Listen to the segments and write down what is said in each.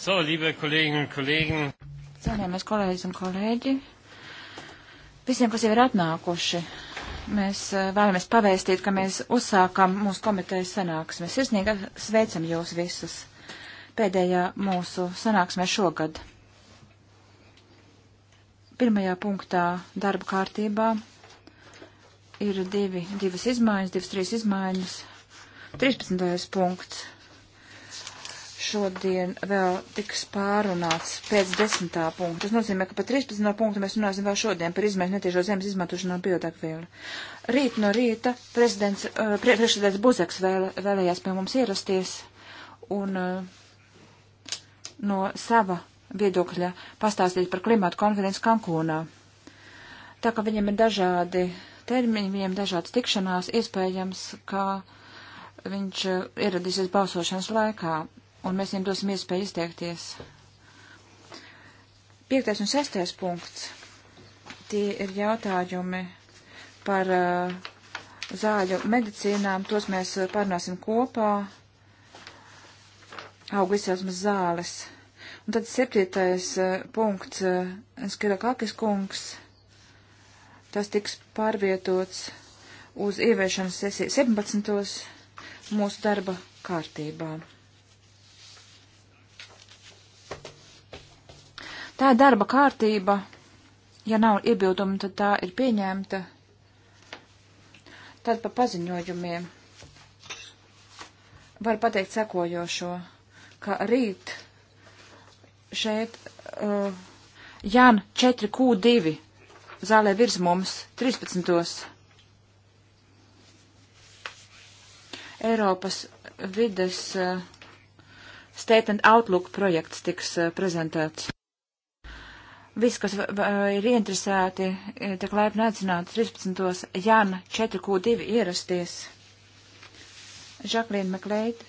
So, liebe Kolleginnen und Kollegen. Cienījamies kolēģis un kolēģi. Visiem, kas jau ir atnākuši, mēs eh, vēlamies pavēstīt, ka mēs uzsākam mūsu komitejas sanāksmi. Sirsnīgi sveicam jūs visus pēdējā mūsu sanāksmē šogad. Pirmajā punktā darba kārtībā ir divi, divas izmaiņas, divas, trīs izmaiņas. 13. punkts šodien vēl tiks pārunāts pēc desmitā punkta. Tas nozīmē, ka pa 13. punktu mēs runāsim vēl šodien par izmēģinājumu netiešo zemes izmantošanu no biodegvielu. Rīt no rīta prezidents, uh, pre, priekšsēdētājs Buzeks vēl, vēlējās pie mums ierasties un uh, no sava viedokļa pastāstīt par klimatu konferenci Kankūnā. Tā kā viņiem ir dažādi termiņi, viņiem dažādas tikšanās, iespējams, ka viņš uh, ieradīsies balsošanas laikā un mēs viņiem dosim iespēju izteikties. Piektais un sestais punkts. Tie ir jautājumi par uh, zāļu medicīnām. Tos mēs uh, pārnāsim kopā. Augu izcelsmes zāles. Un tad septītais uh, punkts. Uh, Skirakakis kungs. Tas tiks pārvietots uz ieviešanas sesiju 17. mūsu darba kārtībā. Tā ir darba kārtība. Ja nav iebildumi, tad tā ir pieņemta. Tad pa paziņojumiem var pateikt sekojošo, ka rīt šeit uh, Jan 4Q2 zālē virs mums 13. Eiropas vides uh, State and Outlook projekts tiks uh, prezentēts. Viss, kas ir interesēti, e, tiek laipni aicināti 13. jan 4Q2 ierasties. Žaklīna Meklēta,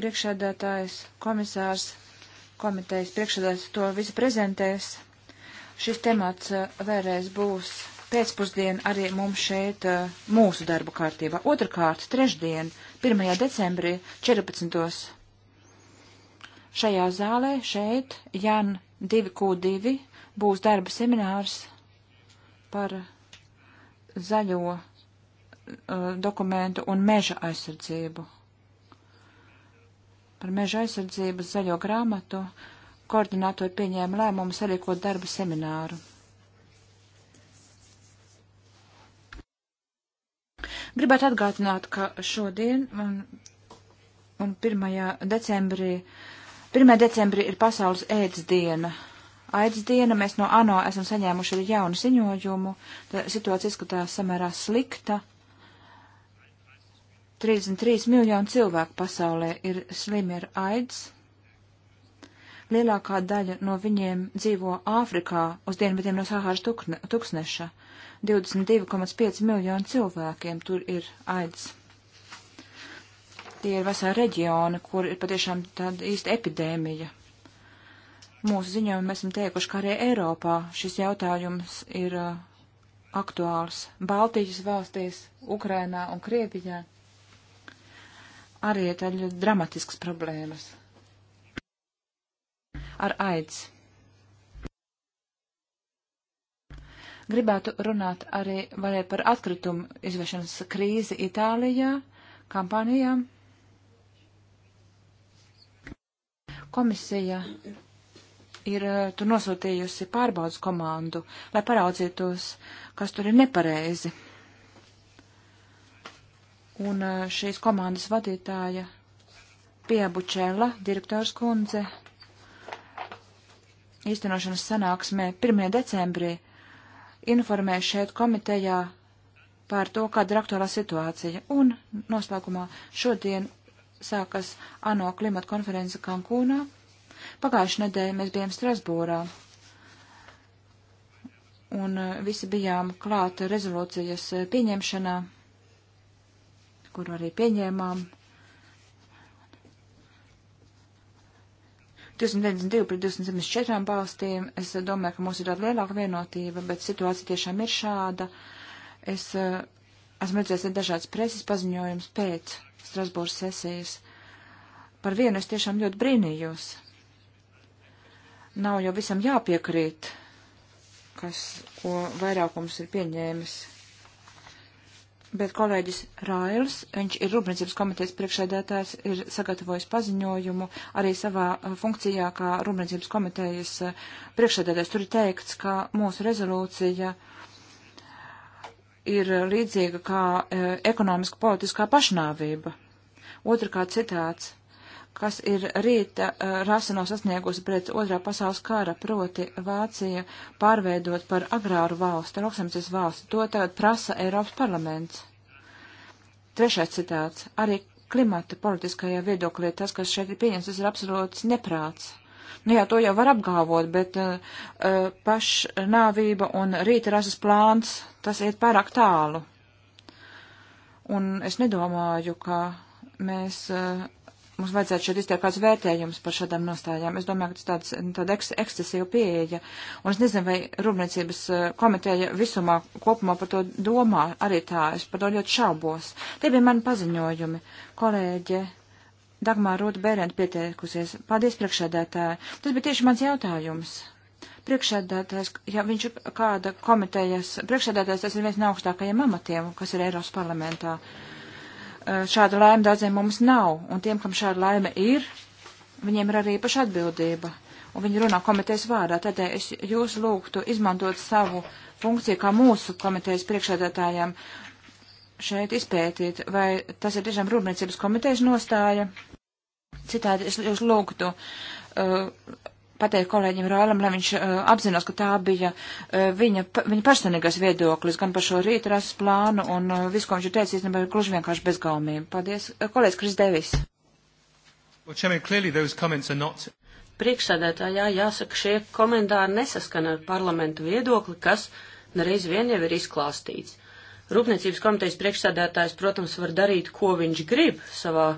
priekšsēdētājs, komisārs, komitejas priekšsēdētājs to visu prezentēs. Šis temats e, vēlreiz būs pēcpusdien arī mums šeit e, mūsu darba kārtībā. Otrakārt, trešdien, 1. decembrī, 14 šajā zālē, šeit, Jan 2Q2, būs darba seminārs par zaļo uh, dokumentu un meža aizsardzību. Par meža aizsardzību zaļo grāmatu koordinātori pieņēma lēmumu sarīkot darba semināru. Gribētu atgādināt, ka šodien un, un 1. decembrī uh, 1. decembrī ir pasaules ēdz diena. Aids diena mēs no ANO esam saņēmuši arī jaunu ziņojumu. Tā situācija izskatās samērā slikta. 33 miljonu cilvēku pasaulē ir slimi ar aids. Lielākā daļa no viņiem dzīvo Āfrikā uz dienvidiem no Sahāras tuksneša. 22,5 miljonu cilvēkiem tur ir aids. Tie ir vesela reģiona, kur ir patiešām tāda īsta epidēmija. Mūsu ziņojumā mēs esam teikuši, ka arī Eiropā šis jautājums ir uh, aktuāls. Baltijas valstīs, Ukrainā un Krievijā arī ir tādi ļoti dramatisks problēmas ar aids. Gribētu runāt arī par atkritumu izvešanas krīzi Itālijā, kampanijām. Komisija ir eh, tur nosūtījusi pārbaudas komandu, lai paraudzītos, kas tur ir nepareizi. Un eh, šīs komandas vadītāja Piebučēla, direktors kundze, īstenošanas sanāksmē 1. decembrī informē šeit komitejā par to, kāda ir aktuālā situācija. Un noslēgumā šodien sākas ANO klimata konference Kankūnā. Pagājušajā nedēļā mēs bijām Strasbūrā. Un eh, visi bijām klāt rezolūcijas eh, pieņemšanā, kuru arī pieņēmām. 292 pret 274 balstīm. Es eh, domāju, ka mums ir tāda lielāka vienotība, bet situācija tiešām ir šāda. Es uh, esmu redzējis dažādas preses paziņojums pēc Strasbūras sesijas. Par vienu es tiešām ļoti brīnījos. Nav jau visam jāpiekrīt, kas, ko vairākums ir pieņēmis. Bet kolēģis Rails, viņš ir Rūpniecības komitejas priekšēdētājs, ir sagatavojis paziņojumu arī savā eh, funkcijā kā Rūpniecības komitejas eh, priekšēdētājs. Tur ir teikts, ka mūsu rezolūcija uh, ir līdzīga kā e, ekonomiska politiskā pašnāvība. Otrakārt citāts, kas ir rīta e, rasa no sasniegusi pret otrā pasaules kara, proti Vācija pārveidot par agrāru valstu, lauksamcības valstu, to tagad prasa Eiropas parlaments. Trešais citāts, arī klimata politiskajā viedoklī tas, kas šeit ir pieņemts, tas ir absolūts neprāts Nu jā, to jau var apgalvot, bet uh, pašnāvība un rīta rases plāns, tas iet pārāk tālu. Un es nedomāju, ka mēs, uh, mums vajadzētu šeit izteikt kāds vērtējums par šādām nostājām. Es domāju, ka tas tāds, tāda eks, ekscesīva pieeja. Un es nezinu, vai Rūpniecības uh, komiteja visumā kopumā par to domā arī tā. Es par to ļoti šaubos. Tie bija mani paziņojumi. Kolēģe Dagmā Rūta Bērenta pieteikusies. Paldies, priekšsēdētāji. Tas bija tieši mans jautājums. Priekšsēdētājs, ja viņš ir kāda komitejas, priekšsēdētājs tas ir viens no augstākajiem amatiem, kas ir Eiropas parlamentā. Šāda laime daudziem mums nav, un tiem, kam šāda laime ir, viņiem ir arī paša atbildība, un viņi runā komitejas vārdā. Tādēļ es jūs lūgtu izmantot savu funkciju kā mūsu komitejas priekšsēdētājiem šeit izpētīt, vai tas ir tiešām rūpniecības komitejas nostāja Citādi es jūs lūgtu uh, pateikt kolēģim Rālam, lai viņš uh, apzinās, ka tā bija uh, viņa, pa, viņa personīgais viedoklis gan par šo rīta rases plānu un uh, visu, ko viņš ir teicis, nebija gluži vienkārši bezgaumība. Paldies. Uh, kolēģis Kris Devis. Well, Chairman, clearly those comments are not priekšsēdētājā jāsaka, šie komentāri nesaskana ar parlamentu viedokli, kas nereiz vien jau ir izklāstīts. Rūpniecības komitejas priekšsēdētājs, protams, var darīt, ko viņš grib savā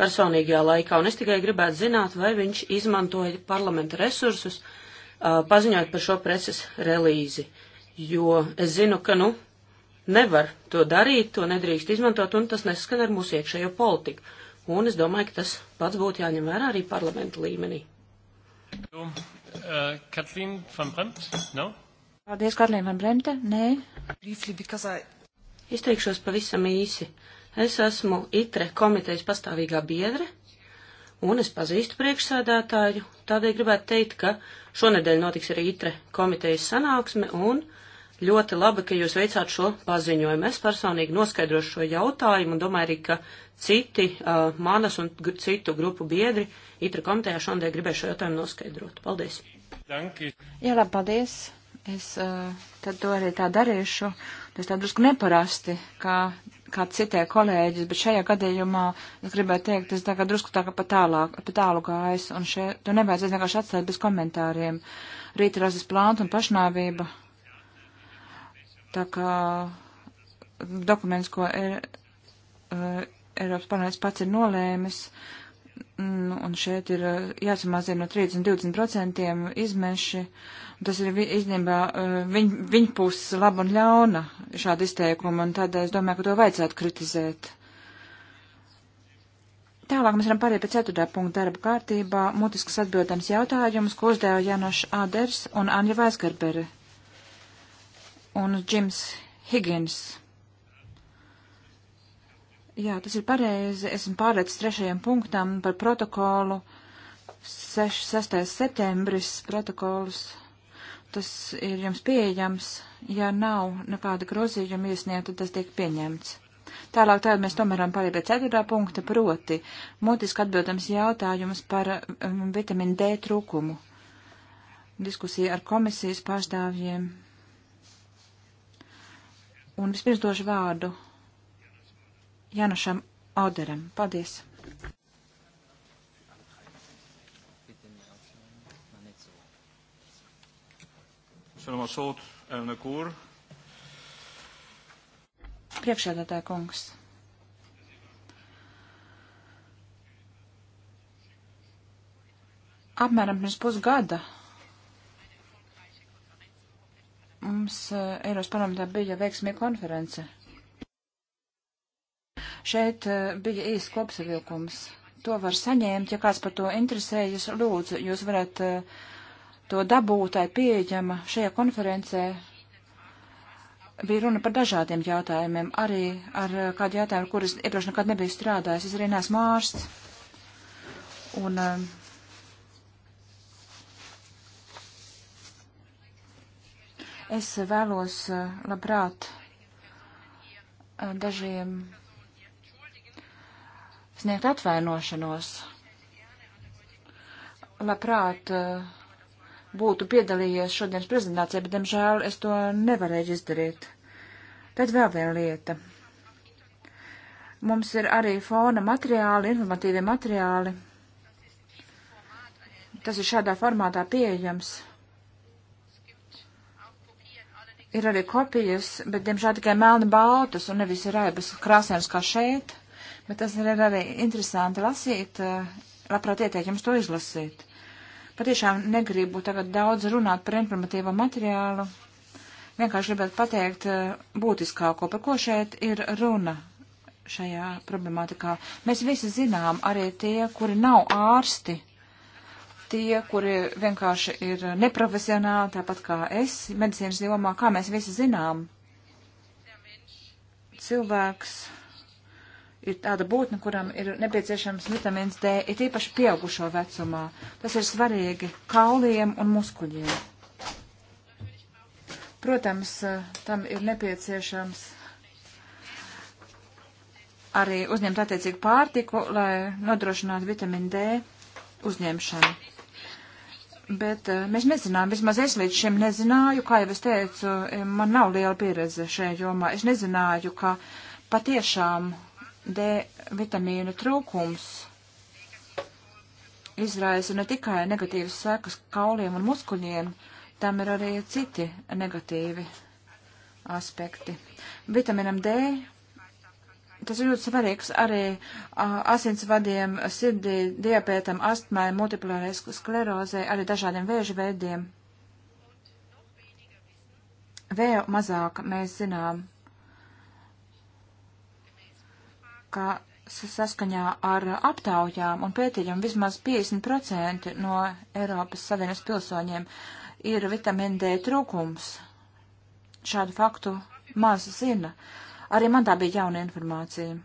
personīgajā laikā, un es tikai gribētu zināt, vai viņš izmantoja parlamenta resursus, uh, paziņot par šo preses relīzi, jo es zinu, ka, nu, nevar to darīt, to nedrīkst izmantot, un tas neskan ar mūsu iekšējo politiku. Un es domāju, ka tas pats būtu jāņem vērā arī parlamenta līmenī. Katlīna van Bremt? No? Paldies, Katlīna van Bremte. Nē. Briefly, because I... Izteikšos pavisam īsi. Uh, Es esmu ITRE komitejas pastāvīgā biedre, un es pazīstu priekšsēdētāju, tādēļ gribētu teikt, ka šonedēļ notiks arī ITRE komitejas sanāksme, un ļoti labi, ka jūs veicāt šo paziņojumu. Es personīgi noskaidrošu šo jautājumu, un domāju arī, ka citi uh, manas un citu grupu biedri ITRE komitejā šonedēļ gribēs šo jautājumu noskaidrot. Paldies! Danki. Jā, labi, paldies! Es uh, tad to arī tā darīšu. Tas tā drusku neparasti, kā kā citē kolēģis, bet šajā gadījumā es gribēju teikt, es tagad drusku tā kā pa, tālāk, pa tālu gājis, un še, to nevajadzēs vienkārši atstāt bez komentāriem. Rīta razas plāns un pašnāvība. Tā kā dokuments, ko er, er, Eiropas parlaments pats ir nolēmis, uh, Nu, un šeit ir eh, jāsamazina no 30 līdz 20% izmeši. Tas ir īstenībā eh, viņ, viņa puses laba un ļauna šāda izteikuma, un tādēļ es domāju, ka to vajadzētu kritizēt. Tālāk mēs varam pāriet pie 4. punkta darba kārtībā - mutiskas atbildams jautājums, ko uzdeva Janoš Āders un Anja Vaisgarbere un Džims Higgins. Jā, tas ir pareizi. Esmu pārēc trešajam punktam par protokolu. 6. 6. septembris protokols. Tas ir jums pieejams. Ja nav nekāda grozījuma iesniegta, tad tas tiek pieņemts. Tālāk tad mēs tomēr varam pārēt pie ceturtā punkta, proti mutiski atbildams jautājums par um, vitamīnu D trūkumu. Diskusija ar komisijas pārstāvjiem. Un vispirms došu vārdu Janušam Oderam. Paldies! Köszönöm a szót, elnök úr. Priekšsēdētāja kungs. Apmēram pirms pusgada mums eh, Eiros parlamentā bija veiksmīga konference Šeit eh, bija īsts kopsavilkums. To var saņemt, ja kāds par to interesējas, lūdzu, jūs varat eh, to dabūt, tai pieejama šajā konferencē. Bija runa par dažādiem jautājumiem, arī ar eh, kādu jautājumu, ar kuras iepriekš nekad nebiju strādājis. Es arī neesmu ārsts. Un, uh, Es vēlos labprāt dažiem sniegt atvainošanos. Labprāt, eh, būtu piedalījies šodienas prezentācijā, bet, diemžēl, es to nevarēju izdarīt. Tad vēl viena lieta. Mums ir arī fona materiāli, informatīvie materiāli. Tas ir šādā formātā pieejams. Ir arī kopijas, bet, diemžēl, tikai melni baltas un nevis raibas krāsēns kā šeit. Bet tas ir arī interesanti lasīt, eh, labprāt ieteiktu jums to izlasīt. Patiešām negribu tagad daudz runāt par informatīvo materiālu. Vienkārši gribētu pateikt eh, būtiskāko, par ko šeit ir runa šajā problemātikā. Mēs visi zinām, arī tie, kuri nav ārsti, tie, kuri vienkārši ir neprofesionāli, tāpat kā es, medicīnas jomā, kā mēs visi zinām. Cilvēks ir tāda būtne, kuram ir nepieciešams vitamīns D, ir īpaši pieaugušo vecumā. Tas ir svarīgi kauliem un muskuļiem. Protams, eh, tam ir nepieciešams arī uzņemt attiecīgu pārtiku, lai nodrošinātu vitamīnu D uzņemšanu. Bet eh, mēs nezinām, vismaz es līdz šim nezināju, kā jau es teicu, eh, man nav liela pieredze šajā jomā. Es nezināju, ka patiešām D vitamīnu trūkums izraisa ne tikai negatīvas sekas kauliem un muskuļiem, tam ir arī citi negatīvi aspekti. Vitaminam D tas ir ļoti svarīgs arī asinsvadiem, sirdī, diabētam, astmai, multiplārai sklerozē, arī dažādiem vēža veidiem. Vēl mazāk mēs zinām ka saskaņā ar aptaujām un pētījumiem vismaz 50% no Eiropas Savienības pilsoņiem ir vitamīna D trūkums. Šādu faktu maz zina. Arī man tā bija jauna informācija.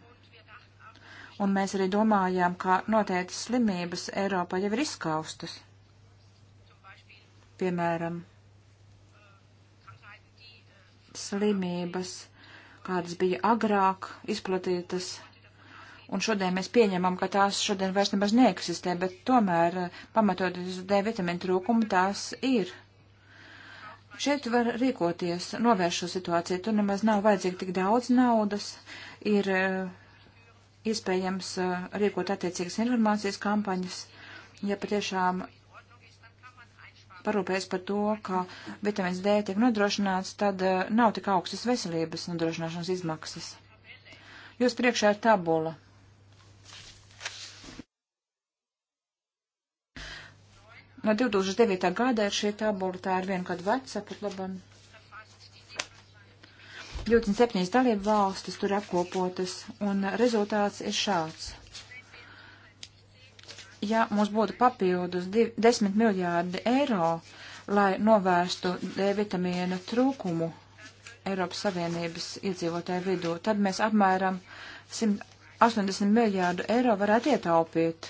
Un mēs arī domājām, ka noteikti slimības Eiropā jau ir izskaustas. Piemēram, slimības, kādas bija agrāk izplatītas un šodien mēs pieņemam, ka tās šodien vairs nemaz neeksistē, bet tomēr, eh, pamatoties uz D vitamīnu trūkumu, tās ir. Šeit var rīkoties, novērst šo situāciju. Tur nemaz nav vajadzīgi tik daudz naudas. Ir eh, iespējams eh, rīkot attiecīgas informācijas kampaņas, ja patiešām parūpējas par to, ka vitamīns D tiek nodrošināts, tad nav tik augstas veselības nodrošināšanas izmaksas. Jūs priekšā ir tabula No 2009. gada ir šī tabula, tā ir viena kāda veca, pat labam. 27 dalību valstis tur apkopotas, un rezultāts ir šāds. Ja mums būtu papildus 10 miljārdi eiro, lai novērstu D vitamīna trūkumu Eiropas Savienības iedzīvotāju vidū, tad mēs apmēram 180 miljārdu eiro varētu ietaupīt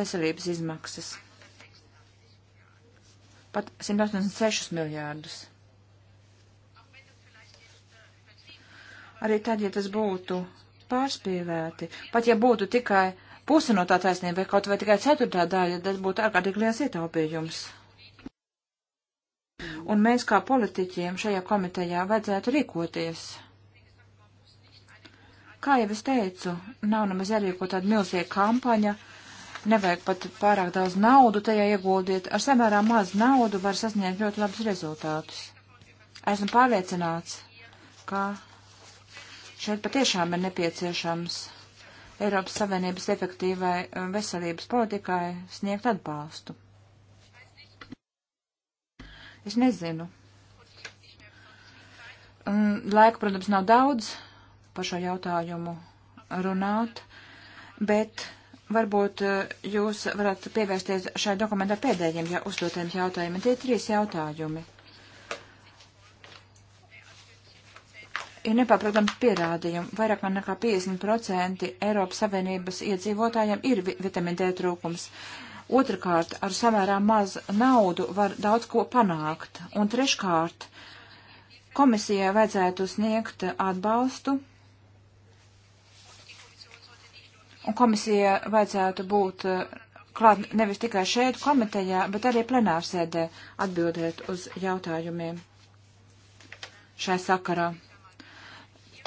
veselības izmaksas pat 186 miljārdus. Arī tad, ja tas būtu pārspīvēti, pat ja būtu tikai puse no tā taisnība, vai kaut vai tikai ceturtā daļa, tad būtu ārkārtīgi liels ietaupījums. Un mēs kā politiķiem šajā komitejā vajadzētu rīkoties. Kā jau es teicu, nav nemaz jārīko tāda milzīga kampaņa, uh, nevajag pat pārāk daudz naudu tajā iegūdiet, ar samērā maz naudu var sasniegt ļoti labus rezultātus. Esmu pārliecināts, ka šeit patiešām ir nepieciešams Eiropas Savienības efektīvai um, veselības politikai sniegt atbalstu. Es nezinu. Um, laika, protams, nav daudz par šo jautājumu runāt, bet Varbūt eh, jūs varat pievērsties šai dokumentā pēdējiem ja uzdotiem jautājumiem. Tie ir trīs jautājumi. Ir nepārprotams pierādījumi. Vairāk nekā 50% Eiropas Savienības iedzīvotājiem ir vitamīna D trūkums. Otrakārt, ar samērā maz naudu var daudz ko panākt. Un treškārt, komisijai vajadzētu sniegt atbalstu Un komisija vajadzētu būt eh, klāt nevis tikai šeit komitejā, bet arī plenārsēdē atbildēt uz jautājumiem šai sakarā.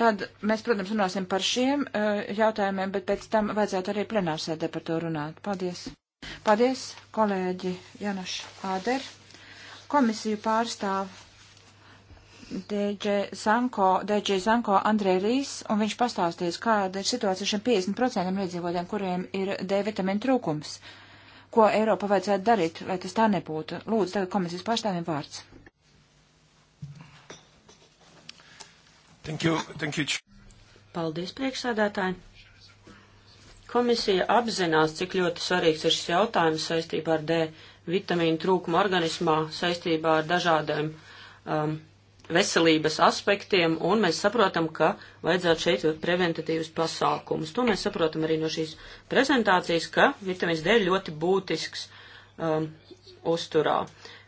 Tad mēs, protams, runāsim par šiem eh, jautājumiem, bet pēc tam vajadzētu arī plenārsēdē par to runāt. Paldies! Paldies, kolēģi Janoš Āder. Komisiju pārstāv DJ Zanko, DJ Zanko Andrei Rīs, un viņš pastāstīs, kāda ir situācija šiem 50% iedzīvotājiem, kuriem ir D vitamīna trūkums. Ko Eiropa vajadzētu darīt, lai tas tā nebūtu? Lūdzu, tagad komisijas pārstāvjiem vārds. Thank you, thank you. Paldies, priekšsādātāji. Komisija apzinās, cik ļoti svarīgs ir šis jautājums saistībā ar D vitamīnu trūkumu organismā, saistībā ar dažādiem um, veselības aspektiem, un mēs saprotam, ka vajadzētu šeit vēl preventatīvas pasākumus. To mēs saprotam arī no šīs prezentācijas, ka vitamīns D ir ļoti būtisks um, uzturā.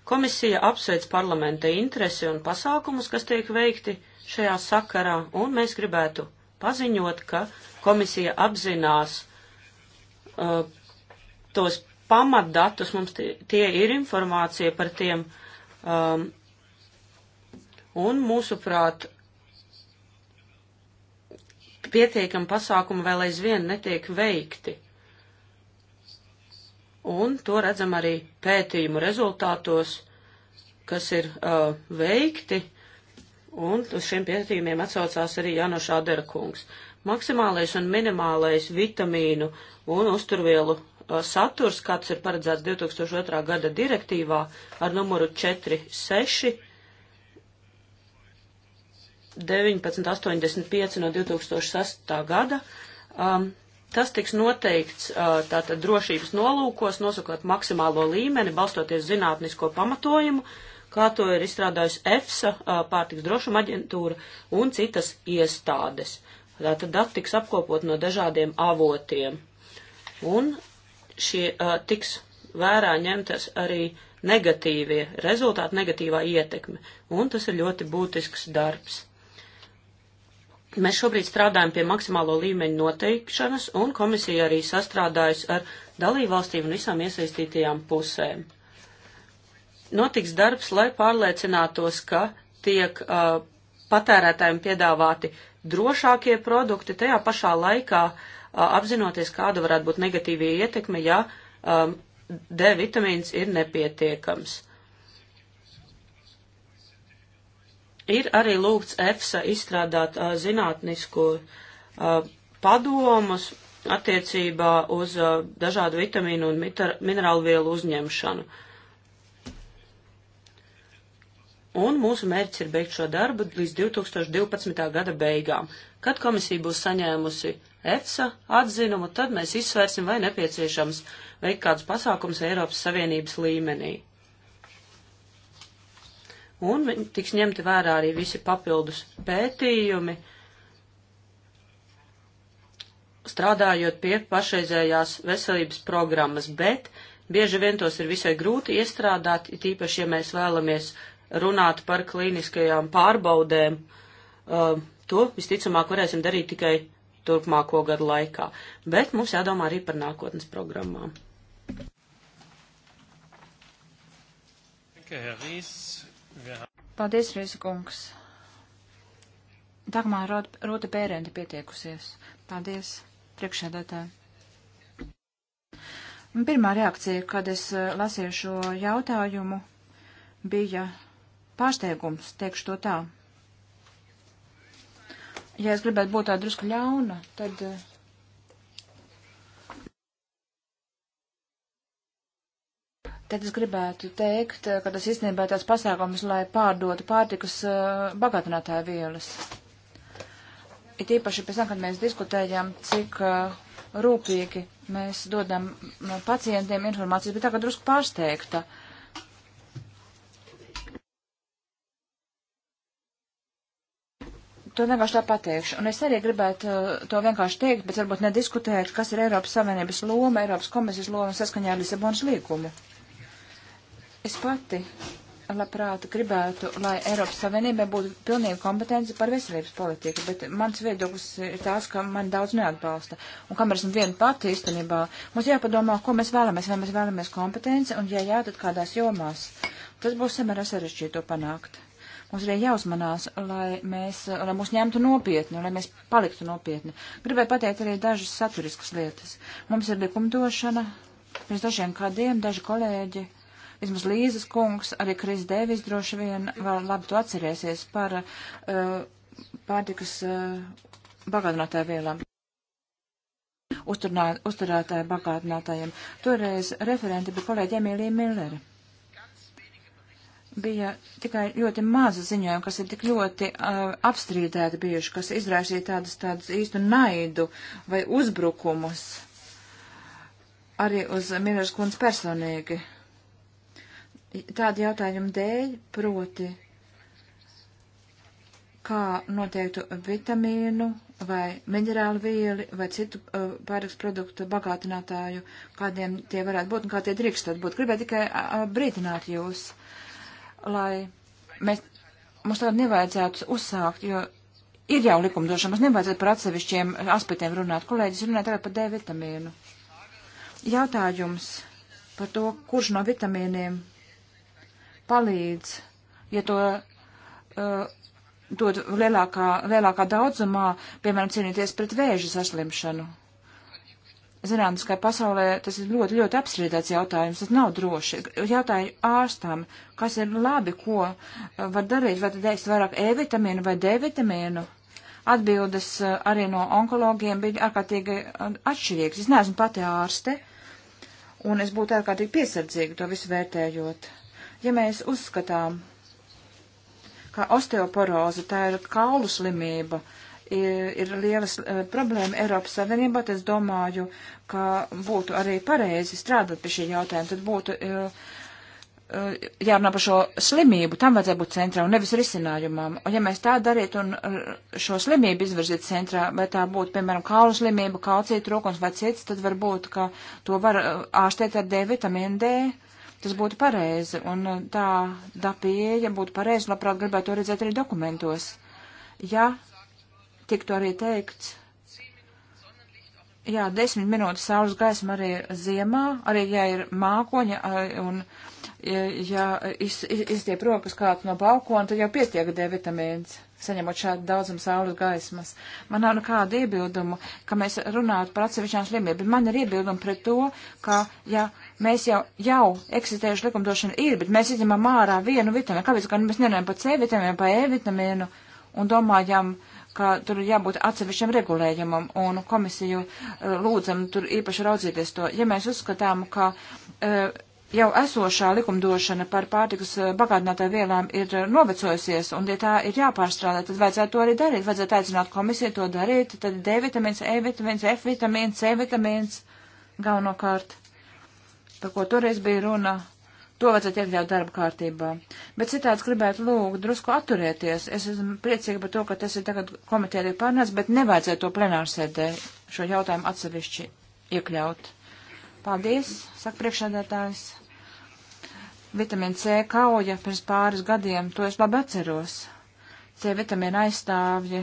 Komisija apsveic parlamenta interesi un pasākumus, kas tiek veikti šajā sakarā, un mēs gribētu paziņot, ka komisija apzinās uh, tos pamatdatus, mums tie, tie ir informācija par tiem um, Un, mūsuprāt, pietiekami pasākumi vēl aizvien netiek veikti. Un to redzam arī pētījumu rezultātos, kas ir uh, veikti, un uz šiem pētījumiem atsaucās arī Janoš Aderkungs. Maksimālais un minimālais vitamīnu un uzturvielu uh, saturs, kāds ir paredzēts 2002. gada direktīvā ar numuru 46, 1985 no 2006. gada. Um, tas tiks noteikts uh, tātad drošības nolūkos, nosakot maksimālo līmeni, balstoties zinātnisko pamatojumu, kā to ir izstrādājusi EFSA, uh, pārtiks drošuma aģentūra un citas iestādes. Tātad dati tiks apkopot no dažādiem avotiem. Un šie uh, tiks vērā ņemtas arī negatīvie rezultāti, negatīvā ietekme. Un tas ir ļoti būtisks darbs. Mēs šobrīd strādājam pie maksimālo līmeņu noteikšanas, un komisija arī sastrādājas ar dalībvalstīm un visām iesaistītajām pusēm. Notiks darbs, lai pārliecinātos, ka tiek uh, patērētājiem piedāvāti drošākie produkti, tajā pašā laikā uh, apzinoties, kāda varētu būt negatīvie ietekme, ja um, D vitamīns ir nepietiekams. Uh, Ir arī lūgts EFSA izstrādāt uh, zinātnisko uh, padomus attiecībā uz uh, dažādu vitamīnu un minerālu vielu uzņemšanu. Un mūsu mērķis ir beigt šo darbu līdz 2012. gada beigām. Kad komisija būs saņēmusi EFSA atzinumu, tad mēs izsvērsim, vai nepieciešams veikt kādus pasākums Eiropas Savienības līmenī un tiks ņemti vērā arī visi papildus pētījumi, strādājot pie pašreizējās veselības programmas, bet bieži vien tos ir visai grūti iestrādāt, tīpaši, ja mēs vēlamies runāt par klīniskajām pārbaudēm, um, to visticamāk varēsim darīt tikai turpmāko gadu laikā, bet mums jādomā arī par nākotnes programmām. Herr Ries. Paldies, Rīsa kungs. Dagmā Rota Bērenda pietiekusies. Paldies, priekšsēdētāji. Pirmā reakcija, kad es eh, lasīju šo jautājumu, bija pārsteigums, teikšu to tā. Ja es gribētu būt tā drusku ļauna, tad eh, Tad es gribētu teikt, eh, ka tas īstenībā tāds pasākums, lai pārdotu pārtikas eh, bagātinātāju vielas. It īpaši pēc tam, kad mēs diskutējām, cik eh, rūpīgi mēs dodam pacientiem informācijas, bet tagad drusku pārsteigta. to vienkārši tā pateikšu. Un es arī gribētu to vienkārši teikt, bet varbūt nediskutēt, kas ir Eiropas Savienības loma, Eiropas komisijas loma saskaņā ar Lisabonas līgumu. Es pati labprāt gribētu, lai Eiropas Savienībai būtu pilnīga kompetence par veselības politiku, bet mans viedoklis ir tās, ka man daudz neatbalsta. Un kamēr esmu viena pati īstenībā, mums jāpadomā, ko mēs vēlamies, vai mēs vēlamies kompetenci, un ja jā, tad kādās jomās. Tas būs samērā sarežģīti to panākt. Mums arī jāuzmanās, lai, mēs, lai mūs ņemtu nopietni, lai mēs paliktu nopietni. Gribēju pateikt arī dažas saturiskas lietas. Mums ir likumdošana, pirms dažiem kādiem daži kolēģi vismaz Līzes kungs, arī Kris Dēvis droši vien vēl labi to atcerēsies par uh, pārtikas uh, bagātinātāju vielām. Uzturnā, uzturētāju bagātinātājiem. Toreiz referenti bija kolēģi Emīlija Milleri bija tikai ļoti maza ziņojuma, kas ir tik ļoti uh, eh, apstrīdēti bijuši, kas izraisīja tādas, tādas īstu naidu vai uzbrukumus arī uz Mīļas kundas personīgi tādu jautājumu dēļ, proti, kā noteiktu vitamīnu vai minerālu vieli vai citu uh, pārtiks produktu bagātinātāju, kādiem tie varētu būt un kā tie drīkstot būt. Gribēju tikai uh, brīdināt jūs, lai mēs, mums tagad nevajadzētu uzsākt, jo ir jau likumdošana, mums nevajadzētu par atsevišķiem aspektiem runāt. Kolēģis runāja tagad par D vitamīnu. Jautājums par to, kurš no vitamīniem palīdz, ja to uh, dod lielākā, lielākā daudzumā, piemēram, cīnīties pret vēža saslimšanu. Zināms, ka pasaulē tas ir ļoti, ļoti apstrīdēts jautājums, tas nav droši. Jautāju ārstām, kas ir labi, ko uh, var darīt, vai tad ēst vairāk E vitamīnu vai D vitamīnu. Atbildes uh, arī no onkologiem bija ārkārtīgi uh, atšķirīgas. Es neesmu pati ārste, un es būtu ārkārtīgi piesardzīga to visu vērtējot. Ja mēs uzskatām, ka osteoporoze tā ir kaulu slimība, ir, ir lielas eh, problēma Eiropas Savienībā, tad es domāju, ka būtu arī pareizi strādāt pie šī jautājuma. Tad būtu eh, eh, jārunā par šo slimību, tam vajadzētu būt centrā un nevis risinājumam. Un ja mēs tā darītu un šo slimību izvirzītu centrā, vai tā būtu, piemēram, kaulu slimība, kalcija trūkums vai cits, tad varbūt, ka to var ārstēt ar D vitamīnu D. Tas būtu pareizi, un uh, tā, tā pieeja būtu pareizi, labprāt gribētu to redzēt arī dokumentos. Ja tiktu arī teikts, jā, desmit minūtes saules gaisma arī ziemā, arī ja ir mākoņa un ja iz, iz, iztiep rokas kāds no balkona, tad jau pietiek D vitamīns, saņemot šādu daudzumu saules gaismas. Man nav nekāda iebildumu, ka mēs runātu par atsevišķām slimībām, bet man ir iebildumi pret to, ka, ja Mēs jau, jau eksistējuši likumdošana ir, bet mēs izņemam ārā vienu vitamīnu. Kāpēc gan mēs nerunājam par C vitamīnu, par E vitamīnu un domājam, ka tur ir jābūt atsevišķam regulējumam un komisiju eh, lūdzam tur īpaši raudzīties to. Ja mēs uzskatām, ka eh, jau esošā likumdošana par pārtikas eh, bagātinātāju vielām ir novecojusies un ja tā ir jāpārstrādā, tad vajadzētu to arī darīt. Vajadzētu aicināt komisiju to darīt. Tad D vitamīns, E vitamīns, F vitamīns, C vitamīns galvenokārt par ko toreiz bija runa, to vajadzētu iekļaut darba kārtībā. Bet citāds gribētu lūgt drusku atturēties. Es esmu priecīga par to, ka tas ir tagad komitē tiek pārnēs, bet nevajadzētu to plenārsēdē šo jautājumu atsevišķi iekļaut. Paldies, saka priekšādātājs. Vitamīna C kauja pirms pāris gadiem, to es labi atceros. C vitamīna aizstāvja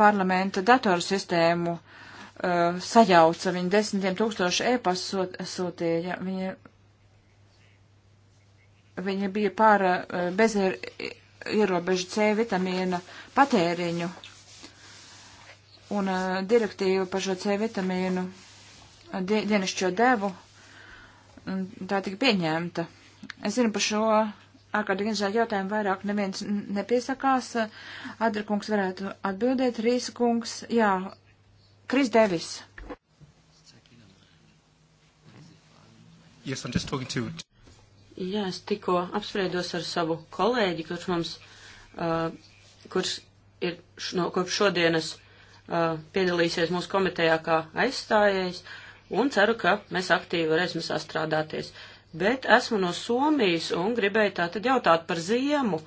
parlamenta datoru sistēmu uh, sajauca, viņi desmitiem tūkstoši e-pastu sūtīja, viņi, viņi bija pār uh, bez ierobežu C vitamīna patēriņu. Un uh, direktīva par šo C vitamīnu uh, die, dienišķo devu, tā tika pieņemta. Es zinu par šo ārkārtīgi interesantu jautājumu vairāk neviens nepiesakās. Adrikungs varētu atbildēt, Rīsa kungs, jā, Kris Devis. Yes, I'm just talking to... Jā, es tikko apspriedos ar savu kolēģi, kurš mums, uh, kurš ir no, kopš šodienas uh, piedalīsies mūsu komitejā kā aizstājējs, un ceru, ka mēs aktīvi varēsim sastrādāties. Bet esmu no Somijas un gribēju tātad jautāt par ziemu.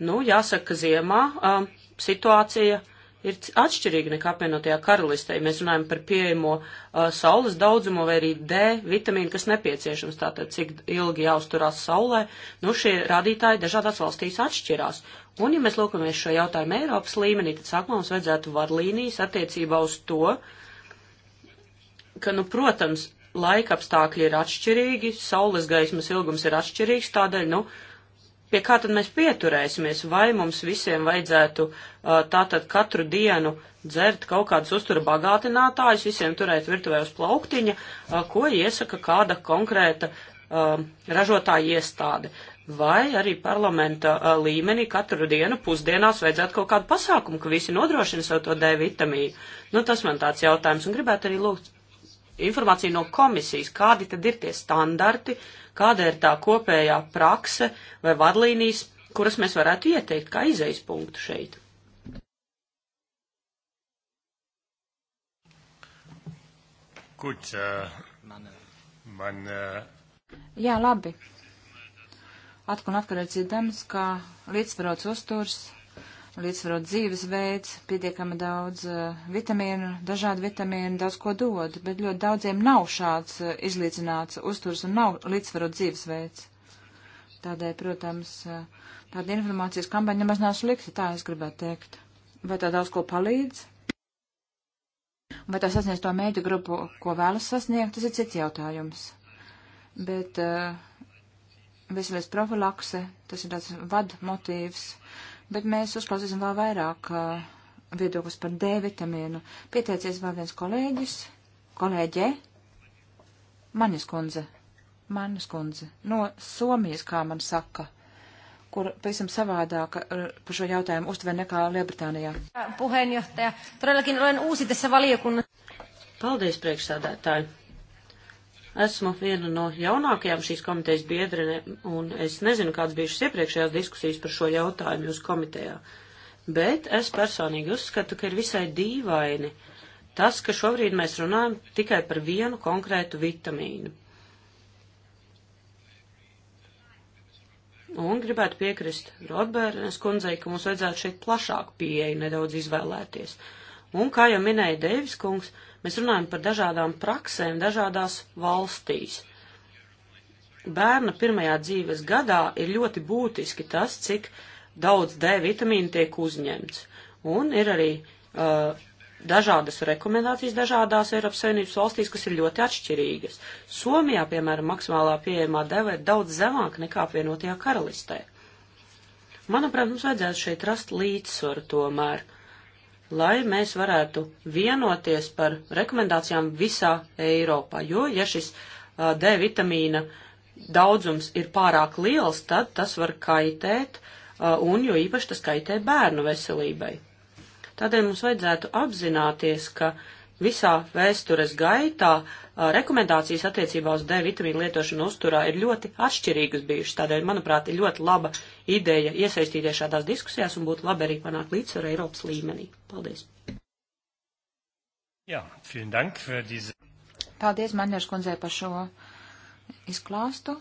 Nu, jāsaka, ka ziemā uh, situācija uh, ir atšķirīga nekā apvienotajā karalistē. Mēs runājam par pieejamo uh, saules daudzumu vai arī D vitamīnu, kas nepieciešams, tātad cik ilgi jāuzturās saulē. Nu, šie rādītāji dažādās valstīs atšķirās. Un, ja mēs lūkamies šo jautājumu Eiropas līmenī, tad sākumā mums vajadzētu vadlīnijas attiecībā uz to, ka, nu, protams, laika apstākļi ir atšķirīgi, saules gaismas ilgums ir atšķirīgs, tādēļ, nu, uh, pie kā tad mēs pieturēsimies, vai mums visiem vajadzētu uh, tātad katru dienu dzert kaut kādus uztura bagātinātājus, visiem turēt virtuvē uz plauktiņa, uh, ko iesaka kāda konkrēta uh, ražotāja iestāde. Vai arī parlamenta uh, līmenī katru dienu pusdienās vajadzētu kaut kādu pasākumu, ka visi nodrošina sev to D vitamīnu. Nu, tas man tāds jautājums, un gribētu arī lūgt informāciju no komisijas, kādi tad ir tie standarti, kāda ir tā kopējā prakse vai vadlīnijas, kuras mēs varētu ieteikt kā izejas punktu šeit. Kuč, uh, äh, man, uh... Jā, labi. Atkal un atkal ir dzirdams, ka līdzsvarots uzturs līdzsvarot dzīvesveids, pietiekami daudz uh, vitamīnu, dažādu vitamīnu, daudz ko dod, bet ļoti daudziem nav šāds uh, izlīdzināts uzturs un nav līdzsvarot dzīvesveids. Tādēļ, protams, uh, tāda informācijas kampaņa nemaz nav slikta, tā es gribētu teikt. Vai tā daudz ko palīdz? Vai tā sasniedz to mēģu grupu, ko vēlas sasniegt, tas ir cits jautājums. Bet uh, veselības profilakse, tas ir tāds vadmotīvs. Uh, bet mēs uzklausīsim vēl vairāk uh, viedokļus par D vitamīnu. Pieteicies vēl viens kolēģis, kolēģe, manis kundze, manis kundze, no Somijas, kā man saka kur pavisam savādāk par šo jautājumu uztver nekā Lielbritānijā. Puheenjohtaja, todellakin olen uusi tässä valiokunnassa. Paldies, priekšsādātāji. Esmu viena no jaunākajām šīs komitejas biedrene, un es nezinu, kādas bijušas iepriekšējās diskusijas par šo jautājumu jūs komitejā. Bet es personīgi uzskatu, ka ir visai dīvaini tas, ka šobrīd mēs runājam tikai par vienu konkrētu vitamīnu. Un gribētu piekrist Rodbērnes kundzei, ka mums vajadzētu šeit plašāku pieeju nedaudz izvēlēties. Un, kā jau minēja Deivis kungs, uh, Mēs runājam par dažādām praksēm dažādās valstīs. Bērna pirmajā dzīves gadā ir ļoti būtiski tas, cik daudz D vitamīnu tiek uzņemts. Un ir arī uh, dažādas rekomendācijas dažādās Eiropas Savienības valstīs, kas ir ļoti atšķirīgas. Somijā, piemēram, maksimālā pieejamā deva ir daudz zemāka nekā apvienotajā karalistē. Manuprāt, mums vajadzētu šeit rast līdzsvaru tomēr. Uh, lai mēs varētu vienoties par rekomendācijām visā Eiropā. Jo, ja šis uh, D vitamīna daudzums ir pārāk liels, tad tas var kaitēt, uh, un jo īpaši tas kaitē bērnu veselībai. Tādēļ mums vajadzētu apzināties, ka visā vēstures gaitā rekomendācijas attiecībā uz D vitamīnu lietošanu uzturā ir ļoti atšķirīgas bijušas. Tādēļ, manuprāt, ir ļoti laba ideja iesaistīties šādās diskusijās un būtu labi arī panākt līdzsvaru Eiropas līmenī. Paldies! Jā, vielen dank für diese. Paldies, Maņģers kundzei, par šo izklāstu.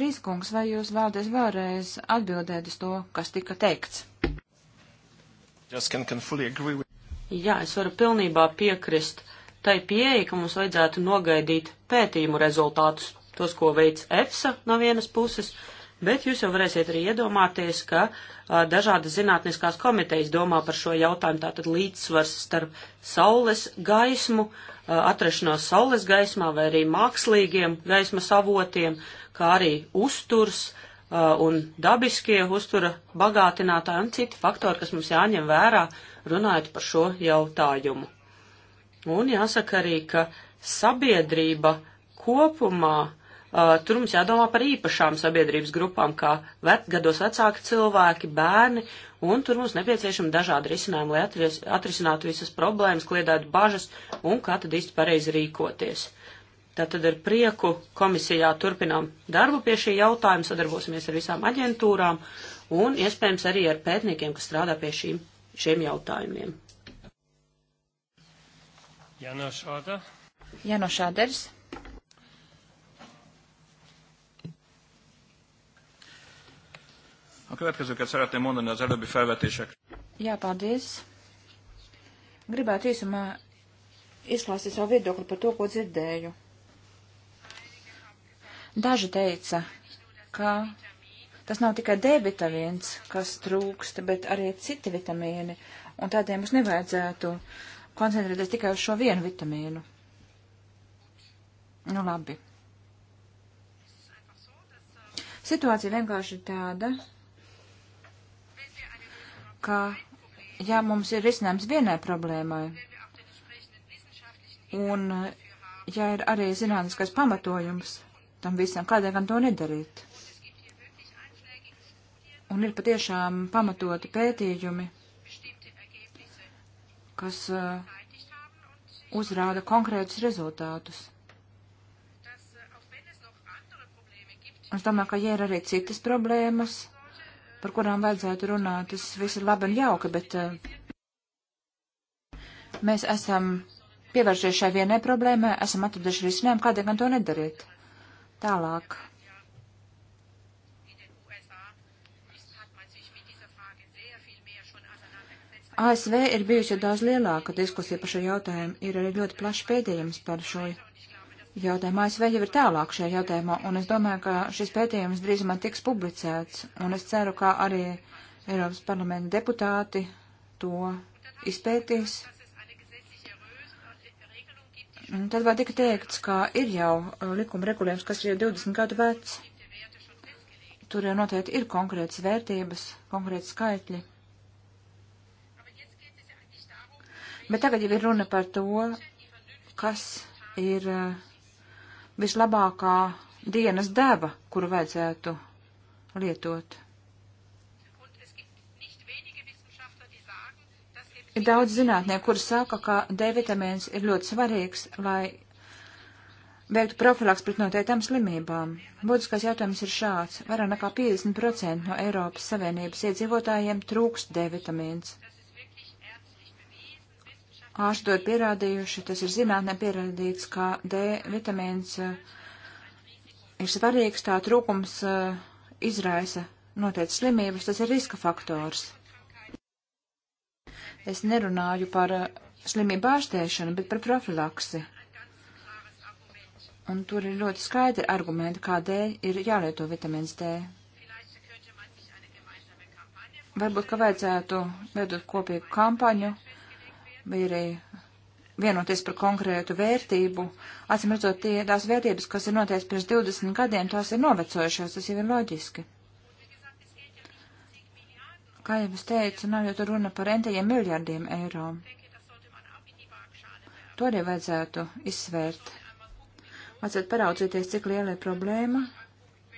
Rīskungs, vai jūs vēlaties vēlreiz atbildēt uz to, kas tika teikts? Just can, can fully agree with Jā, es varu pilnībā piekrist tai pieeja, ka mums vajadzētu nogaidīt pētījumu rezultātus, tos, ko veids EFSA no vienas puses, bet jūs jau varēsiet arī iedomāties, ka a, dažādas zinātniskās komitejas domā par šo jautājumu, tātad līdzsvars starp saules gaismu, a, atrašanos saules gaismā vai arī mākslīgiem gaismas avotiem, kā arī uzturs a, un dabiskie uztura bagātinātāji un citi faktori, kas mums jāņem vērā runājat par šo jautājumu. Un jāsaka arī, ka sabiedrība kopumā, uh, tur mums jādomā par īpašām sabiedrības grupām, kā vet, gados vecāki cilvēki, bērni, un tur mums nepieciešami dažādi risinājumi, lai atries, atrisinātu visas problēmas, kliedētu bažas un kā tad īsti pareizi rīkoties. Tātad ar prieku komisijā turpinām darbu pie šī jautājuma, sadarbosimies ar visām aģentūrām un iespējams arī ar pētniekiem, kas strādā pie šīm šiem jautājumiem. Janoš Āda. Janoš Āders. A következőket szeretném mondani az előbbi felvetések. Jā, paldies. Gribētu īsumā izklāstīt savu viedokli par to, ko dzirdēju. Daži teica, ka Tas nav tikai D vitamīns, kas trūkst, bet arī citi vitamīni, un tādēļ mums nevajadzētu koncentrēties tikai uz šo vienu vitamīnu. Nu, labi. Situācija vienkārši ir tāda, ka, ja mums ir risinājums vienai problēmai, un ja ir arī zinātniskais pamatojums tam visam, kādēļ gan to nedarīt? un ir patiešām pamatoti pētījumi, kas uh, uzrāda konkrētus rezultātus. Un es domāju, ka ja ir arī citas problēmas, par kurām vajadzētu runāt, tas viss ir labi un jauki, bet uh, mēs esam pievēršies šai vienai problēmai, esam atraduši risinājumu, kādēļ gan to nedarīt. Tālāk. ASV ir bijusi daudz lielāka diskusija par šo jautājumu, ir arī ļoti plašs pētījums par šo jautājumu. ASV jau ir tālāk šajā jautājumā, un es domāju, ka šis pētījums drīzumā tiks publicēts, un es ceru, ka arī Eiropas parlamenta deputāti to izpētīs. Un tad vēl tika teikts, ka ir jau uh, likuma regulējums, kas ir jau 20 gadu vecs. Tur jau noteikti ir konkrētas vērtības, konkrēti skaitļi. Bet tagad jau ir runa par to, kas ir eh, vislabākā dienas deva, kuru vajadzētu lietot. Ir daudz zinātnieku, kuri saka, ka D vitamīns ir ļoti svarīgs, lai veiktu profilaks pret noteiktām slimībām. Būtiskais jautājums ir šāds. Vairāk nekā 50% no Eiropas Savienības iedzīvotājiem trūkst D vitamīns ārsti to ir pierādījuši, tas ir zinātnē pierādīts, ka D vitamīns eh, ir svarīgs, tā trūkums eh, izraisa noteikti slimības, tas ir riska faktors. Es nerunāju par eh, slimību ārstēšanu, bet par profilaksi. Un tur ir ļoti skaidri argumenti, kādēļ ir jālieto vitamīns D. Varbūt, ka vajadzētu veidot kopīgu kampaņu bija arī vienoties par konkrētu vērtību. Acīm redzot, tie tās vērtības, kas ir noteikts pirms 20 gadiem, tās ir novecojušās, tas jau ir loģiski. Kā jau es teicu, nav jau tur runa par rentajiem miljardiem eiro. To arī vajadzētu izsvērt. Vajadzētu paraudzīties, cik liela ir problēma.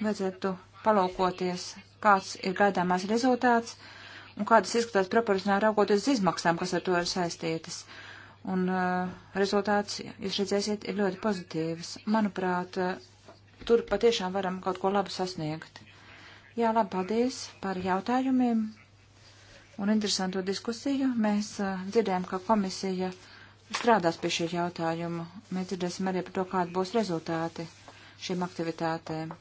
Vajadzētu palūkoties, kāds ir gaidāmās rezultāts un kādas izskatās proporcionāli raugoties uz izmaksām, kas ar to ir saistītas. Un uh, rezultāts, jūs redzēsiet, ir ļoti pozitīvs. Manuprāt, uh, tur patiešām varam kaut ko labu sasniegt. Jā, labi, paldies par jautājumiem un interesantu diskusiju. Mēs uh, dzirdējām, ka komisija strādās pie šī jautājuma. Mēs dzirdēsim arī par to, kādi būs rezultāti šīm aktivitātēm,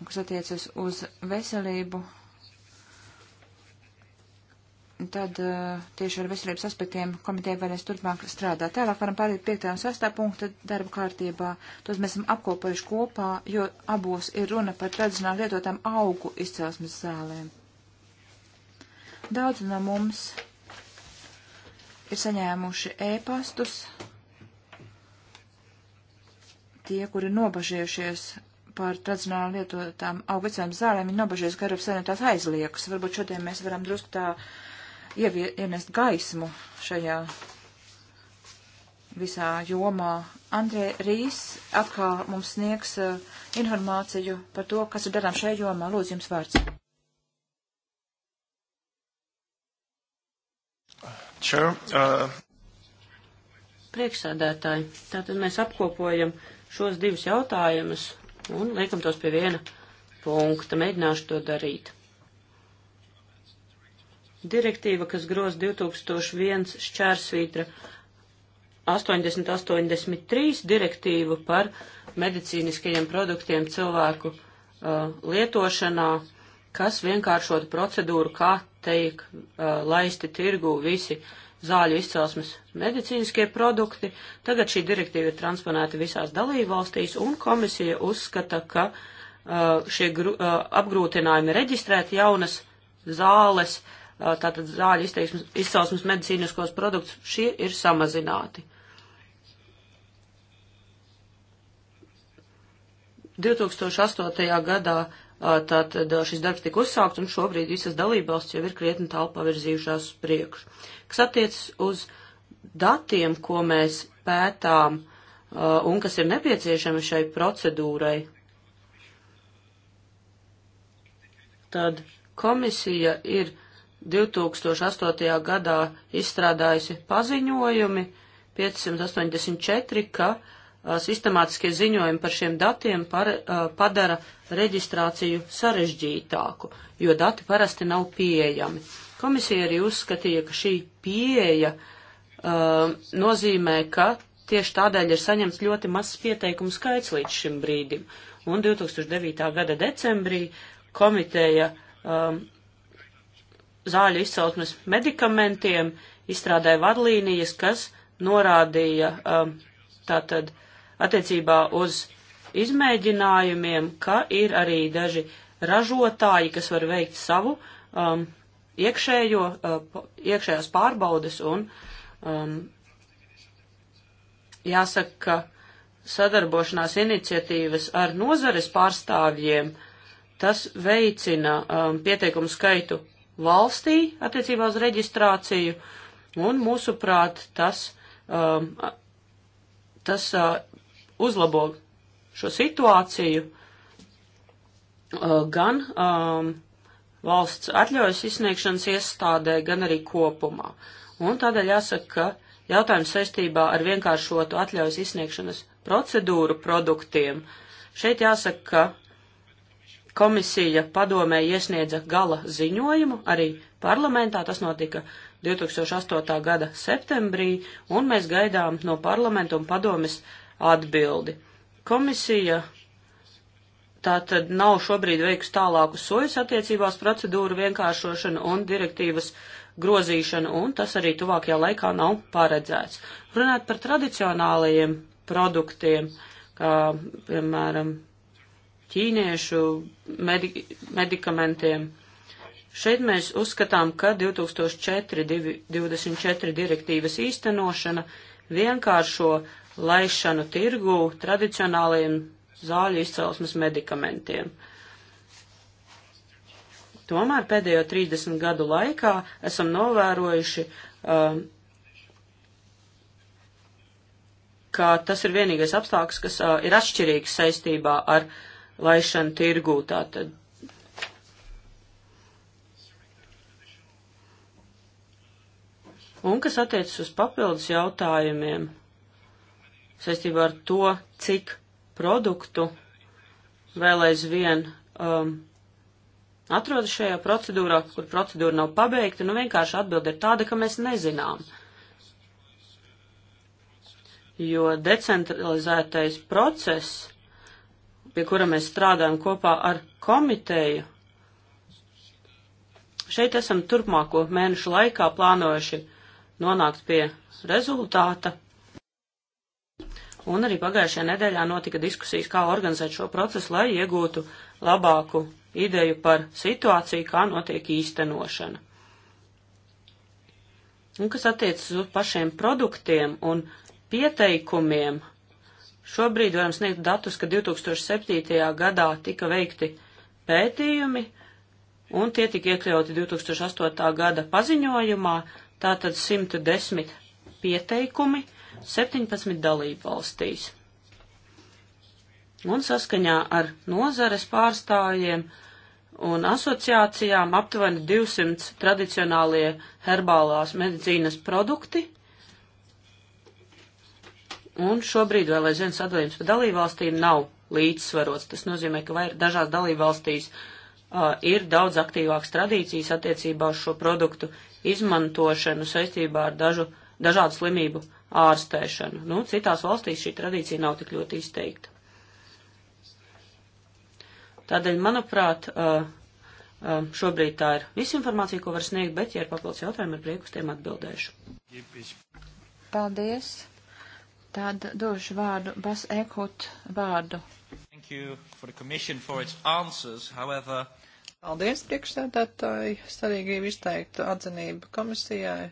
un kas attiecas uz veselību tad eh, tieši ar veselības aspektiem komiteja varēs turpmāk strādāt. Tālāk varam pāriet 5. un 6. punktu darba kārtībā. Tos mēs esam apkopojuši kopā, jo abos ir runa par tradicionāli lietotām augu izcelsmes zālēm. Daudz no mums ir saņēmuši ēpastus, e tie, kuri nobažījušies par tradicionāli lietotām augu izcelsmes zālēm, ir nobažījušies, ka Eiropas Savienotās aizliekas. Varbūt šodien mēs varam drusku tā uh, ievienest gaismu šajā visā jomā. Andrē Rīs atkal mums sniegs uh, informāciju par to, kas ir darām šajā jomā. Lūdzu, jums vārds. Sure. Uh... Priekšsēdētāji, tātad mēs apkopojam šos divus jautājumus un liekam tos pie viena punkta. Mēģināšu to darīt. Direktīva, kas groz 2001 šķērsvītra 8083 direktīvu par medicīniskajiem produktiem cilvēku uh, lietošanā, kas vienkāršotu procedūru, kā teik uh, laisti tirgū visi zāļu izcelsmes medicīniskie produkti. Tagad šī direktīva ir transponēta visās dalībvalstīs, un komisija uzskata, ka uh, šie gru, uh, apgrūtinājumi reģistrēt jaunas zāles uh, tātad zāļu izcelsmes medicīniskos produktus, šie ir samazināti. 2008. gadā tātad šis darbs tika uzsākts, un šobrīd visas dalībvalsts jau ir krietni tālu pavirzījušās uz priekšu. Kas attiecas uz datiem, ko mēs pētām un kas ir nepieciešami šai procedūrai, tad komisija ir uh, 2008. gadā izstrādājusi paziņojumi 584, ka sistemātiskie ziņojumi par šiem datiem par, padara reģistrāciju sarežģītāku, jo dati parasti nav pieejami. Komisija arī uzskatīja, ka šī pieeja uh, nozīmē, ka tieši tādēļ ir saņemts ļoti mazs pieteikumu skaits līdz šim brīdim. Un 2009. gada decembrī komiteja um, uh, zāļu izcelsmes medikamentiem izstrādāja vadlīnijas, kas norādīja um, tātad attiecībā uz izmēģinājumiem, ka ir arī daži ražotāji, kas var veikt savu um, iekšējo, uh, iekšējās pārbaudes un um, jāsaka, ka sadarbošanās iniciatīvas ar nozares pārstāvjiem, tas veicina um, pieteikumu skaitu valstī attiecībā uz reģistrāciju, un mūsuprāt tas, um, tas uh, uzlabo šo situāciju uh, gan um, valsts atļaujas izsniegšanas iestādē, gan arī kopumā. Un tādēļ jāsaka, ka jautājums saistībā ar vienkāršotu atļaujas izsniegšanas procedūru produktiem. Šeit jāsaka, ka komisija padomē iesniedza gala ziņojumu, arī parlamentā tas notika 2008. gada septembrī, un mēs gaidām no parlamenta un padomes atbildi. Komisija tā tad nav šobrīd veikus tālāku sojas attiecībās procedūru vienkāršošanu un direktīvas grozīšanu, un tas arī tuvākajā laikā nav paredzēts. Runāt par tradicionālajiem produktiem, kā, piemēram, ķīniešu medi medikamentiem. Šeit mēs uzskatām, ka 2004-24 direktīvas īstenošana vienkāršo laišanu tirgū tradicionāliem zāļu izcelsmes medikamentiem. Tomēr pēdējo 30 gadu laikā esam novērojuši, um, ka tas ir vienīgais apstākļs, kas uh, ir atšķirīgs saistībā ar uh, laišana tirgū. Tātad. Un kas attiecas uz papildus jautājumiem saistībā ar to, cik produktu vēl aizvien um, atrodas šajā procedūrā, kur procedūra nav pabeigta, nu vienkārši atbilde ir tāda, ka mēs nezinām. Jo decentralizētais process pie kura mēs strādājam kopā ar komiteju, šeit esam turpmāko mēnešu laikā plānojuši nonākt pie rezultāta. Un arī pagājušajā nedēļā notika diskusijas, kā organizēt šo procesu, lai iegūtu labāku ideju par situāciju, kā notiek īstenošana. Un kas attiecas uz pašiem produktiem un pieteikumiem, Šobrīd varam sniegt datus, ka 2007. gadā tika veikti pētījumi, un tie tika iekļauti 2008. gada paziņojumā, tātad 110 pieteikumi 17 dalību valstīs. Un saskaņā ar nozares pārstājiem un asociācijām aptuveni 200 tradicionālie herbālās medicīnas produkti Un šobrīd vēl aizvien sadalījums pa dalībvalstīm nav līdzsvarots. Tas nozīmē, ka vai dažās dalībvalstīs uh, ir daudz aktīvākas tradīcijas attiecībā uz šo produktu izmantošanu saistībā ar dažu, dažādu slimību ārstēšanu. Nu, citās valstīs šī tradīcija nav tik ļoti izteikta. Tādēļ, manuprāt, uh, uh, šobrīd tā ir visa informācija, ko var sniegt, bet, ja ir papildus jautājumi, ar prieku uz tiem atbildēšu. Paldies! Tad došu vārdu Bas Ekot vārdu. Answers, however... Paldies, priekšsēdētāji. Es arī gribu izteikt atzinību komisijai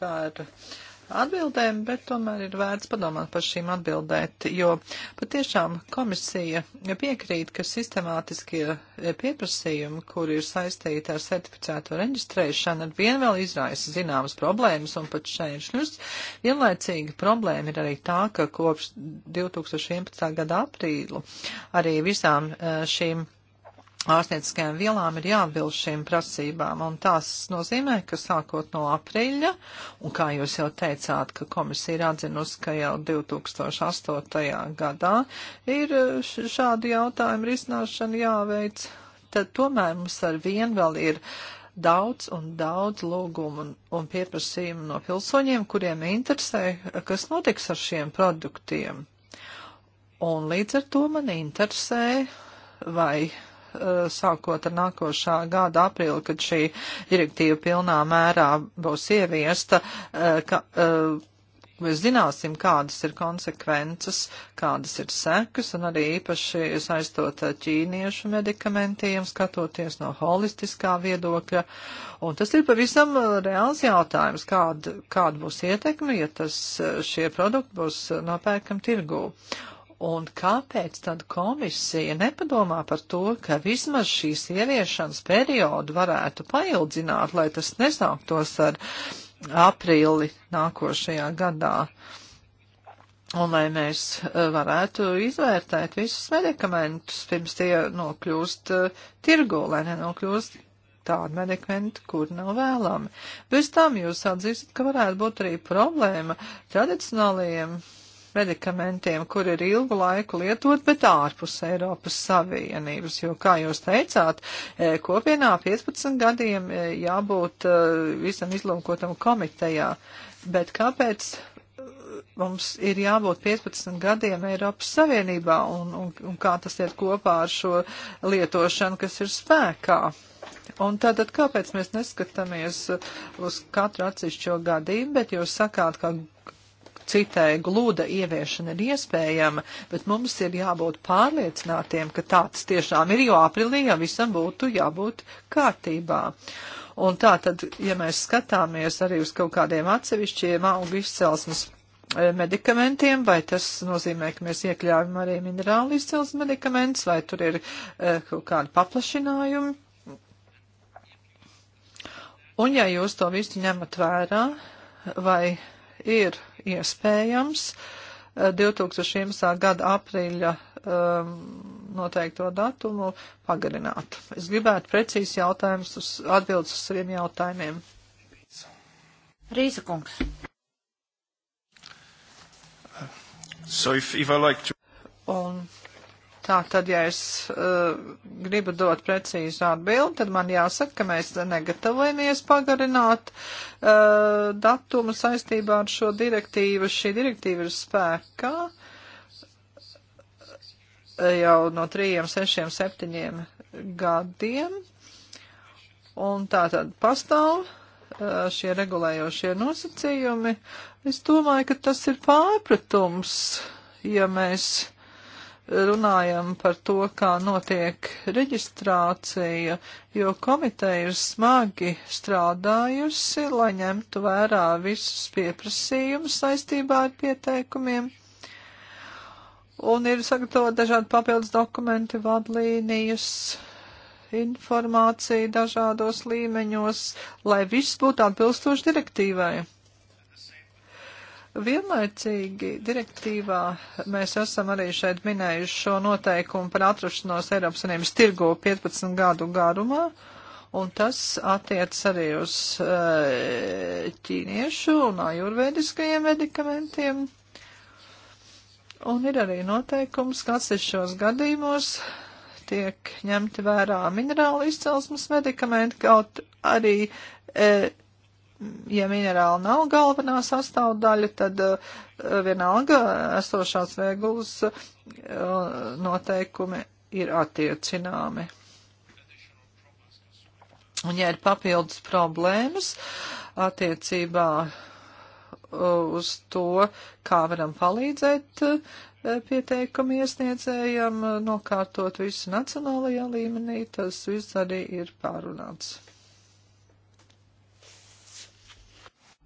par uh, atbildēm, bet tomēr ir vērts padomāt par šīm atbildēt, jo patiešām komisija piekrīt, ka sistemātiskie pieprasījumi, kur ir saistīti ar certificēto reģistrēšanu, ar vien vēl izraisa zināmas problēmas un pat šķēršļus. Vienlaicīgi problēma ir arī tā, ka kopš 2011. gada aprīlu arī visām eh, šīm ārstnieciskajām vielām ir jāatbilst šīm prasībām, un tās nozīmē, ka sākot no aprīļa, un kā jūs jau teicāt, ka komisija ir atzinusi, ka jau 2008. gadā ir šādi jautājumi risināšana jāveic, tad tomēr mums ar vien vēl ir daudz un daudz lūgumu un, un pieprasījumu no pilsoņiem, kuriem interesē, kas notiks ar šiem produktiem. Un līdz ar to man interesē, vai Eh, sākot ar nākošā gada aprīli, kad šī direktīva pilnā mērā būs ieviesta, eh, ka, eh, mēs zināsim, kādas ir konsekvences, kādas ir sekas, un arī īpaši saistot ķīniešu medikamentiem, skatoties no holistiskā viedokļa. Un tas ir pavisam reāls jautājums, kāda, kāda būs ietekme, ja tas, šie produkti būs nopērkam tirgū un kāpēc tad komisija nepadomā par to, ka vismaz šīs ieviešanas periodu varētu paildzināt, lai tas nesāktos ar aprīli nākošajā gadā? Un lai mēs eh, varētu izvērtēt visus medikamentus, pirms tie nokļūst uh, eh, tirgu, lai nenokļūst tādu medikamentu, kur nav vēlami. Bez tam jūs atzīstat, ka varētu būt arī problēma tradicionālajiem medikamentiem, kur ir ilgu laiku lietot, bet ārpus Eiropas Savienības, jo, kā jūs teicāt, e, kopienā 15 gadiem e, jābūt e, visam izlūkotam komitejā. Bet kāpēc mums ir jābūt 15 gadiem Eiropas Savienībā un, un, un kā tas iet kopā ar šo lietošanu, kas ir spēkā? Un tātad kāpēc mēs neskatāmies uz katru atsevišķo gadījumu, bet jūs sakāt, ka citai gluda ieviešana ir iespējama, bet mums ir jābūt pārliecinātiem, ka tāds tiešām ir, jo aprīlī jau visam būtu jābūt kārtībā. Un tā tad, ja mēs skatāmies arī uz kaut kādiem atsevišķiem augu izcelsmes e, medikamentiem, vai tas nozīmē, ka mēs iekļāvim arī minerālu izcelsmes medikamentus, vai tur ir uh, kaut kādi paplašinājumi. Un ja jūs to visu ņemat vērā, vai ir iespējams 2011. Eh, gada aprīļa um, noteikto datumu pagarināt. Es gribētu precīzi jautājumus, uz, atbildes uz saviem jautājumiem. Rīsa kungs. So if, if I like to... Un Tā tad, ja es uh, gribu dot precīzu atbildi, tad man jāsaka, ka mēs negatavojamies pagarināt uh, datumu saistībā ar šo direktīvu. Šī direktīva ir spēkā jau no trījiem, sešiem, septiņiem gadiem. Un tā tad pastāv uh, šie regulējošie nosacījumi. Es domāju, ka tas ir pārpratums, ja mēs runājam par to, kā notiek reģistrācija, jo komiteja ir smagi strādājusi, lai ņemtu vērā visus pieprasījumus saistībā ar pieteikumiem. Un ir sagatavot dažādi papildus dokumenti, vadlīnijas, informācija dažādos līmeņos, lai viss būtu atbilstoši direktīvai. Vienlaicīgi direktīvā mēs esam arī šeit minējuši šo noteikumu par atrašanos Eiropas Savienības tirgo 15 gadu garumā, un tas attiec arī uz eh, ķīniešu un ajurvēdiskajiem medikamentiem. Un ir arī noteikums, kas ir šos gadījumos tiek ņemti vērā minerāla izcelsmes medikamenti, kaut arī e, ja minerāli nav galvenā sastāvdaļa, tad uh, vienalga esošās vēgulas uh, eh, noteikumi ir attiecināmi. Un ja ir papildus problēmas attiecībā eh, uz to, kā varam palīdzēt pieteikumu iesniedzējam, nokārtot visu nacionālajā līmenī, tas viss arī ir pārunāts.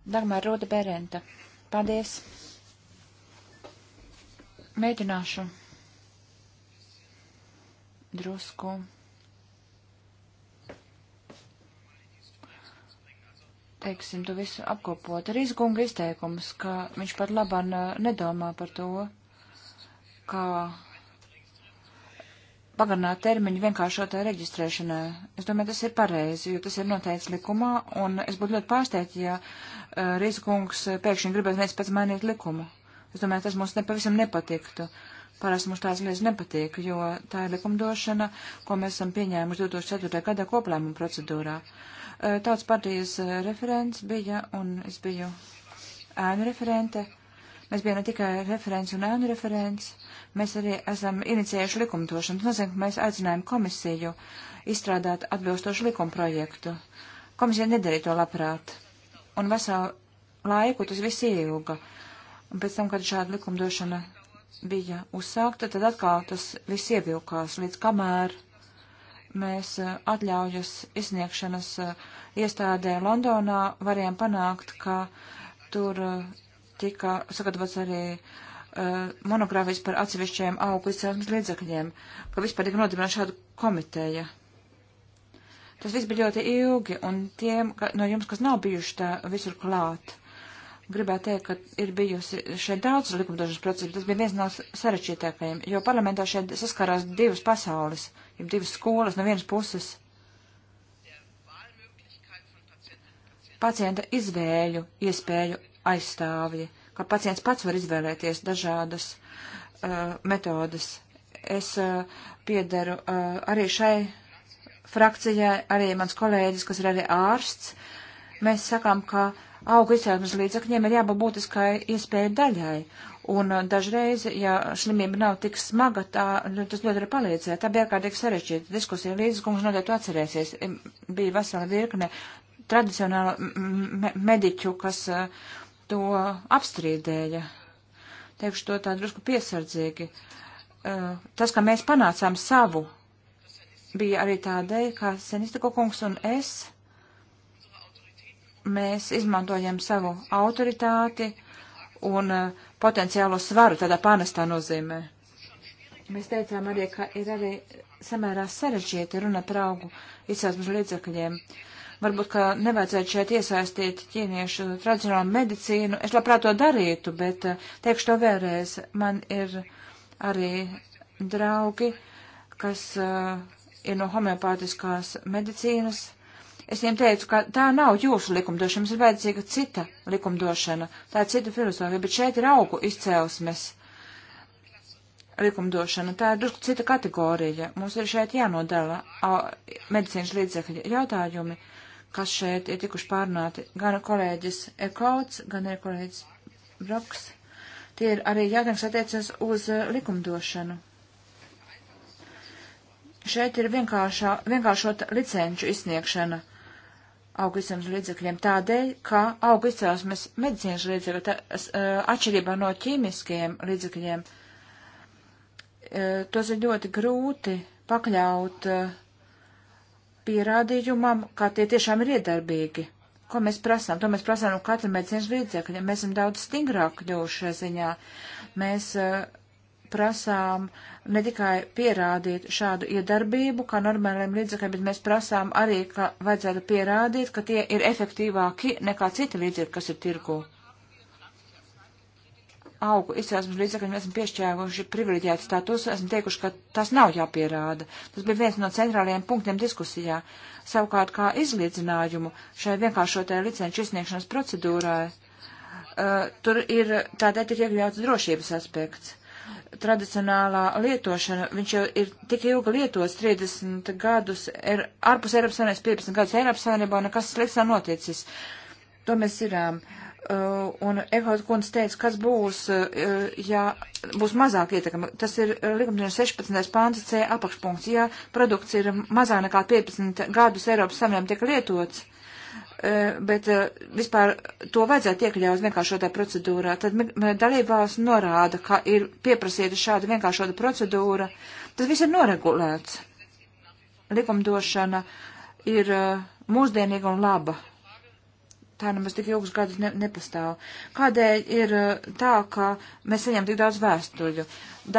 Dagmar Rūda Berenta. Paldies. Mēģināšu drusku teiksim, tu visu apkopot. Arī Zgunga izteikums, ka viņš pat labāk nedomā par to, kā pagarināt termiņu vienkāršotā reģistrēšanai. Es domāju, tas ir pareizi, jo tas ir noteikts likumā, un es būtu ļoti pārsteigts, ja uh, eh, Rīzkungs pēkšņi gribētu viens pats mainīt likumu. Es domāju, tas mums nepavisam nepatiktu. Parasti mums tās lietas nepatīk, jo tā ir likumdošana, ko mēs esam pieņēmuši 2004. gadā koplēmuma procedūrā. Eh, tautas partijas eh, referents bija, un es biju ēnu referente. Uh, Mēs bijām ne tikai referents un ēnu referents, mēs arī esam inicijējuši likumdošanu. Tas nozīmē, ka mēs aicinājām komisiju izstrādāt atbilstošu likumprojektu. Komisija nedarīja to labprāt. Un veselu laiku tas viss ieilga. Un pēc tam, kad šāda likumdošana bija uzsākta, tad atkal tas viss ievilkās līdz kamēr mēs eh, atļaujas izsniegšanas eh, iestādē Londonā varējām panākt, ka tur eh, tika sagatavots arī uh, monogrāfijas par atsevišķiem augu izcelsmes līdzakļiem, ka vispār tika nodibināta šāda komiteja. Tas viss bija ļoti ilgi, un tiem ka, no jums, kas nav bijuši tā visur klāt, gribētu teikt, ka ir bijusi šeit daudz likumdošanas procedūras. Tas bija viens no sarežģītākajiem, jo parlamentā šeit saskarās divas pasaules, jau divas skolas no vienas puses. Pacienta izvēļu iespēju aizstāvji, ka pacients pats var izvēlēties dažādas uh, metodas. Es uh, piederu uh, arī šai frakcijai, arī mans kolēģis, kas ir arī ārsts. Mēs sakām, ka auga izcelsmes līdzakņiem ir jābūt būtiskai iespēja daļai. Un uh, dažreiz, ja slimība nav tik smaga, tā, nu, tas ļoti var palīdzēt. Tā bija ārkārtīgi sarežģīta diskusija. Līdzes kungs noteikti atcerēsies. Bija vesela virkne tradicionāla mediķu, kas uh, to apstrīdēja. Teikšu to tā drusku piesardzīgi. Eh, tas, ka mēs panācām savu, bija arī tādēļ, ka Senistiko kungs un es, mēs izmantojam savu autoritāti un eh, potenciālo svaru tādā panestā nozīmē. Mēs teicām arī, ka ir arī samērā sarežģīti runāt par augu izcelsmes līdzekļiem. Uh, Varbūt, ka nevajadzētu šeit iesaistīt ķīniešu tradicionālu medicīnu. Es labprāt to darītu, bet eh, teikšu to vēlreiz. Man ir arī draugi, kas eh, ir no homeopātiskās medicīnas. Es viņiem teicu, ka tā nav jūsu likumdošana, mums ir vajadzīga cita likumdošana, tā ir cita filozofija, bet šeit ir augu izcēlesmes likumdošana, tā ir drusku cita kategorija. Mums ir šeit jānodala medicīnas līdzekļu jautājumi kas šeit ir tikuši pārunāti. Gan kolēģis Ekauts, gan ir kolēģis Broks. Tie ir arī jautājumi, kas attiecas uz eh, likumdošanu. Šeit ir vienkāršota licenču izsniegšana augu izcelsmes līdzekļiem tādēļ, ka augu izcelsmes medicīnas līdzekļi, tā, eh, atšķirībā no ķīmiskiem līdzekļiem, eh, tos ir ļoti grūti pakļaut uh, pierādījumam, ka tie tiešām ir iedarbīgi. Ko mēs prasām? To mēs prasām no katra medicīnas līdzekļa. Mēs esam daudz stingrāk kļuvuši šajā ziņā. Mēs uh, prasām ne tikai pierādīt šādu iedarbību kā normāliem līdzekļiem, bet mēs prasām arī, ka vajadzētu pierādīt, ka tie ir efektīvāki nekā citi līdzekļi, kas ir tirgu augu izcelsmes līdzekļiem esam piešķēruši privileģētu statusu, esam teikuši, ka tas nav jāpierāda. Tas bija viens no centrālajiem punktiem diskusijā. Savukārt, kā izlīdzinājumu šai vienkāršotajai licenču izsniegšanas procedūrai, uh, tur ir tādēļ ir iekļauts drošības aspekts. Tradicionālā lietošana, viņš jau ir tik ilgi lietots 30 gadus, ir ārpus Eiropas Savienības 15 gadus Eiropas Savienībā, nekas slikts nav noticis. To mēs zinām. Uh, Uh, un Ekauts kundze teica, kas būs, uh, ja būs mazāk ietekama. Tas ir uh, likumdienas 16. pāns C apakšpunkts. Ja produkts ir mazāk nekā 15 gadus Eiropas Savienībām tiek lietots, bet vispār to vajadzētu iekļaut vienkāršotā procedūrā. Tad dalībvalsts norāda, ka ir pieprasīta šāda vienkāršota procedūra. Tas viss ir noregulēts. Likumdošana ir mūsdienīga un laba tā nemaz tik ilgus gadus ne, nepastāv. Kādēļ ir eh, tā, ka mēs saņem tik daudz vēstuļu?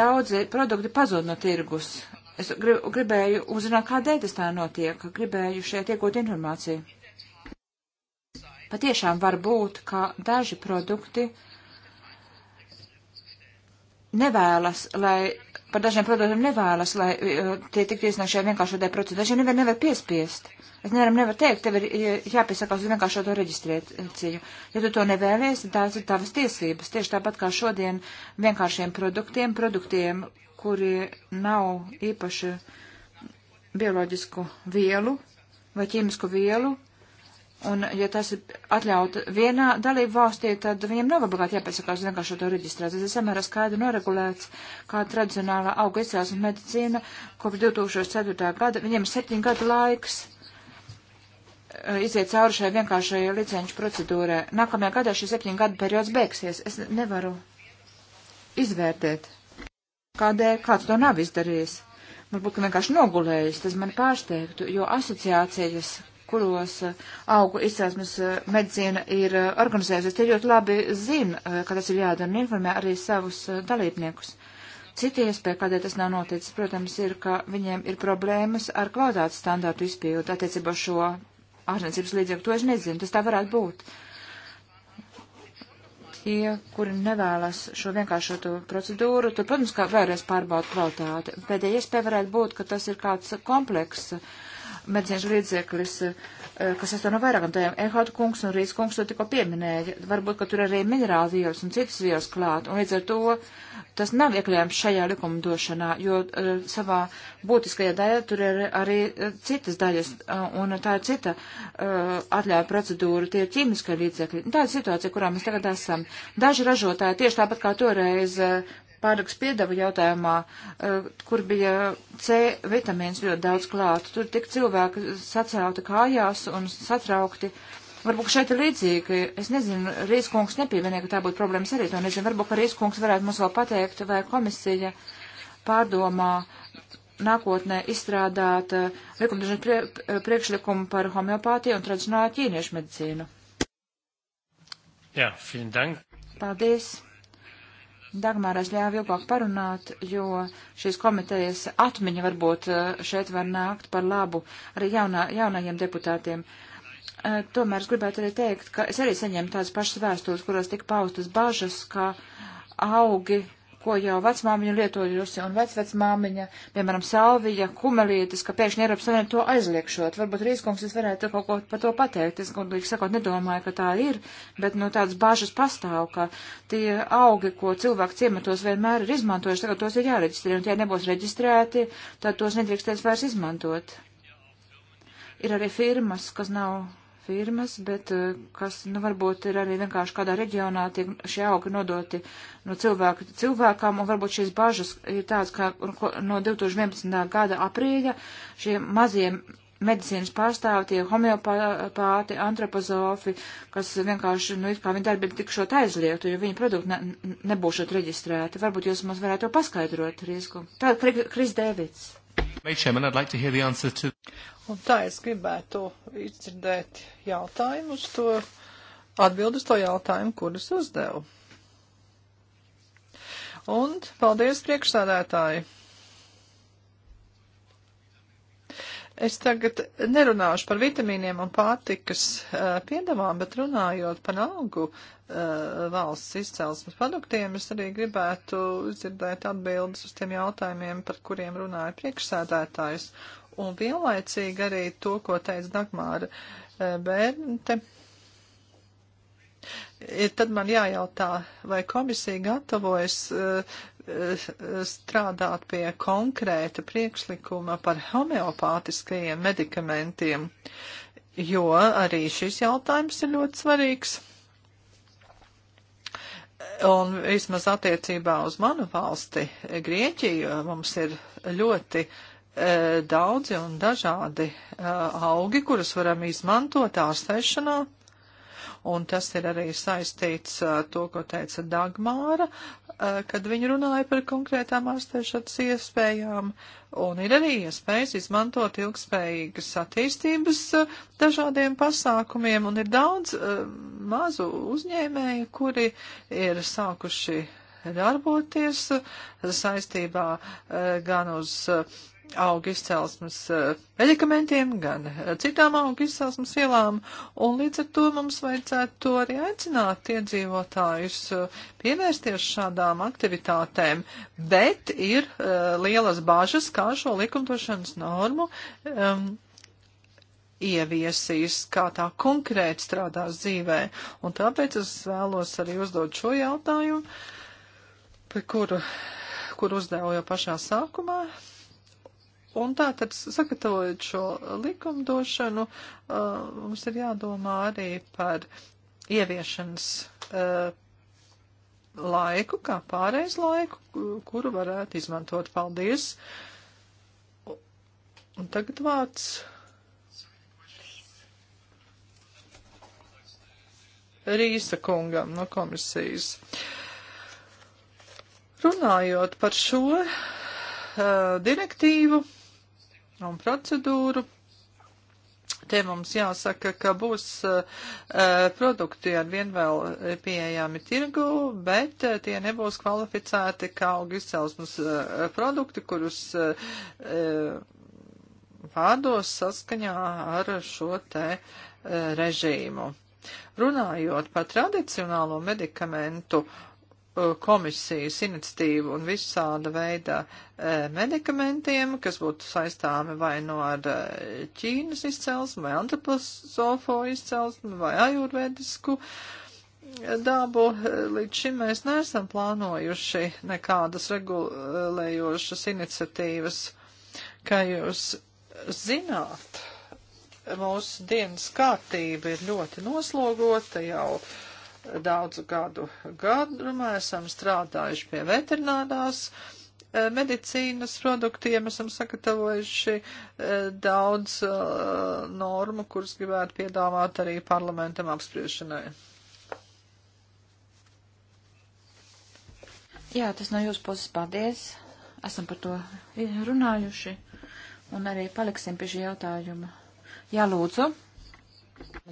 Daudzi produkti pazūd no tirgus. Es grib, gribēju uzzināt, kādēļ tas tā notiek, gribēju šeit iegūt informāciju. Patiešām var būt, ka daži produkti nevēlas, lai par dažiem produktiem nevēlas, lai e, tie tiktu iesniegti šajā vienkāršotē procedūrā. Dažiem nevar, nevar piespiest. Es nevaram nevar teikt, tev ir jāpiesakās uz vienkāršoto reģistrāciju. Ja tu to nevēlies, tās ir tavas tiesības. Tieši tāpat kā šodien vienkāršiem produktiem, produktiem, kuri nav īpaši bioloģisku vielu vai ķīmisku vielu, Un, ja tas ir atļauts vienā dalību valstī, tad viņiem nav obligāti jāpiesakās vienkārši to reģistrēt. Tas ir samērā skaidri noregulēts, kā tradicionālā auga izcelsmes medicīna kopš 2004. gada. Viņiem ir septiņu gadu laiks eh, iziet cauri šai vienkāršajai licenču procedūrai. Nākamajā gadā šis septiņu gadu periods beigsies. Es nevaru izvērtēt, kādēļ kāds to nav izdarījis. Varbūt, ka vienkārši nogulējis, tas man pārsteigtu, jo asociācijas, kuros eh, augu izcelsmes eh, medicīna ir eh, organizējusies, tie ļoti labi zina, ka tas ir jādara un informē arī savus dalībniekus. Citi iespēja, kādēļ tas nav noticis, protams, ir, ka viņiem ir problēmas ar kvalitātes standārtu izpildu attiecībā šo ārniecības līdzekļu. To es nezinu, tas tā varētu būt. Tie, kuri nevēlas šo vienkāršotu procedūru, tur, protams, kā vēlreiz pārbauda kvalitāti. Pēdējā iespēja varētu būt, ka tas ir kāds komplekss medicīnas līdzeklis, eh, kas sastāv no vairākām tādām. Ehot kungs un Rīs kungs to tikko pieminēja. Varbūt, ka tur arī minerāla vielas un citas vielas klāt. Un līdz ar to tas nav iekļējams šajā likumdošanā, jo uh, savā būtiskajā daļā tur ir arī eh, citas daļas. Un tā ir cita uh, atļauja procedūra, tie ir ķīmiskie līdzekļi. Un tā ir situācija, kurā mēs tagad esam. Daži ražotāji tieši tāpat kā toreiz uh, pārtiks piedeva jautājumā, eh, kur bija C vitamīns ļoti daudz klāt. Tur tik cilvēki satraukti kājās un satraukti. Varbūt šeit ir līdzīgi, es nezinu, Rīskungs nepievienīja, ka tā būtu problēmas arī, to nezinu, varbūt, ka Rīskungs varētu mums vēl pateikt, vai komisija pārdomā nākotnē izstrādāt eh, likumdošanas prie, priekšlikumu par homeopātiju un tradicionālo ķīniešu medicīnu. Jā, ja, vielen dank. Paldies. Dagmārais ļāva ilgāk parunāt, jo šīs komitejas atmiņa varbūt eh, šeit var nākt par labu arī jaunā, jaunajiem deputātiem. Eh, tomēr es gribētu arī teikt, ka es arī saņēmu tādas pašas vēstules, kurās tika paustas bažas, ka augi ko jau vecmāmiņa lietojusi, un vecvecmāmiņa, piemēram, salvija, kumelītis, ka pēkšņi Eiropas Savienība to aizliekšot. Varbūt Rīskungs es varētu kaut ko par to pateikt. Es, godīgi sakot, nedomāju, ka tā ir, bet, nu, tādas bāžas pastāv, ka tie augi, ko cilvēki ciematos vienmēr ir izmantojuši, tagad tos ir jāreģistrē, un tie nebūs reģistrēti, tad tos nedrīkstēs vairs izmantot. Ir arī firmas, kas nav firmas, bet eh, kas, nu, varbūt ir arī vienkārši kādā reģionā tiek šie augi nodoti no cilvēka cilvēkam, un varbūt šīs bažas ir tādas, ka no 2011. gada aprīļa šie mazie medicīnas pārstāvi, tie homeopāti, antropozofi, kas vienkārši, nu, it kā viņi darbi tikšot aizliegtu, jo viņu produkti ne, nebūšot reģistrēti. Varbūt jūs mums varētu to paskaidrot, Rīsku. Tā, Kris Dēvids. Un tā es gribētu izdzirdēt jautājumu uz to, atbildu uz to jautājumu, kurus uzdevu. Un paldies priekšsādētāji! Es tagad nerunāšu par vitamīniem un pārtikas uh, eh, piedevām, bet runājot par augu uh, eh, valsts izcelsmes produktiem, es arī gribētu dzirdēt atbildes uz tiem jautājumiem, par kuriem runāja priekšsēdētājs. Un vienlaicīgi arī to, ko teica Dagmāra uh, Bērnte. Ir tad man jājautā, vai komisija gatavojas uh, Eh, strādāt pie konkrēta priekšlikuma par homeopātiskajiem medikamentiem, jo arī šis jautājums ir ļoti svarīgs. Un vismaz attiecībā uz manu valsti, Grieķiju, mums ir ļoti e, daudzi un dažādi e, eh, augi, kurus varam izmantot ārstēšanā un tas ir arī saistīts ar to, ko teica Dagmāra, kad viņi runāja par konkrētām ārstēšanas iespējām, un ir arī iespējas izmantot ilgspējīgas attīstības dažādiem pasākumiem, un ir daudz mazu uzņēmēju, kuri ir sākuši darboties saistībā gan uz augu izcelsmes eh, medikamentiem, gan eh, citām augu izcelsmes vielām, un līdz ar to mums vajadzētu arī aicināt iedzīvotājus eh, pievērsties šādām aktivitātēm, bet ir uh, lielas bažas, kā šo likumdošanas normu um, ieviesīs, kā tā konkrēti strādās dzīvē, un tāpēc es vēlos arī uzdot šo jautājumu, par kuru, kur uzdevu jau pašā sākumā Un tā tad sagatavojot šo likumdošanu, uh, mums ir jādomā arī par ieviešanas uh, laiku, kā pāreiz laiku, kuru varētu izmantot. Paldies! Un tagad vārds. Rīsa kungam no komisijas. Runājot par šo uh, direktīvu, un procedūru. Te mums jāsaka, ka būs uh, produkti ar vien vēl pieejami tirgu, bet uh, tie nebūs kvalificēti kā auga izcelsmes uh, produkti, kurus pārdos saskaņā ar šo te režīmu. Runājot par tradicionālo medikamentu uh, Uh, komisijas iniciatīvu un visāda veida uh, medikamentiem, kas būtu saistāmi vai no nu ar uh, Ķīnas izcelsmi, vai antroposofo izcelsmi, vai ajurvedisku dabu. Līdz šim mēs neesam plānojuši nekādas regulējošas iniciatīvas, kā jūs zināt. Mūsu dienas kārtība ir ļoti noslogota jau uh, daudzu gadu gadrumā esam strādājuši pie veterinārās e, medicīnas produktiem, esam sagatavojuši e, daudz e, normu, kuras gribētu piedāvāt arī parlamentam apspriešanai. Jā, tas no jūsu puses paldies. Esam par to runājuši un arī paliksim pie šī jautājuma. Jā, lūdzu.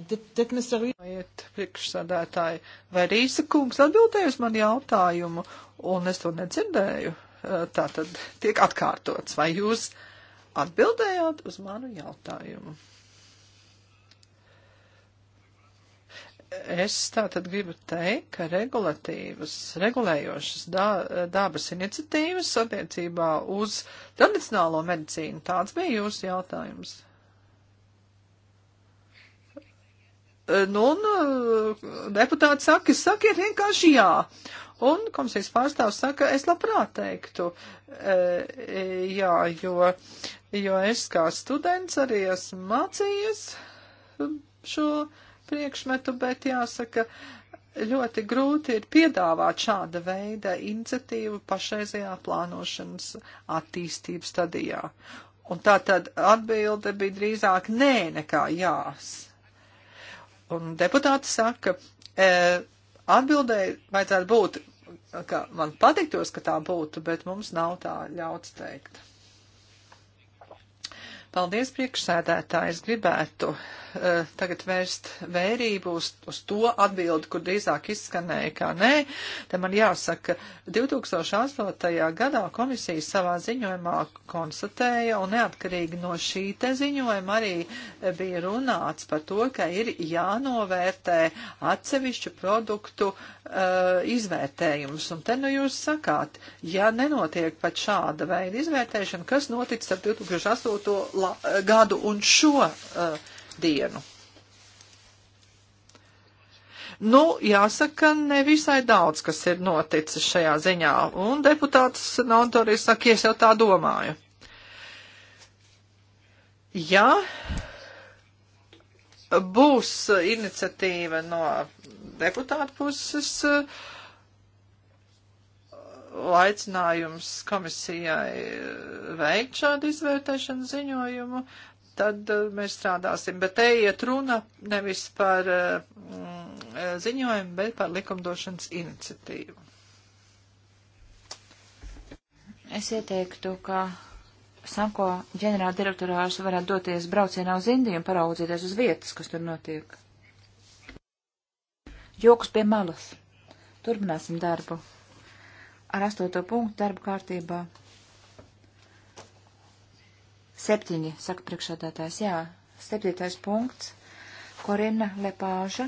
Iet priekšsādātāji, vai Rīsa kungs atbildēja uz manu jautājumu, un es to nedzirdēju. Tā tad tiek atkārtots, vai jūs atbildējāt uz manu jautājumu? Es tātad gribu teikt, ka regulatīvas, regulējošas dā, dabas iniciatīvas attiecībā uz tradicionālo medicīnu, tāds bija jūsu jautājums. Eh, nu, un eh, deputāti saka, sakiet vienkārši jā. Un komisijas pārstāvs saka, es labprāt teiktu, e, jā, jo, jo es kā students arī esmu mācījies šo priekšmetu, bet jāsaka, ļoti grūti ir piedāvāt šāda veida iniciatīvu pašreizajā plānošanas attīstības stadijā. Un tā tad atbilde bija drīzāk nē nekā jās. Un deputāti saka, e, atbildēji vajadzētu būt, ka man patiktos, ka tā būtu, bet mums nav tā ļauts teikt. Paldies, priekšsēdētāji. Es gribētu uh, tagad vērst vērību uz, uz to atbildi, kur drīzāk izskanēja, kā nē. Te man jāsaka, 2008. gadā komisija savā ziņojumā konstatēja, un neatkarīgi no šī te ziņojuma arī bija runāts par to, ka ir jānovērtē atsevišķu produktu uh, izvērtējums. Un te nu jūs sakāt, ja nenotiek pat šāda veida izvērtēšana, kas noticis ar 2008 la, gadu un šo uh, dienu. Nu, jāsaka, nevisai daudz, kas ir noticis šajā ziņā, un deputāts Nantoris saka, es jau tā domāju. Ja būs iniciatīva no deputāta puses, uh, aicinājums komisijai eh, veikt šādu izvērtēšanu ziņojumu, tad eh, mēs strādāsim. Bet te iet runa nevis par eh, mm, ziņojumu, bet par likumdošanas iniciatīvu. Es ieteiktu, ka Sanko ģenerāla direktorārs varētu doties braucienā uz Indiju un paraudzīties uz vietas, kas tur notiek. Joks pie malas. Turpināsim darbu ar astoto punktu darba kārtībā. Septiņi, saka priekšādātājs, jā, septītais punkts, Korina Lepāža,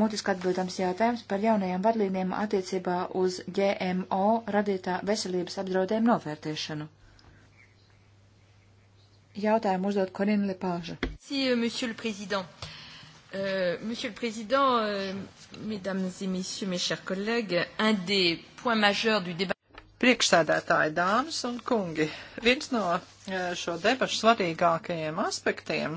mutiski atbildams jautājums par jaunajām vadlīnijām attiecībā uz GMO radītā veselības apdraudējuma novērtēšanu. Jautājumu uzdot Korina Lepāža. Euh, si, Euh, Monsieur le Président, euh, Mesdames et Messieurs, mes chers collègues, un des points majeurs du débat. Priekšsēdētāji, dāmas un kungi, viens no uh, šo debašu svarīgākajiem aspektiem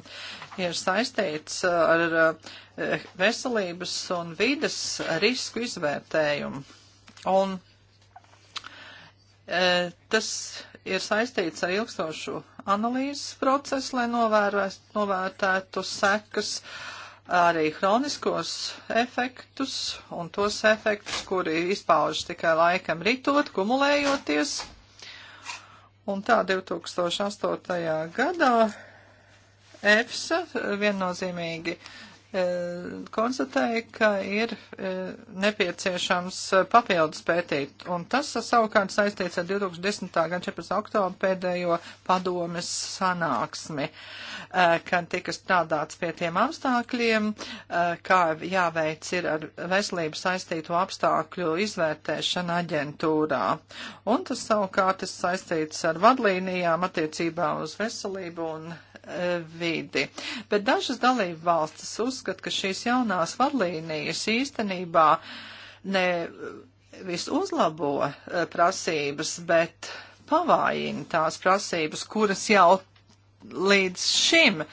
ir saistīts uh, ar uh, veselības un vides risku izvērtējumu. Un e, tas ir saistīts ar ilgstošu analīzes procesu, lai novērtētu sekas. Uh, arī hroniskos efektus un tos efektus, kuri izpaužas tikai laikam ritot, kumulējoties. Un tā 2008. gadā EFSA viennozīmīgi E, konstatēja, ka ir e, nepieciešams e, papildus pētīt. Un tas savukārt saistīts ar 2010. gada 14. oktobru pēdējo padomes sanāksmi, kad tika strādāts pie tiem apstākļiem, kā jāveic ir ar veselību saistīto apstākļu izvērtēšana aģentūrā. Un tas savukārt ir saistīts ar vadlīnijām attiecībā uz veselību un E, vidi. Bet dažas dalību valstis uzskata, ka šīs jaunās vadlīnijas īstenībā ne visuzlabo e, prasības, bet pavājina tās prasības, kuras jau līdz šim e,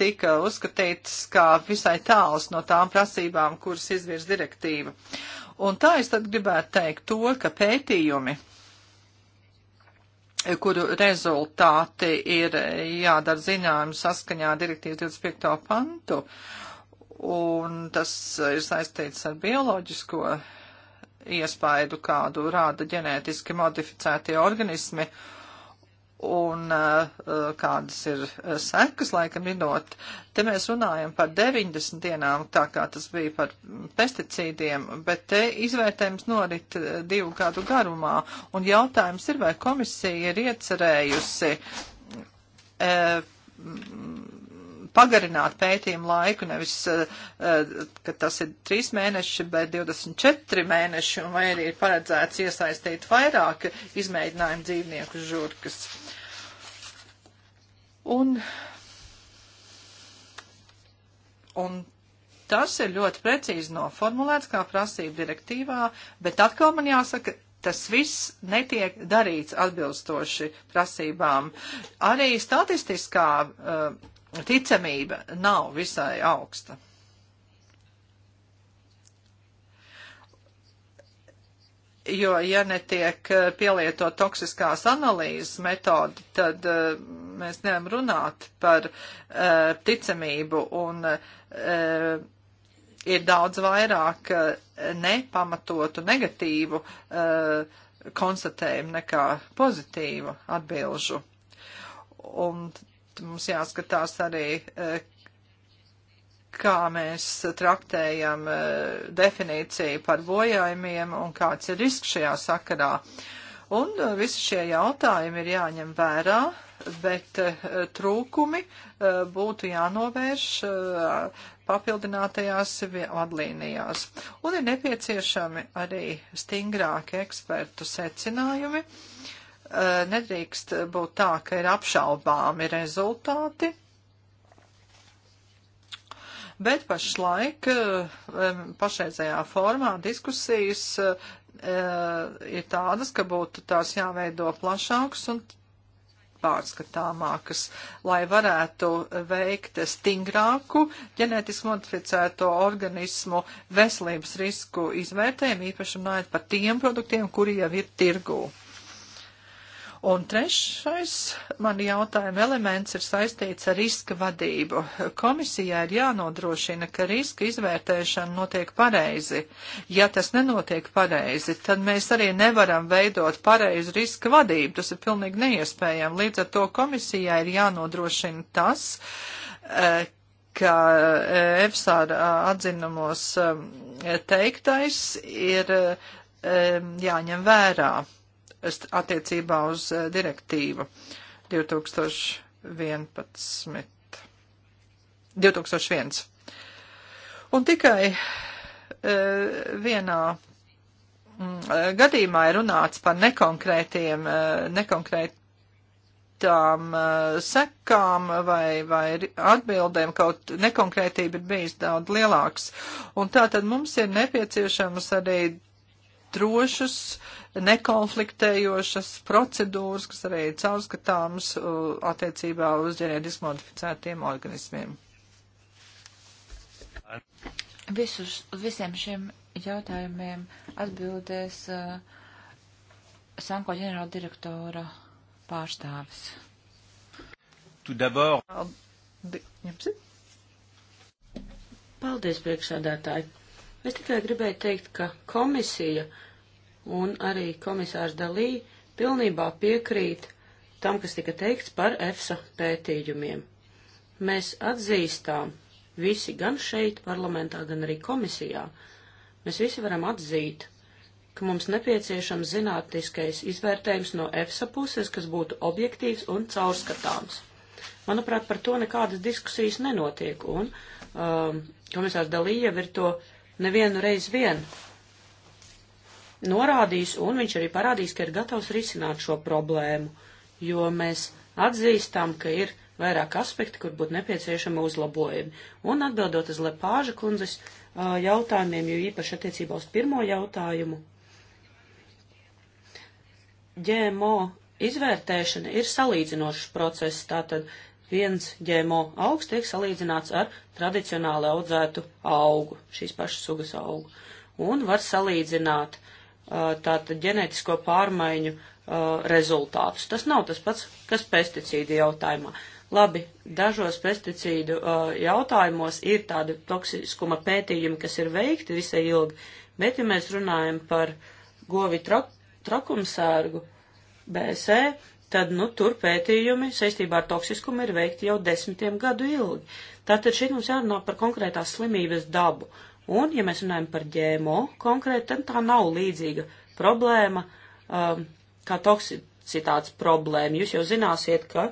tika uzskatītas kā visai tāls no tām prasībām, kuras izvirz direktīva. Un tā es tad gribētu teikt to, ka pētījumi kuru rezultāti ir jādara zinājumi saskaņā direktīvas 25. pantu, un tas ir saistīts ar bioloģisko iespaidu, kādu rāda ģenētiski modificētie organismi, uh, un eh, eh, kādas ir eh, sekas laika minot. Te mēs runājam par 90 dienām, tā kā tas bija par pesticīdiem, bet te izvērtējums norit divu gadu garumā, un jautājums ir, vai komisija ir iecerējusi e, pagarināt pētījumu laiku, nevis, ka tas ir 3 mēneši, bet 24 mēneši, un vai arī ir paredzēts iesaistīt vairāk izmēģinājumu dzīvnieku žurkas. Un, un tas ir ļoti precīzi noformulēts, kā prasība direktīvā, bet atkal man jāsaka, tas viss netiek darīts atbilstoši prasībām. Arī statistiskā uh, ticamība nav visai augsta. jo, ja netiek eh, pielietot toksiskās analīzes metodi, tad uh, mēs nevaram runāt par uh, ticamību un uh, ir daudz vairāk nepamatotu negatīvu konstatējumu nekā pozitīvu atbilžu. Un mums jāskatās arī, kā mēs traktējam eh, definīciju par bojājumiem un kāds ir risks šajā sakarā. Un eh, visi šie jautājumi ir jāņem vērā, bet eh, trūkumi būtu jānovērš papildinātajās vadlīnijās. Un ir nepieciešami arī stingrāki ekspertu secinājumi. Nedrīkst būt tā, ka ir apšaubāmi rezultāti bet pašlaik eh, pašreizējā formā diskusijas eh, ir tādas, ka būtu tās jāveido plašākas un pārskatāmākas, lai varētu veikt stingrāku ģenētiski modificēto organismu veselības risku izvērtējumu, īpaši runājot par tiem produktiem, kuri jau ir tirgū. Un trešais man jautājuma elements ir saistīts ar riska vadību. Komisijā ir jānodrošina, ka riska izvērtēšana notiek pareizi. Ja tas nenotiek pareizi, tad mēs arī nevaram veidot pareizu riska vadību. Tas ir pilnīgi neiespējami. Līdz ar to komisijā ir jānodrošina tas, e, ka EFSA atzinumos e, teiktais ir e, jāņem vērā attiecībā uz eh, direktīvu 2011. 2001. Un tikai eh, vienā mm, gadījumā ir runāts par nekonkrētiem, eh, nekonkrētām sekām vai, vai atbildēm, kaut nekonkrētība ir bijis daudz lielāks. Un tā tad mums ir nepieciešams arī drošas, nekonfliktējošas procedūras, kas arī ir caurskatāmas uh, attiecībā uz ģenētiski modificētiem organismiem. Visus, visiem šiem jautājumiem atbildēs uh, Sanko ģenerāla direktora pārstāvis. Tu dabor. Paldies, priekšsādātāji. Es tikai gribēju teikt, ka komisija un arī komisārs Dalī pilnībā piekrīt tam, kas tika teikts par EFSA pētījumiem. Mēs atzīstām visi gan šeit, parlamentā, gan arī komisijā. Mēs visi varam atzīt, ka mums nepieciešams zinātniskais izvērtējums no EFSA puses, kas būtu objektīvs un caurskatāms. Manuprāt, par to nekādas diskusijas nenotiek, un um, komisārs Dalī jau ir to nevienu reizi vien norādījis, un viņš arī parādījis, ka ir gatavs risināt šo problēmu, jo mēs atzīstam, ka ir vairāk aspekti, kur būtu nepieciešama uzlabojumi. Un atbildot uz Lepāža kundzes jautājumiem, jo īpaši attiecībā uz pirmo jautājumu, GMO izvērtēšana ir salīdzinošs process, tātad viens ģēmo augs tiek salīdzināts ar tradicionāli audzētu augu, šīs pašas sugas augu. Un var salīdzināt uh, tātad ģenētisko pārmaiņu uh, rezultātus. Tas nav tas pats, kas pesticīdu jautājumā. Labi, dažos pesticīdu uh, jautājumos ir tādi toksiskuma pētījumi, kas ir veikti visai ilgi, bet ja mēs runājam par govi trak trakumsērgu, BSE, tad, nu, tur pētījumi saistībā ar toksiskumu ir veikti jau desmitiem gadu ilgi. Tātad šeit mums jārunā par konkrētās slimības dabu. Un, ja mēs runājam par ģēmo konkrēti, tad tā nav līdzīga problēma um, kā toksicitātes problēma. Jūs jau zināsiet, ka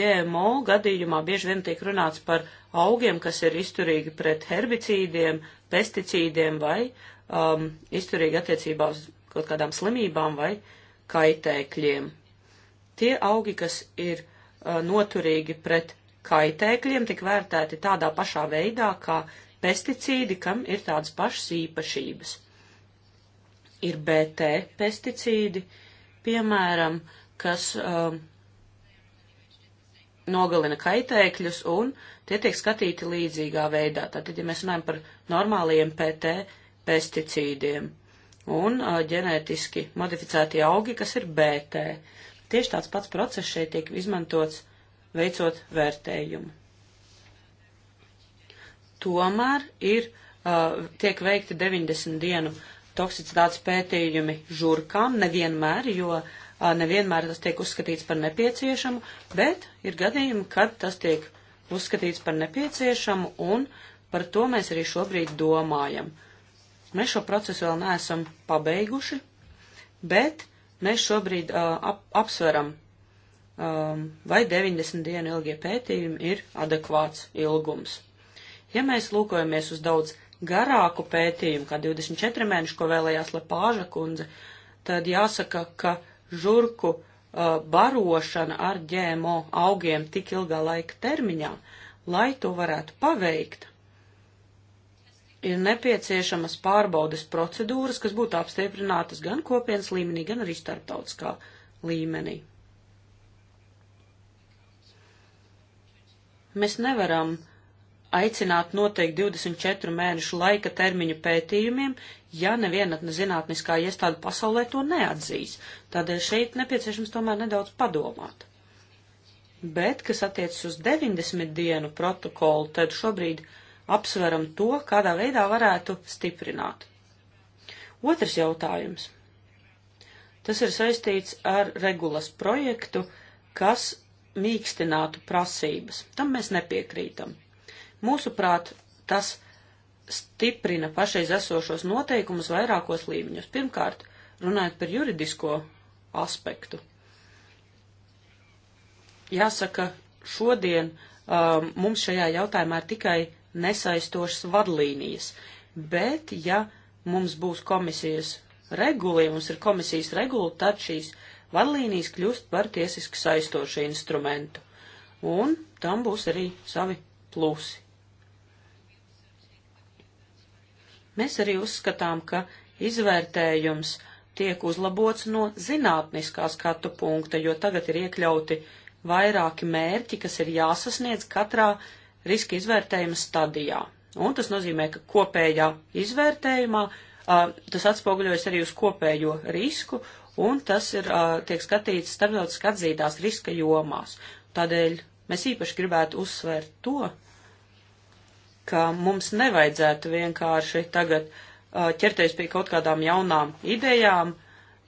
ģēmo gadījumā bieži vien tiek runāts par augiem, kas ir izturīgi pret herbicīdiem, pesticīdiem vai um, izturīgi attiecībā uz kaut kādām slimībām vai kaitēkļiem. Tie augi, kas ir uh, noturīgi pret kaitēkļiem, tik vērtēti tādā pašā veidā kā pesticīdi, kam ir tādas pašas īpašības. Ir BT pesticīdi, piemēram, kas um, nogalina kaitēkļus un tie tiek skatīti līdzīgā veidā. Tātad, ja mēs runājam par normāliem PT pesticīdiem un uh, ģenētiski modificētie augi, kas ir BT, Tieši tāds pats process šeit tiek izmantots veicot vērtējumu. Tomēr ir, uh, tiek veikti 90 dienu toksicitātes pētījumi žurkām, nevienmēr, jo uh, nevienmēr tas tiek uzskatīts par nepieciešamu, bet ir gadījumi, kad tas tiek uzskatīts par nepieciešamu, un par to mēs arī šobrīd domājam. Mēs šo procesu vēl neesam pabeiguši, bet Mēs šobrīd uh, ap, apsveram, um, vai 90 dienu ilgie pētījumi ir adekvāts ilgums. Ja mēs lūkojamies uz daudz garāku pētījumu, kā 24 mēnešu, ko vēlējās Lepāža kundze, tad jāsaka, ka žurku uh, barošana ar ģēmo augiem tik ilgā laika termiņā, lai to varētu paveikt, ir nepieciešamas pārbaudes procedūras, kas būtu apstiprinātas gan kopienas līmenī, gan arī starptautiskā līmenī. Mēs nevaram aicināt noteikti 24 mēnešu laika termiņu pētījumiem, ja nevienatne zinātniskā iestāde pasaulē to neatzīs. Tādēļ šeit nepieciešams tomēr nedaudz padomāt. Bet, kas attiecas uz 90 dienu protokolu, tad šobrīd apsveram to, kādā veidā varētu stiprināt. Otrs jautājums. Tas ir saistīts ar regulas projektu, kas mīkstinātu prasības. Tam mēs nepiekrītam. Mūsuprāt, tas stiprina pašreiz esošos noteikumus vairākos līmeņos. Pirmkārt, runājot par juridisko aspektu. Jāsaka, šodien um, mums šajā jautājumā ir tikai nesaistošas vadlīnijas. Bet, ja mums būs komisijas regula, ja mums ir komisijas regula, tad šīs vadlīnijas kļūst par tiesiski saistošu instrumentu. Un tam būs arī savi plusi. Mēs arī uzskatām, ka izvērtējums tiek uzlabots no zinātniskā skatu punkta, jo tagad ir iekļauti vairāki mērķi, kas ir jāsasniedz katrā riska izvērtējuma stadijā. Un tas nozīmē, ka kopējā izvērtējumā uh, tas atspoguļojas arī uz kopējo risku, un tas ir, uh, tiek skatīts starptautiski atzītās riska jomās. Tādēļ mēs īpaši gribētu uzsvērt to, ka mums nevajadzētu vienkārši tagad uh, ķerties pie kaut kādām jaunām idejām,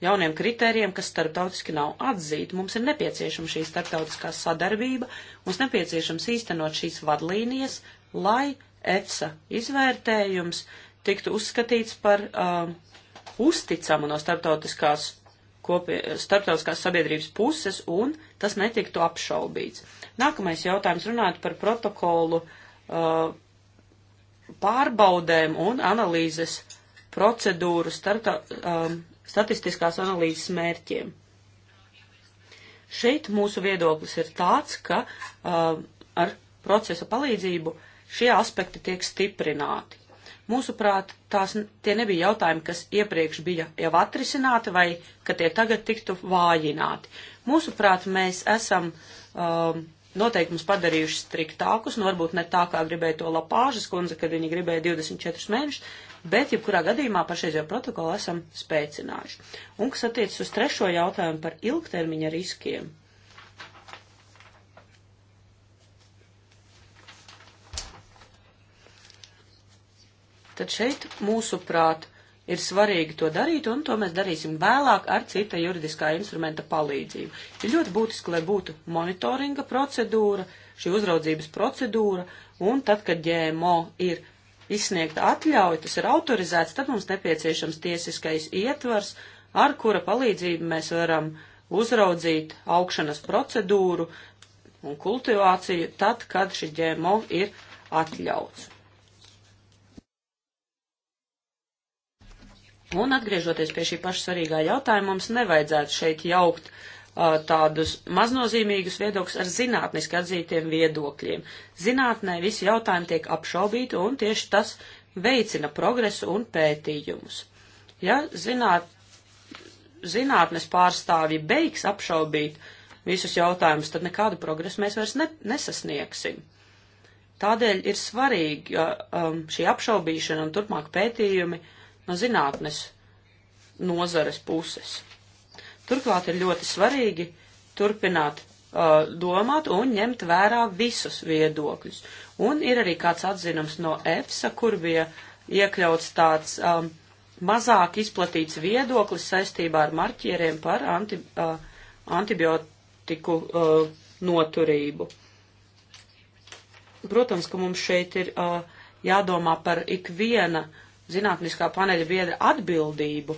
jauniem kritērijiem, kas starptautiski nav atzīti. Mums ir nepieciešama šī starptautiskā sadarbība, mums nepieciešams īstenot šīs vadlīnijas, lai EFSA izvērtējums tiktu uzskatīts par um, uzticamu no starptautiskās, kopie, starptautiskās sabiedrības puses un tas netiktu apšaubīts. Nākamais jautājums runājot par protokolu uh, pārbaudēm un analīzes procedūru starta, um, statistiskās analīzes mērķiem. Šeit mūsu viedoklis ir tāds, ka uh, ar procesa palīdzību šie aspekti tiek stiprināti. Mūsuprāt, tās, tie nebija jautājumi, kas iepriekš bija jau atrisināti vai ka tie tagad tiktu vājināti. Mūsuprāt, mēs esam um, noteikumus padarījuši striktākus, nu varbūt ne tā, kā gribēja to lapāžas kundze, kad viņi gribēja 24 mēnešus, bet jebkurā gadījumā pašreizējo protokolu esam spēcinājuši. Un kas attiecas uz trešo jautājumu par ilgtermiņa riskiem. Tad šeit mūsuprāt ir svarīgi to darīt, un to mēs darīsim vēlāk ar cita juridiskā instrumenta palīdzību. Ir ļoti būtiski, lai būtu monitoringa procedūra, šī uzraudzības procedūra, un tad, kad ģēmo ir izsniegta atļauja, tas ir autorizēts, tad mums nepieciešams tiesiskais ietvars, ar kura palīdzību mēs varam uzraudzīt augšanas procedūru un kultivāciju tad, kad šis ģēmo ir atļauts. Un atgriežoties pie šī paša svarīgā jautājuma, mums nevajadzētu šeit jaukt uh, tādus maznozīmīgus viedokļus ar zinātniski atzītiem viedokļiem. Zinātnē visi jautājumi tiek apšaubīti, un tieši tas veicina progresu un pētījumus. Ja zināt, zinātnes pārstāvji beigs apšaubīt visus jautājumus, tad nekādu progresu mēs vairs ne, nesasniegsim. Tādēļ ir svarīgi um, šī apšaubīšana un turpmāk pētījumi no zinātnes nozares puses. Turklāt ir ļoti svarīgi turpināt uh, domāt un ņemt vērā visus viedokļus. Un ir arī kāds atzinums no EFSA, kur bija iekļauts tāds um, mazāk izplatīts viedoklis saistībā ar marķieriem par anti, uh, antibiotiku uh, noturību. Protams, ka mums šeit ir uh, jādomā par ikviena zinātniskā paneļa biedra atbildību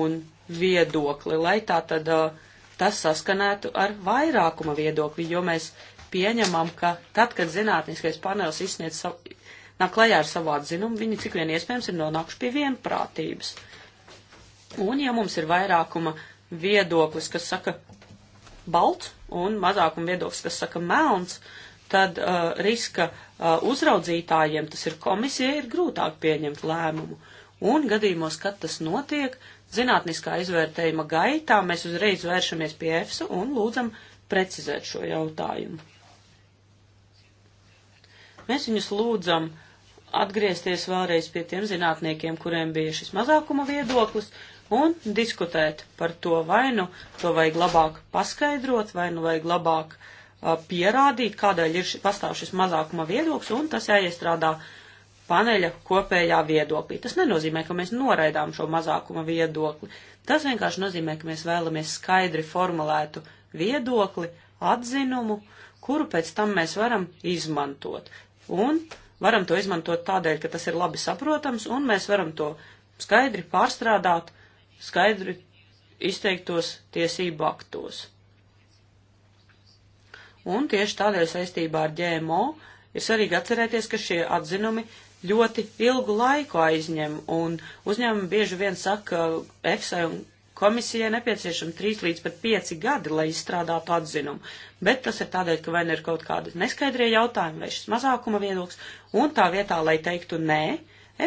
un uh, viedokli, lai tā tad uh, tas saskanētu ar vairākuma viedokli, jo mēs pieņemam, ka tad, kad zinātniskais panelis izsniedz savu, nāk klajā ar savu atzinumu, viņi cik vien iespējams ir nonākuši pie vienprātības. Un ja mums ir vairākuma viedoklis, kas saka balts, un mazākuma viedoklis, kas saka melns, tad uh, riska uh, uzraudzītājiem, tas ir komisijai, ir grūtāk pieņemt lēmumu. Un gadījumos, kad tas notiek, zinātniskā izvērtējuma gaitā mēs uzreiz vēršamies pie EFSA un lūdzam precizēt šo jautājumu. Mēs viņus lūdzam atgriezties vēlreiz pie tiem zinātniekiem, kuriem bija šis mazākuma viedoklis, un diskutēt par to, vai nu to vajag labāk paskaidrot, vai nu vajag labāk uh, pierādīt, kādēļ ir ši, pastāv šis mazākuma viedoklis, un tas jāiestrādā uh, paneļa kopējā viedoklī. Tas nenozīmē, ka mēs noraidām šo mazākuma viedokli. Tas vienkārši nozīmē, ka mēs vēlamies skaidri formulētu viedokli, atzinumu, kuru pēc tam mēs varam izmantot. Un varam to izmantot tādēļ, ka tas ir labi saprotams, un mēs varam to skaidri pārstrādāt, skaidri izteiktos tiesību aktos. Un tieši tādēļ saistībā ar ģēmo ir svarīgi atcerēties, ka šie atzinumi ļoti ilgu laiku aizņem, un uzņēmumi bieži vien saka EFSA un komisijai nepieciešami 3 līdz pat 5 gadi, lai izstrādātu atzinumu. Bet tas ir tādēļ, ka vai nu ir kaut kādi neskaidrie jautājumi vai šis mazākuma viedoklis, un tā vietā, lai teiktu nē,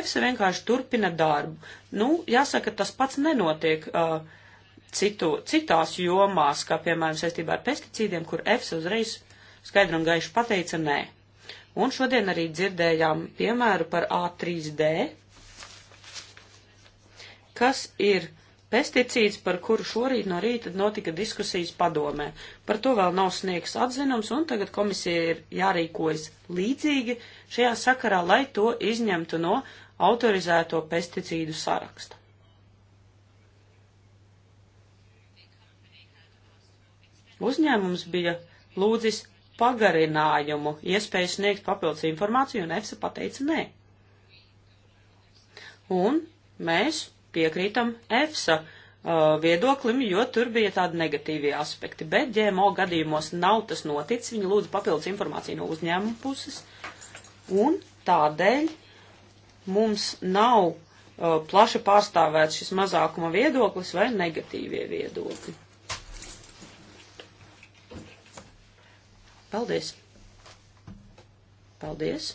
EFSA vienkārši turpina darbu. Nu, jāsaka, tas pats nenotiek. Uh, Citu, citās jomās, kā piemēram saistībā ar pesticīdiem, kur EFSA uzreiz skaidri un gaiši pateica nē. Un šodien arī dzirdējām piemēru par A3D, kas ir pesticīds, par kuru šorīt no rīta notika diskusijas padomē. Par to vēl nav sniegs atzinums, un tagad komisija ir jārīkojas līdzīgi šajā sakarā, lai to izņemtu no autorizēto pesticīdu saraksta. Uzņēmums bija lūdzis pagarinājumu, iespēju sniegt papildus informāciju, un EFSA pateica nē. Un mēs piekrītam EFSA uh, viedoklim, jo tur bija tādi negatīvi aspekti, bet GMO gadījumos nav tas noticis, viņi lūdza papildus informāciju no uzņēmuma puses, un tādēļ mums nav uh, plaši pārstāvēts šis mazākuma viedoklis vai negatīvie viedokļi. Paldies! Paldies!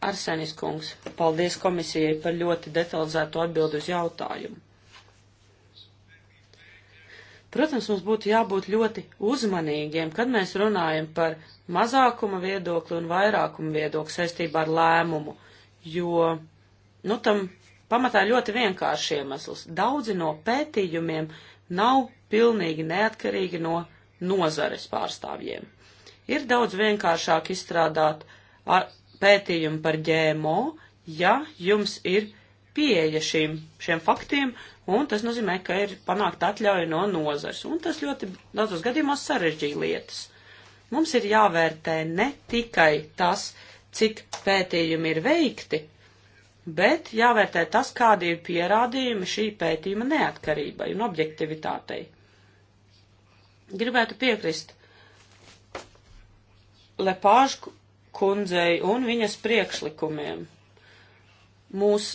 Arsenis kungs, paldies komisijai par ļoti detalizēto atbildu uz jautājumu. Protams, mums būtu jābūt ļoti uzmanīgiem, kad mēs runājam par mazākuma viedokli un vairākuma viedokli saistībā ar lēmumu, jo, nu, tam pamatā ļoti vienkārši iemesls. Daudzi no pētījumiem uh, nav pilnīgi neatkarīgi no nozares pārstāvjiem. Ir daudz vienkāršāk izstrādāt pētījumu par ģēmo, ja jums ir pieeja šīm, šiem faktiem, un tas nozīmē, ka ir panākt atļauja no nozars, un tas ļoti daudzos gadījumos sarežģīja lietas. Mums ir jāvērtē ne tikai tas, cik pētījumi ir veikti, bet jāvērtē tas, kādi ir pierādījumi šī pētījuma neatkarībai un objektivitātei. Gribētu piekrist Lepāžu kundzei un viņas priekšlikumiem. Mūs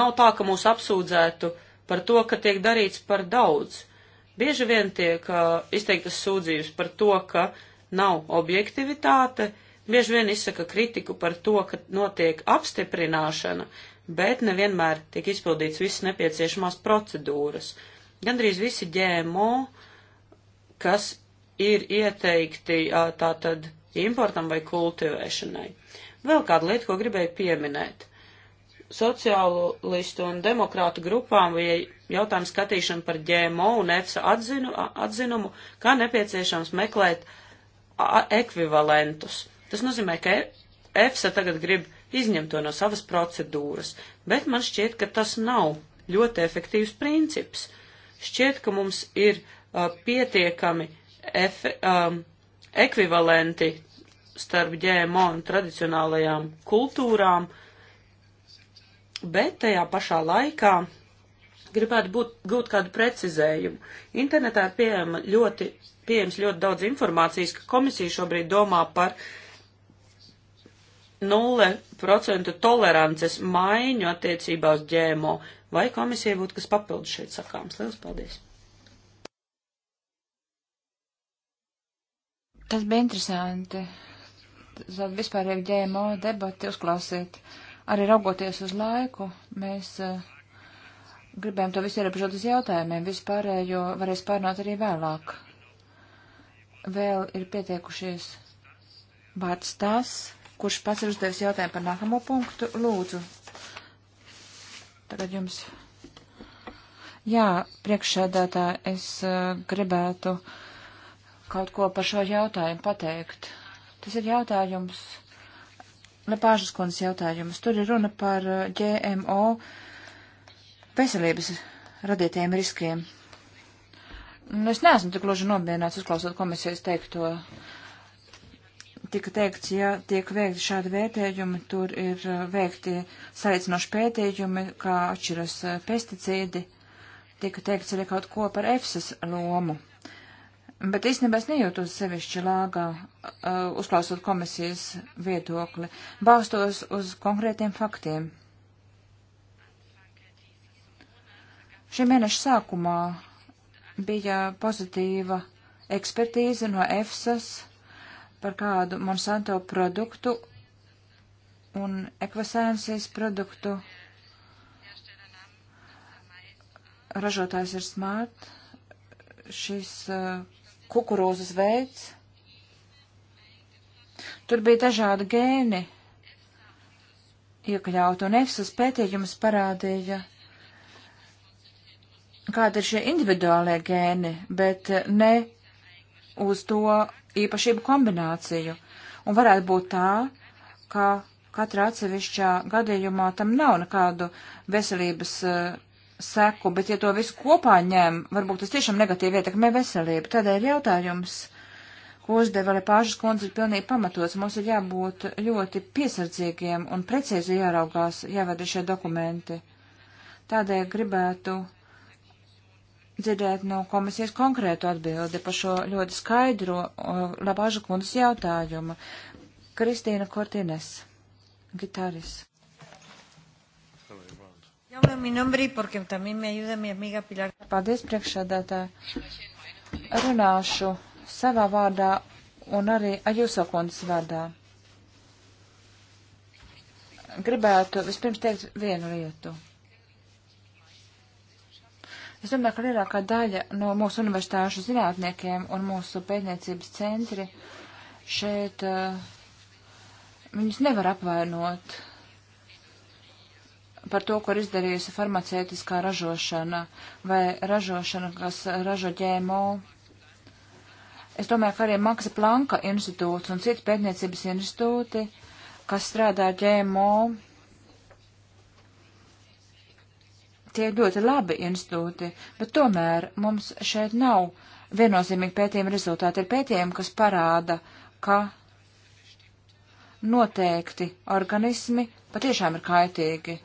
nav tā, ka mūs apsūdzētu par to, ka tiek darīts par daudz. Bieži vien tiek uh, izteiktas sūdzības par to, ka nav objektivitāte, uh, bieži vien izsaka kritiku par to, ka notiek apstiprināšana, bet nevienmēr tiek izpildīts visas nepieciešamās procedūras. Gandrīz visi ģēmo, kas ir ieteikti tātad importam vai kultivēšanai. Vēl kāda lieta, ko gribēju pieminēt sociālistu un demokrātu grupām bija jautājums skatīšana par ģēmo un EFSA atzinu, atzinumu, kā nepieciešams meklēt ekvivalentus. Tas nozīmē, ka EFSA tagad grib izņemt to no savas procedūras, bet man šķiet, ka tas nav ļoti efektīvs princips. Šķiet, ka mums ir uh, pietiekami efe, um, ekvivalenti starp ģēmo un tradicionālajām kultūrām, bet tajā pašā laikā gribētu būt, gūt kādu precizējumu. Internetā ir pieejama ļoti, pieejams ļoti daudz informācijas, ka komisija šobrīd domā par uh, 0% tolerances maiņu attiecībā uz ģēmo. Vai komisija būtu kas papildus šeit sakāms? Lielas paldies! Tas bija interesanti. Tāda vispārīga ģēmo debati uzklausīt. Arī raugoties uz laiku, mēs uh, gribējām to visu ierobežot uz jautājumiem. Vispārējo varēs pārnāt arī vēlāk. Vēl ir pietiekušies vārds tas kurš pats ir uzdevis jautājumu par nākamo punktu. Lūdzu, tagad jums. Jā, priekšsēdētā es uh, gribētu kaut ko par šo jautājumu pateikt. Tas ir jautājums, Lepāžas kundzes jautājums. Tur ir runa par uh, GMO veselības radītajiem riskiem. Nu, es neesmu tik loži nobienāts uzklausot komisijas teikto. Uh, tika teikts, ja tiek veikti šādi vērtējumi, tur ir eh, veikti saicinoši pētījumi, kā atšķiras eh, pesticīdi, tika teikts arī kaut ko par EFSAS lomu. Bet īstenībā es nejūtos sevišķi lāgā, eh, uzklausot komisijas viedokli, balstos uz konkrētiem faktiem. Šī mēneša sākumā bija pozitīva ekspertīze no EFSAS par kādu Monsanto produktu un ekvasēnsijas produktu. Ražotājs ir smart. Šis uh, kukurūzas veids. Tur bija dažādi gēni iekļauti, un EFSAS pētījums parādīja, kāda ir šie individuālie gēni, bet ne uz to īpašību kombināciju. Un varētu būt tā, ka katrā atsevišķā gadījumā tam nav nekādu veselības uh, seku, bet ja to visu kopā ņem, varbūt tas tiešām negatīvi ietekmē veselību. Tādēļ jautājums, ko uzdeva Lepāžas kundze, ir pilnīgi pamatots. Mums ir jābūt ļoti piesardzīgiem un precīzi jāraugās, jāvada šie dokumenti. Tādēļ gribētu dzirdēt no komisijas konkrētu atbildi par šo ļoti skaidro Labāža kundas jautājumu. Kristīna Kortines, gitāris. Paldies, priekšsēdētāji. Runāšu savā vārdā un arī Ajuso kundas vārdā. Gribētu vispirms teikt vienu lietu. Es domāju, ka lielākā daļa no mūsu universitāšu zinātniekiem un mūsu pētniecības centri šeit uh, viņus nevar apvainot par to, ko ir izdarījusi farmacētiskā ražošana vai ražošana, kas ražo ģēmo. Es domāju, ka arī Maksa Planka institūts un citi pētniecības institūti, kas strādā ģēmo, tie ir ļoti labi institūti, bet tomēr mums šeit nav viennozīmīgi pētījuma rezultāti. Ir pētījumi, kas parāda, ka noteikti organismi patiešām ir kaitīgi.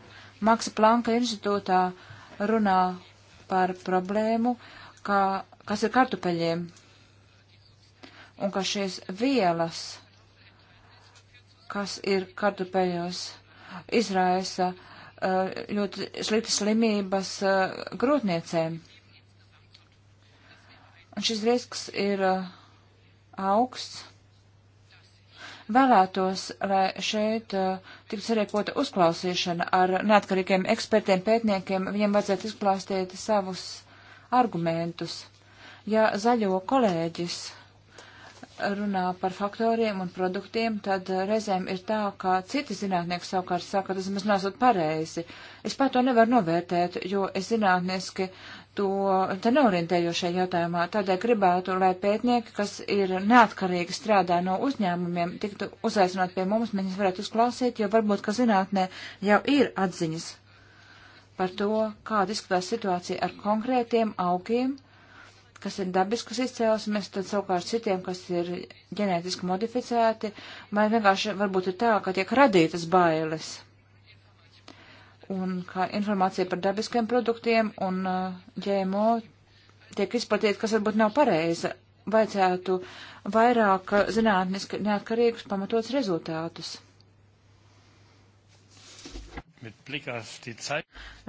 Maksa Planka institūtā runā par problēmu, ka, kas ir kartupeļiem un ka šīs vielas, kas ir kartupeļos, izraisa uh, Eh, ļoti sliktas slimības eh, grūtniecēm. Un šis risks ir eh, augsts. Vēlētos, lai šeit tiktu sarīkota uzklausīšana ar neatkarīgiem ekspertiem, pētniekiem, viņiem vajadzētu izklāstīt savus argumentus. Ja zaļo kolēģis runā par faktoriem un produktiem, tad reizēm ir tā, ka citi zinātnieki savukārt saka, tas mēs nesot pareizi. Es pat to nevaru novērtēt, jo es zinātniski to te neorientējošajā jautājumā. Tādēļ gribētu, lai pētnieki, kas ir neatkarīgi strādā no uzņēmumiem, tiktu uzaicināt pie mums, mēs varētu uzklausīt, jo varbūt, ka zinātnē jau ir atziņas par to, kāda izskatās situācija ar konkrētiem augiem kas ir dabiskas izcēlesmes, tad savukārt citiem, kas ir ģenētiski modificēti, vai vienkārši varbūt ir tā, ka tiek radītas bailes. Un kā informācija par dabiskiem produktiem un uh, ģēmo tiek izplatīta, kas varbūt nav pareiza, vajadzētu vairāk uh, zinātniski neatkarīgus pamatots rezultātus.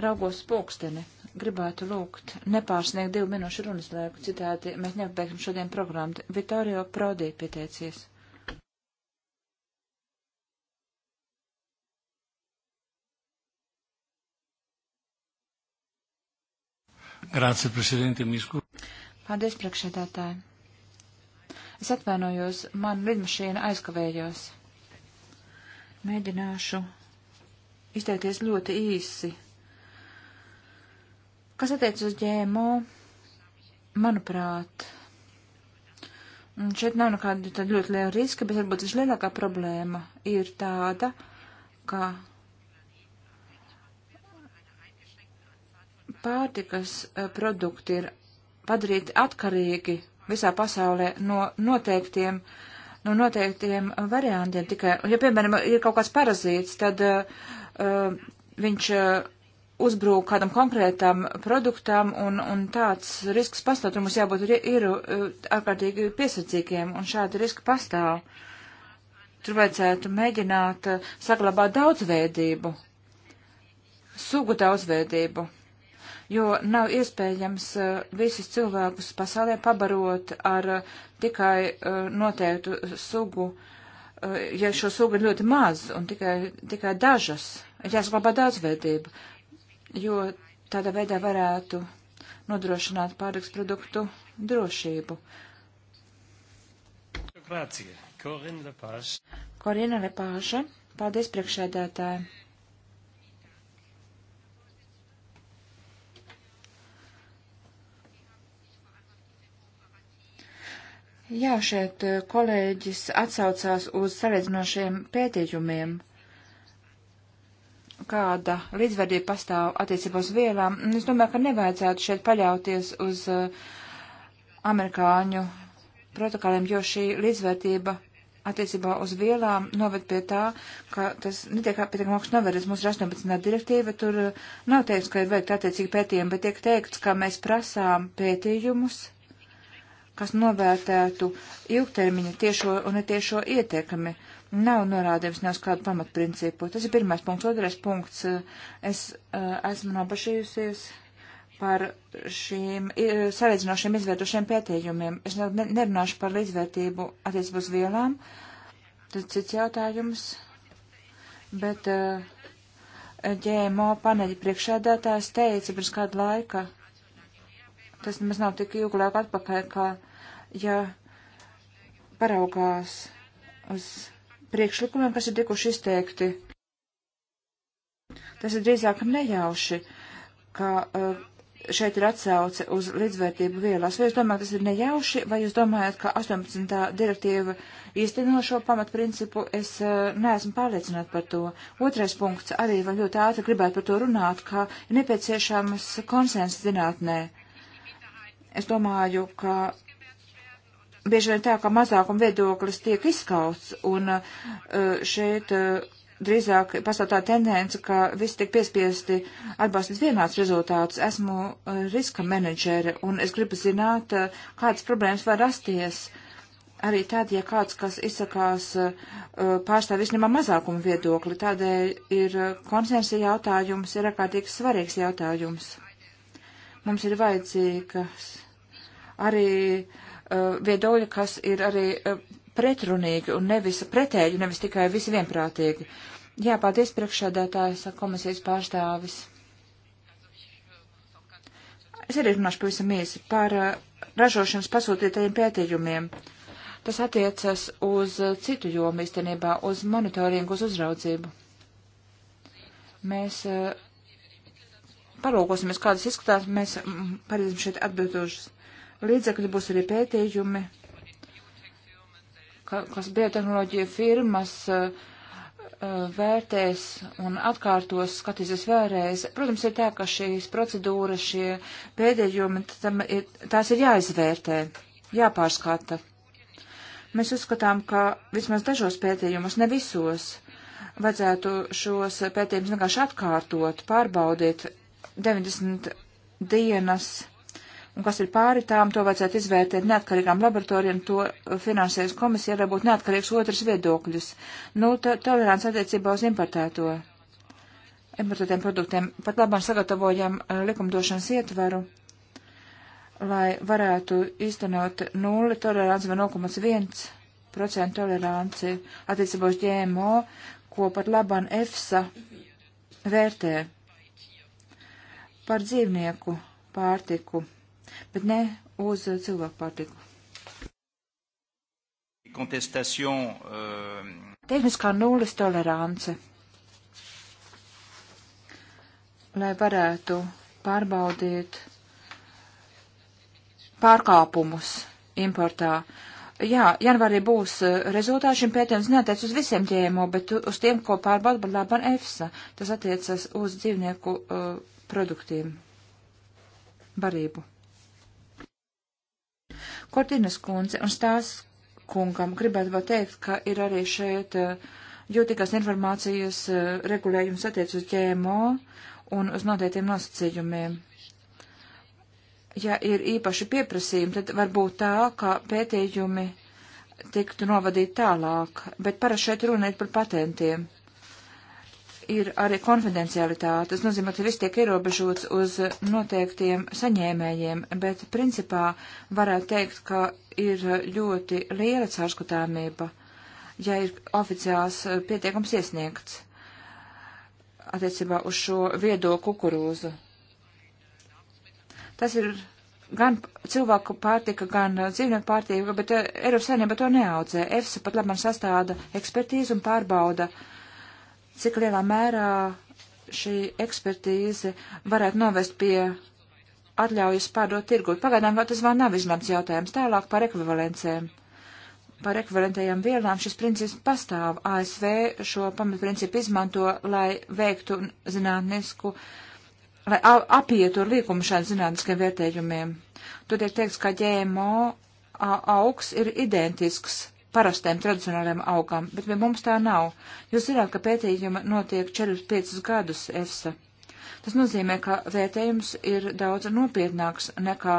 Raugos pūksteni gribētu lūgt nepārsniegt divu minūšu runas laiku, citādi mēs nepabeigsim šodien programmu. Vittorio Prodi pieteicies. Grācija, prezidenti, Misku. Paldies, priekšsēdētāji. Es atvainojos, man lidmašīna aizkavējos. Mēģināšu izteikties ļoti īsi Kas attiec uz ģēmo, manuprāt, Un šeit nav nekāda tāda ļoti liela riska, bet varbūt vislielākā problēma ir tāda, ka pārtikas eh, produkti ir padarīti atkarīgi visā pasaulē no noteiktiem, no noteiktiem variantiem tikai. Ja, piemēram, ir kaut kāds parazīts, tad uh, viņš uh, uzbrūk kādam konkrētam produktam, un, un tāds risks pastāv, tur mums jābūt ir, ir uh, ārkārtīgi piesardzīgiem, un šādi riski pastāv. Tur vajadzētu mēģināt uh, saglabāt daudzveidību, sugu daudzveidību, jo nav iespējams uh, visus cilvēkus pasaulē pabarot ar tikai noteiktu sugu, ja šo sugu ir ļoti maz un tikai, tikai dažas. Ir jāsaglabā daudzveidība jo tādā veidā varētu nodrošināt pārtiks produktu drošību. Korina Lepāža, paldies priekšēdētāji. Jā, šeit kolēģis atsaucās uz salīdzinošiem pētījumiem kāda līdzvērtība pastāv attiecībā uz vielām. Un es domāju, ka nevajadzētu šeit paļauties uz eh, amerikāņu protokoliem, jo šī līdzvērtība attiecībā uz vielām noved pie tā, ka tas netiek pietiekami augsts novērts. Mums ir 18. direktīva, tur eh, nav teikts, ka ir veikt attiecīgi pētījumi, bet tiek teikts, ka mēs prasām pētījumus, kas novērtētu ilgtermiņa tiešo un netiešo ietekmi. Uh, nav norādījums nav kādu pamatprincipu. Tas ir pirmais punkts. Otrais punkts. Eh, es uh, esmu nobašījusies par šīm sarežģinošiem izvērtušiem pētījumiem. Es ne, nerunāšu par līdzvērtību attiecībā uz vielām. Tas cits jautājums. Bet uh, ģēmo paneļa priekšēdētājs teica pirms kādu laika, tas nemaz nav tik ilgulāk atpakaļ, kā ja paraugās uz priekšlikumiem, kas ir tikuši izteikti. Tas ir drīzāk nejauši, ka uh, šeit ir atsauce uz līdzvērtību vielās. Vai jūs domājat, tas ir nejauši, vai jūs domājat, ka 18. direktīva īsteno šo pamatprincipu? Es uh, neesmu pārliecināta par to. Otrais punkts arī vēl ļoti ātri gribētu par to runāt, ka ir nepieciešams konsensus zinātnē. Es domāju, ka bieži vien tā, ka mazākuma viedoklis tiek izskauts, un uh, šeit uh, drīzāk pastāv tā tendence, ka visi tiek piespiesti atbalstīt vienāds rezultāts. Esmu uh, riska menedžere, un es gribu zināt, kādas problēmas var rasties. Arī tad, ja kāds, kas izsakās, pārstāv visnībā mazākumu viedokli, tādēļ ir konsensa jautājums, ir ārkārtīgi svarīgs jautājums. Mums ir vajadzīgas arī uh, Uh, viedokļi, kas ir arī uh, pretrunīgi un nevis pretēji, nevis tikai visi vienprātīgi. Jā, paldies priekšsēdētājs, komisijas pārstāvis. Es arī runāšu pavisam īsi par uh, ražošanas pasūtītajiem pētījumiem. Tas attiecas uz citu jomu īstenībā, uz monitoringu, uz uzraudzību. Mēs palūkosimies, kādas izskatās, mēs mm, paredzam šeit atbildošas līdzekļi, būs arī pētījumi, ka, kas biotehnoloģija firmas uh, vērtēs un atkārtos, skatīsies vēlreiz. Protams, ir tā, ka šīs procedūras, šie pēdējumi, ir, tās ir jāizvērtē, jāpārskata. Mēs uzskatām, ka vismaz dažos pētījumus, ne visos, vajadzētu šos pētījumus vienkārši atkārtot, pārbaudīt 90 dienas un kas ir pāri tām, to vajadzētu izvērtēt neatkarīgām laboratorijām, to finansēs komisija, lai būtu neatkarīgs otrs viedokļus. Nu, tolerants attiecībā uz importēto. Importētiem produktiem pat labāk sagatavojam eh, likumdošanas ietvaru, lai varētu iztenot nulli toleranci vai 0,1% toleranci attiecībā uz ģēmo, ko pat labāk EFSA vērtē par dzīvnieku pārtiku bet ne uz cilvēku pārtiku. Kontestation. Uh... Tehniskā nulles tolerance. Lai varētu pārbaudīt pārkāpumus importā. Jā, janvārī būs eh, rezultāti šim pētījums neatiec uz visiem ģēmo, bet uz tiem, ko pārbauda par labam EFSA. Tas attiecas uz dzīvnieku uh, produktiem. Barību. Kortinas kundze un stāsts kungam gribētu vēl teikt, ka ir arī šeit eh, jūtīgās informācijas eh, regulējums attiec uz ģēmo un uz noteiktiem nosacījumiem. Ja ir īpaši pieprasījumi, tad var būt tā, ka pētījumi tiktu novadīti tālāk, bet parasti šeit runājot par patentiem ir arī konfidencialitāte. Tas nozīmē, ka viss tiek ierobežots uz noteiktiem saņēmējiem, bet principā varētu teikt, ka ir ļoti liela caurskatāmība, ja ir oficiāls eh, pietiekums iesniegts attiecībā uz šo viedo kukurūzu. Tas ir gan cilvēku pārtika, gan dzīvnieku pārtika, bet eh, Eiropas saimnieba to neaudzē. EFSA pat labam sastāda ekspertīzi un pārbauda uh, cik lielā mērā šī ekspertīze varētu novest pie atļaujas pārdot tirgu. Pagaidām vēl tas vēl nav izlemts jautājums. Tālāk par ekvivalencēm. Par ekvivalentajām vielām šis princips pastāv. ASV šo pamatprincipu izmanto, lai veiktu zinātnisku, lai apietu līkumu šādiem zinātniskiem vērtējumiem. Tur tiek teikts, ka GMO augs ir identisks parastēm tradicionālajām augām, bet pie mums tā nav. Jūs zināt, ka pētījumi notiek 45 gadus EFSA. Tas nozīmē, ka vērtējums ir daudz nopietnāks nekā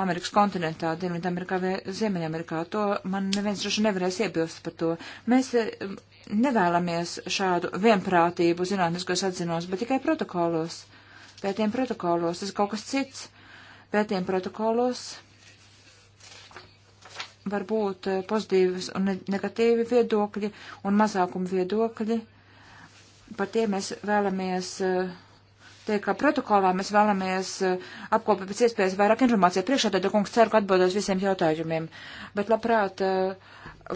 Amerikas kontinentā, Dienvidamerikā vai Ziemeļamerikā. To man neviens droši nevarēs iebilst par to. Mēs e, nevēlamies šādu vienprātību zinātniskos atzinos, bet tikai protokolos. Pētiem protokolos, tas ir kaut kas cits. Pētiem protokolos var būt eh, pozitīvas un negatīvi viedokļi un mazākuma viedokļi. Par tiem mēs vēlamies, eh, tie kā protokolā mēs vēlamies eh, apkopot pēc iespējas vairāk informāciju. Priekšā tad, kungs, ceru, ka atbildēs visiem jautājumiem, bet labprāt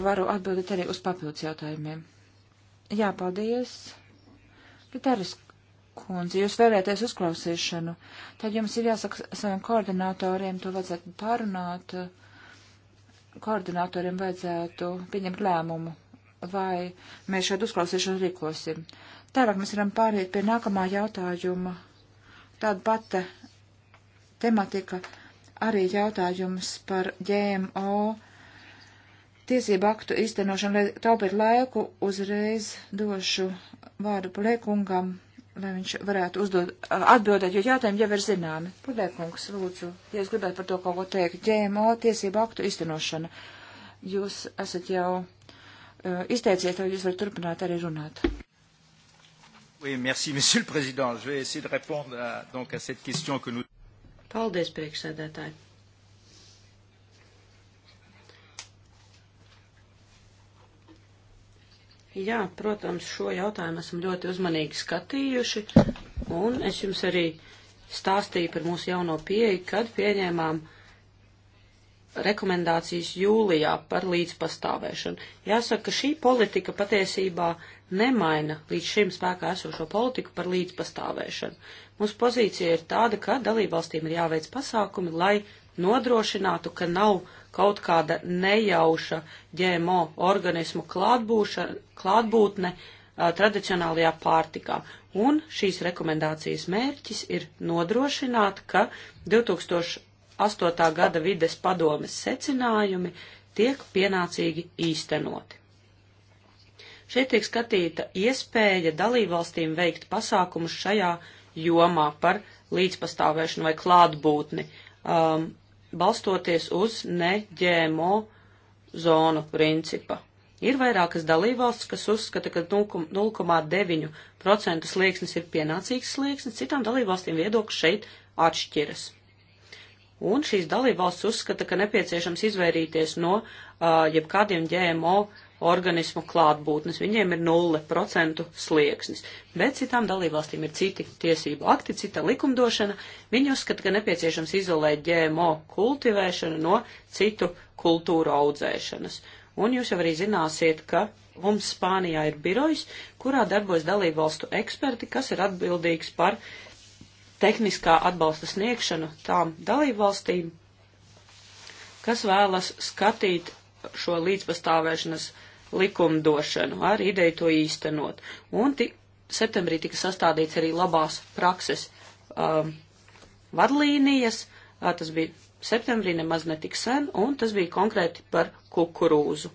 varu atbildēt arī uz papildus jautājumiem. Jā, paldies. Gitaris kundze, jūs vēlēties uzklausīšanu, tad jums ir jāsaka saviem koordinatoriem, to vajadzētu pārunāt. Uh, koordinatoriem vajadzētu pieņemt lēmumu, vai mēs šādu uzklausīšanu rīkosim. Tālāk mēs varam pāriet pie nākamā jautājuma. Tāda pati tematika arī jautājums par GMO tiesību aktu īstenošanu, lai taupītu laiku, uzreiz došu vārdu plēkungam lai viņš varētu uzdot, atbildēt, jo jautājumi jau ir zināmi. Pudēkungs, lūdzu, ja jūs gribētu par to kaut ko teikt, ģēmo tiesību aktu iztenošana. Jūs esat jau uh, izteicies, vai jūs varat turpināt arī runāt. Oui, merci, monsieur le président. Je vais essayer de répondre à, donc, à cette question que nous. Paldies, priekšsēdētāji. Jā, protams, šo jautājumu esam ļoti uzmanīgi skatījuši, un es jums arī stāstīju par mūsu jauno pieeju, kad pieņēmām rekomendācijas jūlijā par līdzpastāvēšanu. Jāsaka, ka šī politika patiesībā nemaina līdz šim spēkā esošo politiku par līdzpastāvēšanu. Mūsu pozīcija ir tāda, ka dalībvalstīm ir jāveic pasākumi, lai nodrošinātu, ka nav kaut kāda nejauša ģēmo organismu klātbūtne tradicionālajā pārtikā. Un šīs rekomendācijas mērķis ir nodrošināt, ka 2008. gada vides padomes secinājumi tiek pienācīgi īstenoti. Šeit tiek skatīta iespēja dalībvalstīm veikt pasākumus šajā jomā par līdzpastāvēšanu vai klātbūtni um, balstoties uz neģēmo zonu principa. Ir vairākas dalībvalstis, kas uzskata, ka 0,9% slieksnis ir pienācīgs slieksnis, citām dalībvalstīm viedokļi šeit atšķiras. Un šīs dalībvalstis uzskata, ka nepieciešams izvairīties no uh, jebkādiem ģēmo uh, organismu klātbūtnes. Viņiem ir 0% slieksnis. Bet citām dalībvalstīm ir citi tiesību akti, cita likumdošana. Viņi uzskata, ka nepieciešams izolēt GMO kultivēšanu no citu kultūru audzēšanas. Un jūs jau arī zināsiet, ka mums Spānijā ir birojs, kurā darbojas dalībvalstu eksperti, kas ir atbildīgs par tehniskā atbalsta sniegšanu tām dalībvalstīm, kas vēlas skatīt šo līdzpastāvēšanas likumdošanu ar ideju to īstenot. Un ti, septembrī tika sastādīts arī labās prakses um, vadlīnijas, uh, tas bija septembrī nemaz netik sen, un tas bija konkrēti par kukurūzu.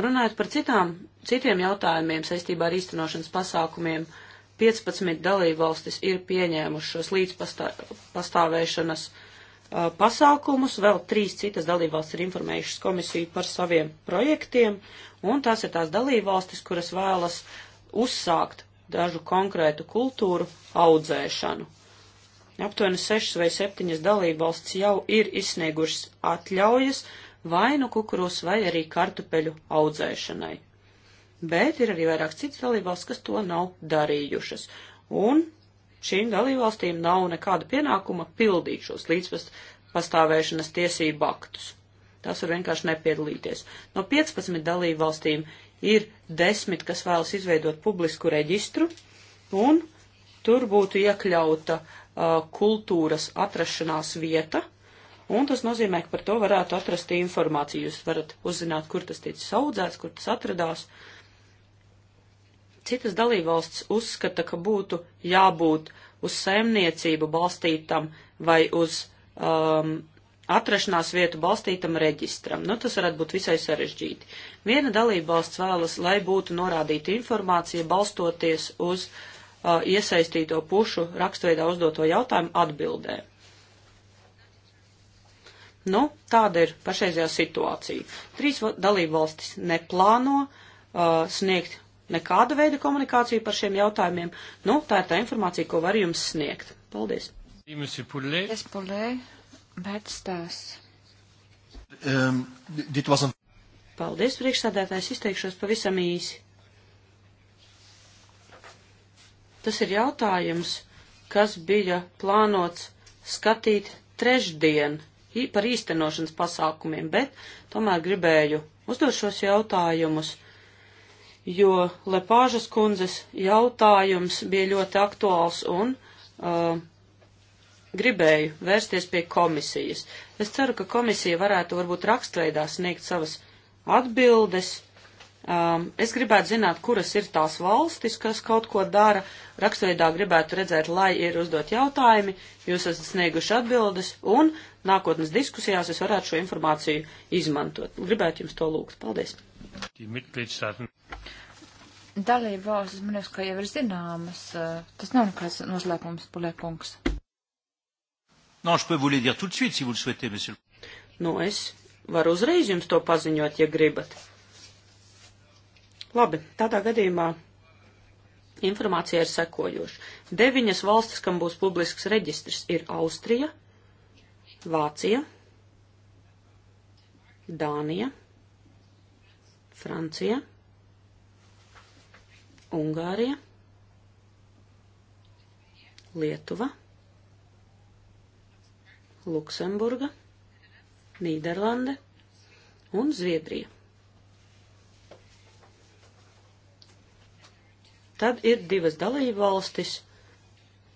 Runājot par citām, citiem jautājumiem saistībā ar īstenošanas pasākumiem, 15 dalībvalstis ir pieņēmušas šos līdzpastāvēšanas uh, pasākumus, vēl trīs citas dalībvalstis ir informējušas komisiju par saviem projektiem, un tās ir tās dalībvalstis, kuras vēlas uzsākt dažu konkrētu kultūru audzēšanu. Aptuveni sešas vai septiņas dalībvalstis jau ir izsniegušas atļaujas vai nu kukurūs vai arī kartupeļu audzēšanai. Bet ir arī vairāk citas dalībvalsts, kas to nav darījušas. Un šīm dalībvalstīm nav nekāda pienākuma pildīt šos līdzpastāvēšanas tiesību aktus tās var vienkārši nepiedalīties. No 15 dalību valstīm ir 10, kas vēlas izveidot publisku reģistru, un tur būtu iekļauta uh, kultūras atrašanās vieta, un tas nozīmē, ka par to varētu atrast informāciju. Jūs varat uzzināt, kur tas ticis audzēts, kur tas atradās. Citas dalībvalsts uzskata, ka būtu jābūt uz saimniecību balstītam vai uz um, atrašanās vietu balstītam reģistram. Nu, tas varētu būt visai sarežģīti. Viena dalībvalsts vēlas, lai būtu norādīta informācija balstoties uz uh, iesaistīto pušu rakstveidā uzdoto jautājumu atbildē. Nu, tāda ir pašreizējā situācija. Trīs dalībvalstis neplāno uh, sniegt nekāda veida komunikāciju par šiem jautājumiem. Nu, tā ir tā informācija, ko var jums sniegt. Paldies. Yes, Vērts tās. Um, wasn't... Paldies, priekšsādātājs, izteikšos pavisam īsi. Tas ir jautājums, kas bija plānots skatīt trešdien par īstenošanas pasākumiem, bet tomēr gribēju uzdot šos jautājumus, jo Lepāžas kundzes jautājums bija ļoti aktuāls un uh, gribēju vērsties pie komisijas. Es ceru, ka komisija varētu varbūt rakstveidā sniegt savas atbildes. Um, es gribētu zināt, kuras ir tās valstis, kas kaut ko dara. Rakstveidā gribētu redzēt, lai ir uzdot jautājumi, jūs esat snieguši atbildes, un nākotnes diskusijās es varētu šo informāciju izmantot. Gribētu jums to lūgt. Paldies. Dalība valstis, man liekas, ka jau ir zināmas. Uh, tas nav nekāds noslēpums, Puliekungs. Non, je peux vous les dire tout de suite, si vous le souhaitez, monsieur. Nu, es varu uzreiz jums to paziņot, ja gribat. Labi, tādā gadījumā informācija ir sekojoša. Deviņas valstis, kam būs publisks reģistrs, ir Austrija, Vācija, Dānija, Francija, Ungārija, Lietuva. Luksemburga, Nīderlande un Zviedrija. Tad ir divas dalība valstis,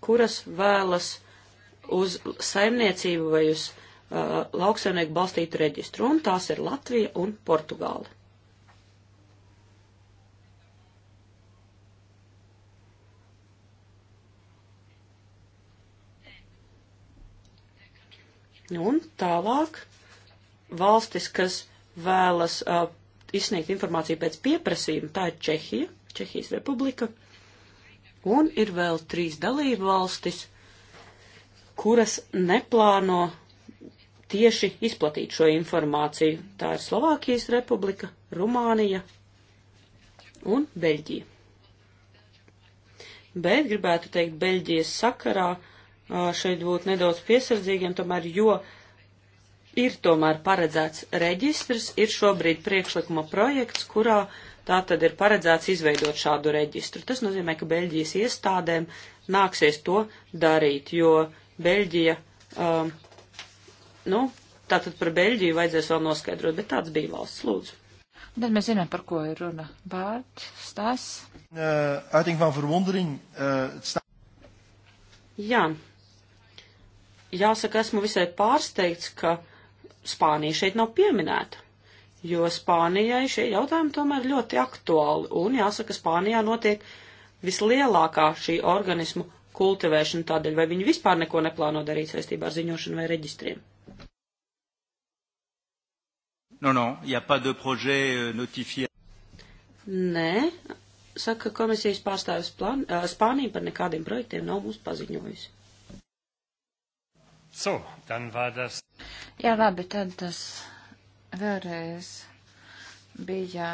kuras vēlas uz saimniecību vai uz uh, lauksaimnieku balstītu reģistru, un tās ir Latvija un Portugāla. Nu, un tālāk valstis, kas vēlas uh, izsniegt informāciju pēc pieprasījuma, tā ir Čehija, Čehijas republika, un ir vēl trīs dalību valstis, kuras neplāno tieši izplatīt šo informāciju. Tā ir Slovākijas republika, Rumānija un Beļģija. Bet gribētu teikt Beļģijas sakarā, uh, šeit būt nedaudz piesardzīgiem, tomēr, jo ir tomēr paredzēts reģistrs, ir šobrīd priekšlikuma projekts, kurā tā tad ir paredzēts izveidot šādu reģistru. Tas nozīmē, ka Beļģijas iestādēm nāksies to darīt, jo Beļģija, um, nu, tātad par Beļģiju vajadzēs vēl noskaidrot, bet tāds bija valsts lūdzu. Tad mēs zinām, par ko ir runa. Bārts, stāsts. Uh, uiting van verwondering. Uh, Jā, jāsaka, esmu visai pārsteigts, ka Spānija šeit nav pieminēta, jo Spānijai šie jautājumi tomēr ļoti aktuāli, un jāsaka, Spānijā notiek vislielākā šī organismu kultivēšana tādēļ, vai viņi vispār neko neplāno darīt saistībā ar ziņošanu vai reģistriem. No, no, ja pas de projet euh, notifié. Nē, saka komisijas pārstāvis plan, Spānija par nekādiem projektiem nav mūs paziņojusi. So, dann war das. Jā, labi, tad tas vēlreiz bija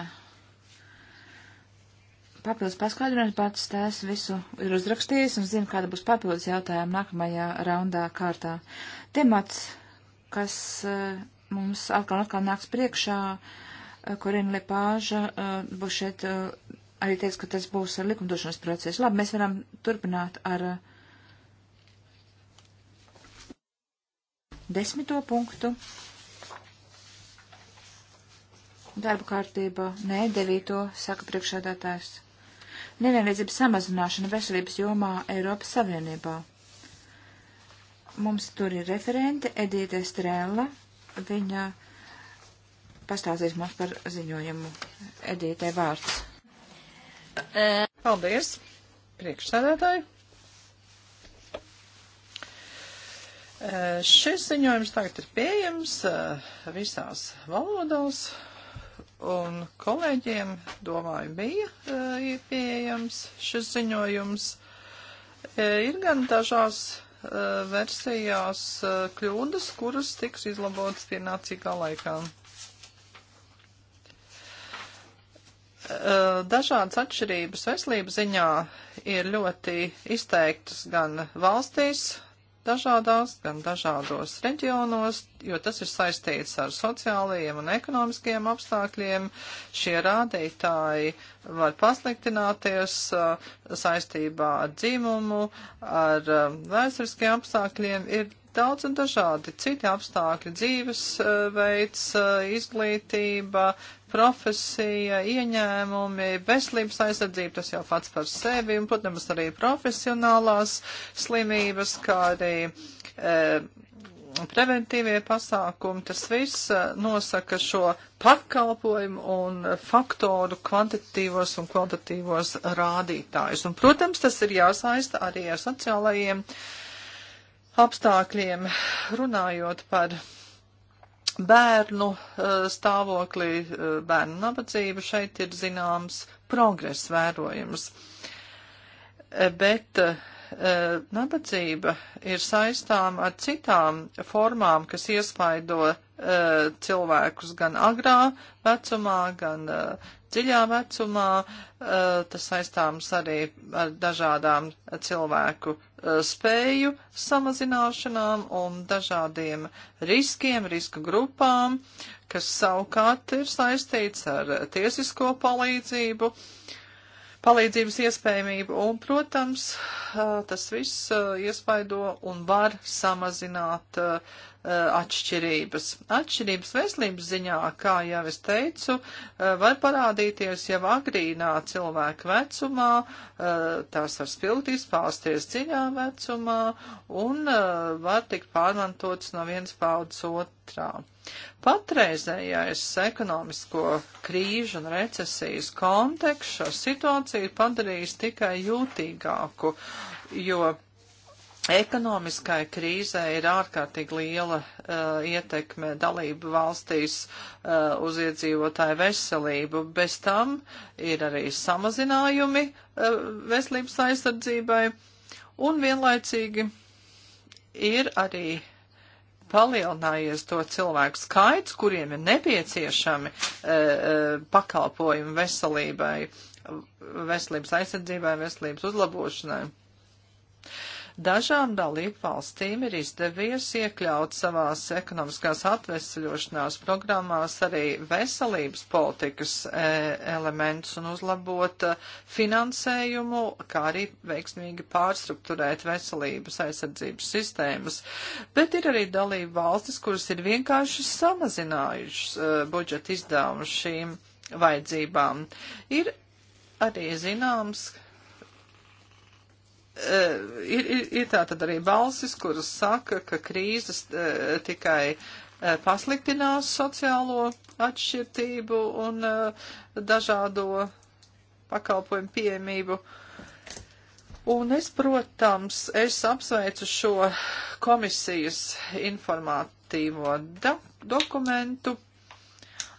papildus paskaidrojums, pats tās visu ir uzrakstījis un zina, kāda būs papildus jautājuma nākamajā raundā kārtā. Temats, kas eh, mums atkal un atkal nāks priekšā, Korina eh, Lepāža eh, būs šeit arī teica, ka tas būs likumdošanas process. Labi, mēs varam turpināt ar desmito punktu. Darba kārtība, nē, devīto, saka priekšādātājs. Nevienlīdzības samazināšana veselības jomā Eiropas Savienībā. Mums tur ir referente Edīte Strēla. Viņa pastāstīs mums par ziņojumu. Edītē vārds. Paldies, priekšsādātāji. Eh, šis ziņojums tagad ir pieejams eh, visās valodās, un kolēģiem, domāju, bija eh, pieejams šis ziņojums. Ir gan dažās versijās kļūdas, kuras tiks izlabotas pienācīgā laikā. dažādas atšķirības veselības ziņā ir ļoti izteiktas gan valstīs, dažādās, gan dažādos reģionos, jo tas ir saistīts ar sociālajiem un ekonomiskajiem apstākļiem. Šie rādītāji var pasliktināties saistībā ar dzimumu, ar vēsturiskiem apstākļiem. Ir daudz un dažādi citi apstākļi - dzīves veids, izglītība, profesija, ieņēmumi, veselības aizsardzība, tas jau pats par sevi, un, protams, arī profesionālās slimības, kā arī e, preventīvie pasākumi, tas viss e, nosaka šo pakalpojumu un faktoru kvantitīvos un kvalitatīvos rādītājus. Un, protams, tas ir jāsaista arī ar sociālajiem apstākļiem, runājot par bērnu eh, stāvoklī, eh, bērnu nabadzību, šeit ir zināms progress vērojams. Eh, bet nabadzība ir saistām ar citām formām, kas iespaido cilvēkus gan agrā vecumā, gan dziļā vecumā. Tas saistāms arī ar dažādām cilvēku spēju samazināšanām un dažādiem riskiem, riska grupām, kas savukārt ir saistīts ar tiesisko palīdzību, palīdzības iespējamību un, protams, tas viss uh, iespaido un var samazināt uh, Uh, atšķirības. Atšķirības veselības ziņā, kā jau es teicu, uh, var parādīties jau agrīnā cilvēka vecumā, uh, tās var spilgt izpausties dziļā vecumā un var tikt pārmantotas no vienas paudzes otrā. Patreizējais ekonomisko krīžu un recesijas konteksts šo situāciju padarījis tikai jūtīgāku, jo Ekonomiskai krīzē ir ārkārtīgi liela uh, ietekme dalību valstīs uh, uz iedzīvotāju veselību. Bez tam ir arī samazinājumi uh, veselības aizsardzībai un vienlaicīgi ir arī palielinājies to cilvēku skaits, kuriem ir nepieciešami uh, uh pakalpojumi veselībai, veselības aizsardzībai, veselības uzlabošanai. Uh, Dažām dalību valstīm ir izdevies iekļaut savās ekonomiskās atvesļošanās programmās arī veselības politikas e, elements un uzlabot e, finansējumu, kā arī veiksmīgi pārstruktūrēt veselības aizsardzības sistēmas. Bet ir arī dalību valstis, kuras ir vienkārši samazinājušas e, budžeta izdevumu šīm vajadzībām. Ir arī zināms, Eh, ir, ir, ir tā tad arī balsis, kuras saka, ka krīzes uh, tikai uh, pasliktinās sociālo atšķirtību un uh, dažādo pakalpojumu pieejamību. Un es, protams, es apsveicu šo komisijas informatīvo dokumentu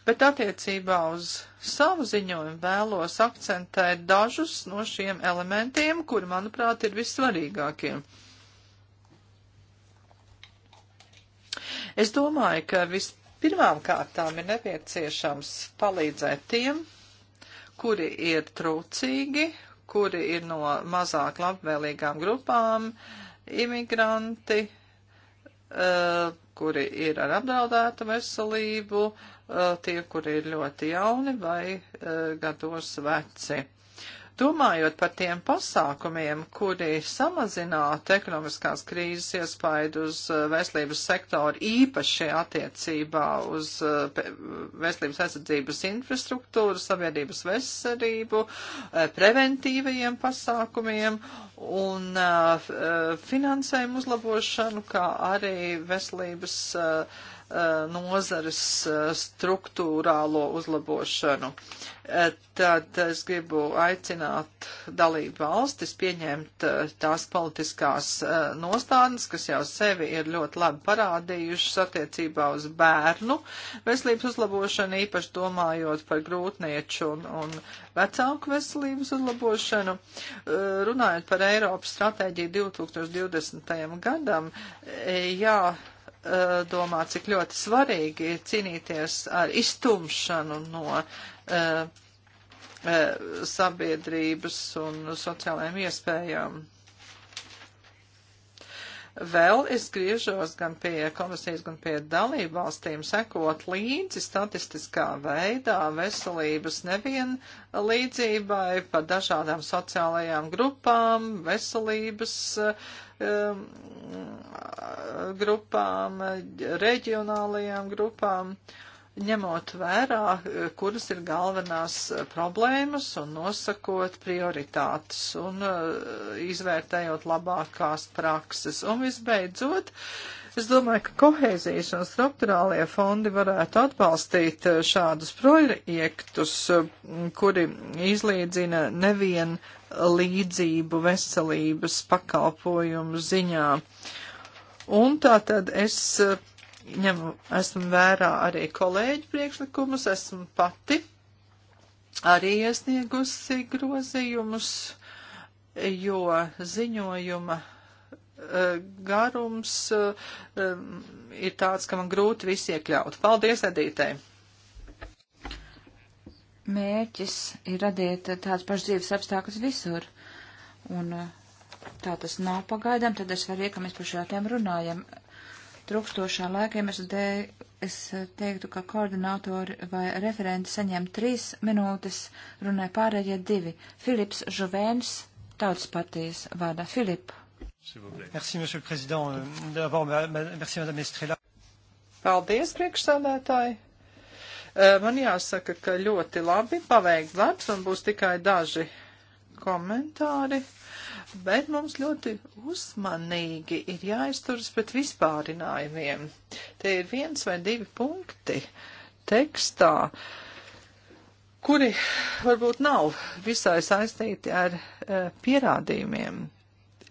bet attiecībā uz savu ziņojumu vēlos akcentēt dažus no šiem elementiem, kuri, manuprāt, ir vissvarīgākie. Es domāju, ka vispirmām kārtām ir nepieciešams palīdzēt tiem, kuri ir trūcīgi, kuri ir no mazāk labvēlīgām grupām, imigranti, uh, kuri ir ar apdraudētu veselību, uh, Uh, tie, kuri ir ļoti jauni vai uh, gados veci. Domājot par tiem pasākumiem, kuri samazinātu ekonomiskās krīzes iespaidu uz uh, veselības sektoru, īpaši attiecībā uz veselības aizsardzības infrastruktūru, sabiedrības veselību, preventīvajiem pasākumiem un finansējumu uzlabošanu, kā arī veselības uh, Eh, nozares eh, struktūrālo uzlabošanu. Eh, tad es gribu aicināt dalību valstis pieņemt tās politiskās nostādnes, kas jau sevi ir ļoti labi parādījušas attiecībā uz bērnu veselības uzlabošanu, īpaši domājot par grūtnieču un, un vecāku veselības uzlabošanu. Runājot par Eiropas stratēģiju 2020. gadam, jā, jādomā, eh, cik ļoti svarīgi ir cīnīties ar iztumšanu no eh, eh, sabiedrības un sociālajiem iespējām. Vēl es griežos gan pie komisijas, gan pie dalību valstīm sekot līdzi statistiskā veidā veselības nevien līdzībai pa dažādām sociālajām grupām, veselības um, grupām, reģionālajām grupām. Uh, ņemot vērā, eh, kuras ir galvenās eh, problēmas un nosakot prioritātes un eh, izvērtējot labākās prakses. Un visbeidzot, es domāju, ka kohēzijas un struktūrālie fondi varētu atbalstīt šādus projektus, kuri izlīdzina nevien līdzību veselības pakalpojumu ziņā. Un tā tad es ņemu, esmu vērā arī kolēģi priekšlikumus, esmu pati arī iesniegusi grozījumus, jo ziņojuma e, garums e, e, ir tāds, ka man grūti visu iekļaut. Paldies, Edītei! Mērķis ir radīt tādas pašas dzīves apstākļus visur. Un tā tas nav pagaidām, tad es varu iekam, mēs par šādiem runājam trūkstošā laika iemesla dēļ es teiktu, ka koordinātori vai referenti saņem trīs minūtes, runē pārējie divi. Filips Žuvēns, Tautas partijas vārdā. Filip. Merci, monsieur le président. Euh, d'abord, merci, madame Estrela. Paldies, priekšsādētāji. Man jāsaka, ka ļoti labi paveikt labs un būs tikai daži komentāri, bet mums ļoti uzmanīgi ir jāizturas pret vispārinājumiem. Te ir viens vai divi punkti tekstā, kuri varbūt nav visai saistīti ar uh, pierādījumiem.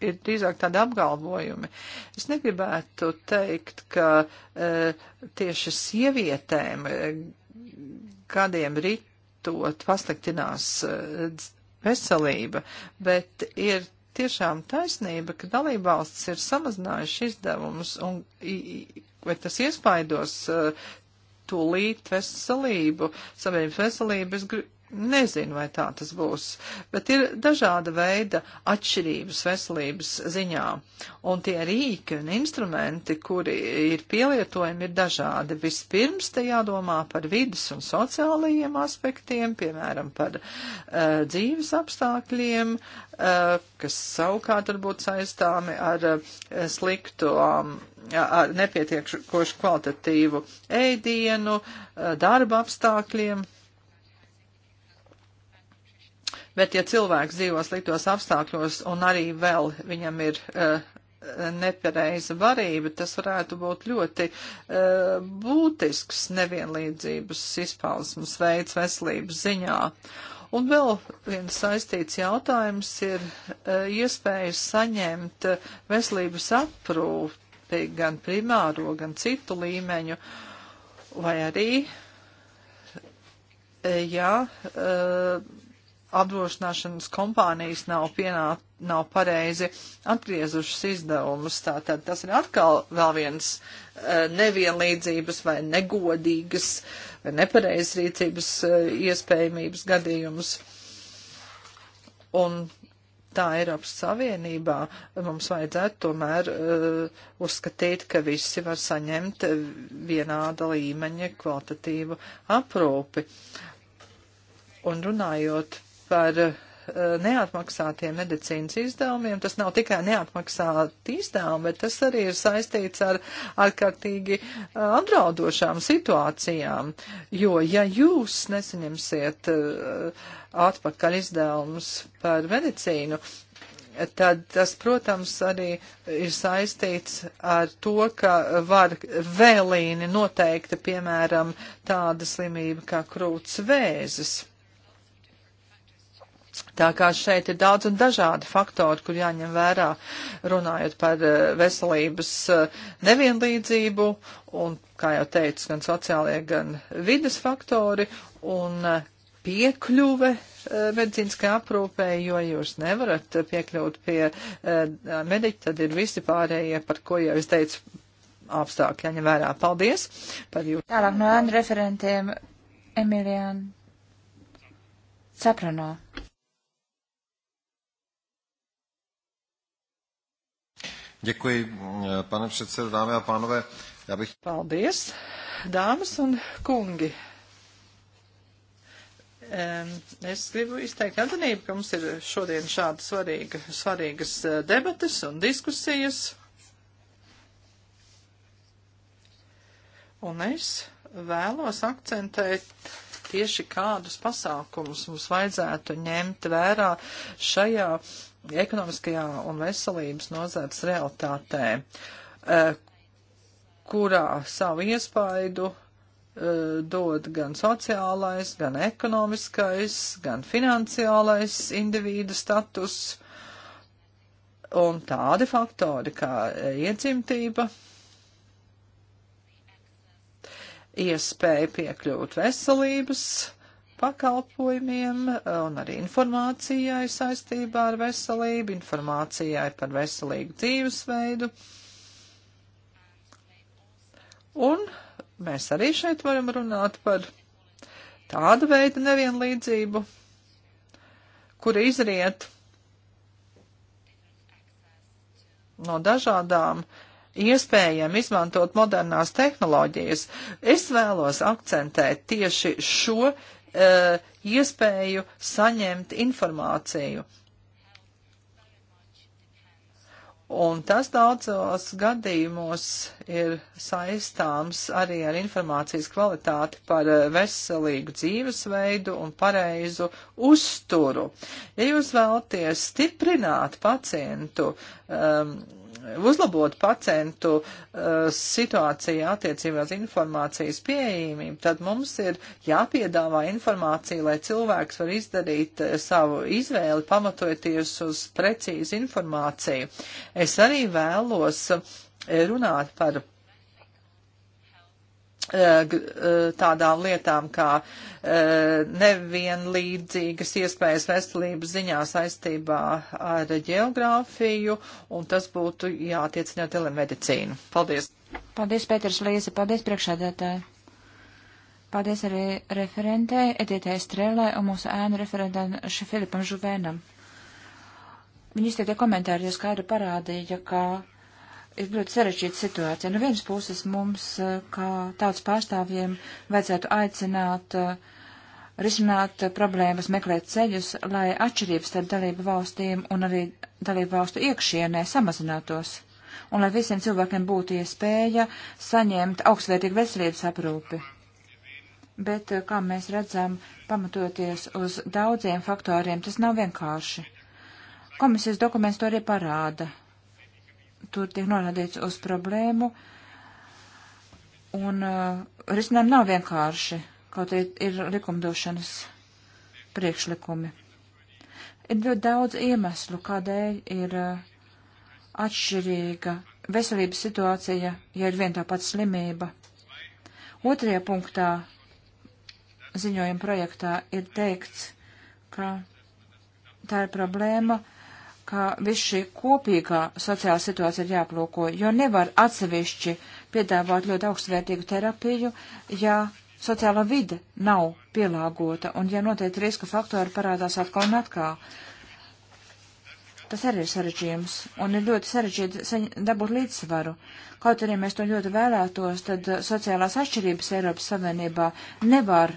Ir drīzāk tādi apgalvojumi. Es negribētu teikt, ka uh, tieši sievietēm uh, gadiem rit izmantot, pasliktinās veselība, bet ir tiešām taisnība, ka dalībvalstis ir samazinājuši izdevumus, un vai tas iespaidos uh, tūlīt veselību, sabiedrības veselību. Es gribu Nezinu, vai tā tas būs, bet ir dažāda veida atšķirības veselības ziņā, un tie rīki un instrumenti, kuri ir pielietojami, ir dažādi. Vispirms te jādomā par vidas un sociālajiem aspektiem, piemēram, par uh, dzīves apstākļiem, uh, kas savukārt var būt saistāmi ar uh, sliktu um, ar nepietiekošu kvalitatīvu ēdienu, darba apstākļiem. Bet ja cilvēks dzīvo sliktos apstākļos un arī vēl viņam ir uh, nepareiza varība, tas varētu būt ļoti uh, būtisks nevienlīdzības izpausmas veids veselības ziņā. Un vēl viens saistīts jautājums ir uh, iespējas saņemt veselības aprūpi gan primāro, gan citu līmeņu, vai arī, uh, jā, uh, apdrošināšanas kompānijas nav, pienā, nav pareizi atgriezušas izdevumus. Tātad tas ir atkal vēl viens uh, nevienlīdzības vai negodīgas vai nepareizas rīcības uh, iespējamības gadījums. Un tā Eiropas Savienībā mums vajadzētu tomēr uh, uzskatīt, ka visi var saņemt vienāda līmeņa kvalitatīvu aprūpi. Un runājot par eh, neatmaksātiem medicīnas izdevumiem. Tas nav tikai neatmaksāti izdevumi, bet tas arī ir saistīts ar ārkārtīgi eh, apdraudošām situācijām. Jo, ja jūs nesaņemsiet eh, atpakaļ izdevumus par medicīnu, tad tas, protams, arī ir saistīts ar to, ka var vēlīni noteikti, piemēram, tāda slimība kā krūts vēzis. Tā kā šeit ir daudz un dažādi faktori, kur jāņem vērā, runājot par eh, veselības eh, nevienlīdzību un, kā jau teicu, gan sociālie, gan vidas faktori un eh, piekļuve medicīniskai aprūpē, jo jūs nevarat piekļūt pie mediķa, tad ir visi pārējie, par ko jau es teicu, apstākļi jāņem vērā. Paldies par jūsu. Tālāk no ēnu referentiem Emiliāna Caprano. Děkuji, eh, pane předsedo, dámy a pánové. Já bych... Paldies, dāmas un kungi. Es gribu izteikt atzinību, ka mums ir šodien šāda svarīga, svarīgas eh, debates un diskusijas. Un es vēlos akcentēt tieši kādus pasākumus mums vajadzētu ņemt vērā šajā uh, ekonomiskajā un veselības nozars realitātē, e, kurā savu iespaidu e, dod gan sociālais, gan ekonomiskais, gan finansiālais individu status un tādi faktori kā iedzimtība, iespēja piekļūt veselības, pakalpojumiem un arī informācijai saistībā ar veselību, informācijai par veselīgu dzīvesveidu. Un mēs arī šeit varam runāt par tādu veidu nevienlīdzību, kura izriet no dažādām iespējami izmantot modernās tehnoloģijas. Es vēlos akcentēt tieši šo E, iespēju saņemt informāciju. Un tas daudzos gadījumos ir saistāms arī ar informācijas kvalitāti par veselīgu dzīvesveidu un pareizu uzturu. Ja jūs vēlaties stiprināt pacientu um, uzlabot pacientu uh, situāciju attiecībā uz informācijas pieejamību, tad mums ir jāpiedāvā informācija, lai cilvēks var izdarīt uh, savu izvēli, pamatojoties uz precīzu informāciju. Es arī vēlos runāt par Eh, eh, tādām lietām kā eh, nevienlīdzīgas iespējas veselības ziņā saistībā ar ģeogrāfiju, un tas būtu jātiecina telemedicīnu. Paldies! Paldies, Pēters Līze, paldies priekšādātāji! Paldies arī referentei Editei Strēlē un mūsu ēnu referentam Šefilipam Žuvēnam. Viņa izteiktie komentāri jau skaidri parādīja, ka ir ļoti sarežģīta situācija. No vienas puses mums, eh, kā tautas pārstāvjiem, vajadzētu aicināt eh, risināt problēmas, meklēt ceļus, lai atšķirības starp dalību valstīm un arī dalību valstu iekšienē samazinātos, un lai visiem cilvēkiem būtu iespēja saņemt augstvērtīgu veselības aprūpi. Bet, eh, kā mēs redzam, pamatoties uz daudziem faktoriem, tas nav vienkārši. Komisijas dokuments to arī parāda tur tiek norādīts uz problēmu, un uh, risinājumi nav vienkārši, kaut arī ir likumdošanas priekšlikumi. Ir ļoti daudz iemeslu, kādēļ ir uh, atšķirīga veselības situācija, ja ir vien tā pati slimība. Otrajā punktā ziņojuma projektā ir teikts, ka tā ir problēma, uh, ka viss šī kopīgā sociāla situācija ir jāplūko, jo nevar atsevišķi piedāvāt ļoti augstvērtīgu terapiju, ja sociāla vide nav pielāgota un ja noteikti riska faktori parādās atkal un atkal. Tas arī ir sarežģījums un ir ļoti sarežģīti dabūt līdzsvaru. Kaut arī mēs to ļoti vēlētos, tad sociālās atšķirības Eiropas Savienībā nevar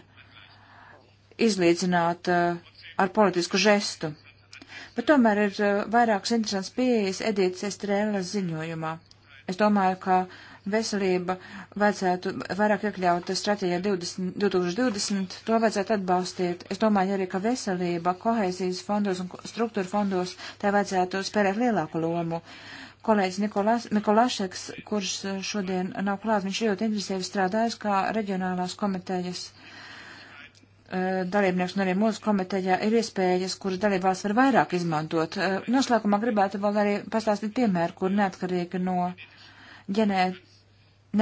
izlīdzināt uh, ar politisku žestu Bet tomēr ir eh, vairākas interesants pieejas Edītas Estrēlas ziņojumā. Es domāju, ka veselība vajadzētu vairāk iekļaut stratēģijā 20, 2020, to vajadzētu atbalstīt. Es domāju arī, ka veselība kohēzijas fondos un struktūra fondos tai vajadzētu spēlēt lielāku lomu. Kolēģis Nikolas, Mikolašeks, kurš eh, šodien nav klāt, viņš ļoti intensīvi strādājas kā reģionālās komitejas uh, Eh, dalībnieks un arī mūsu komitejā ir iespējas, kuras dalībās var vairāk izmantot. Eh, noslēgumā gribētu vēl arī pastāstīt piemēru, kur neatkarīgi no ģenē,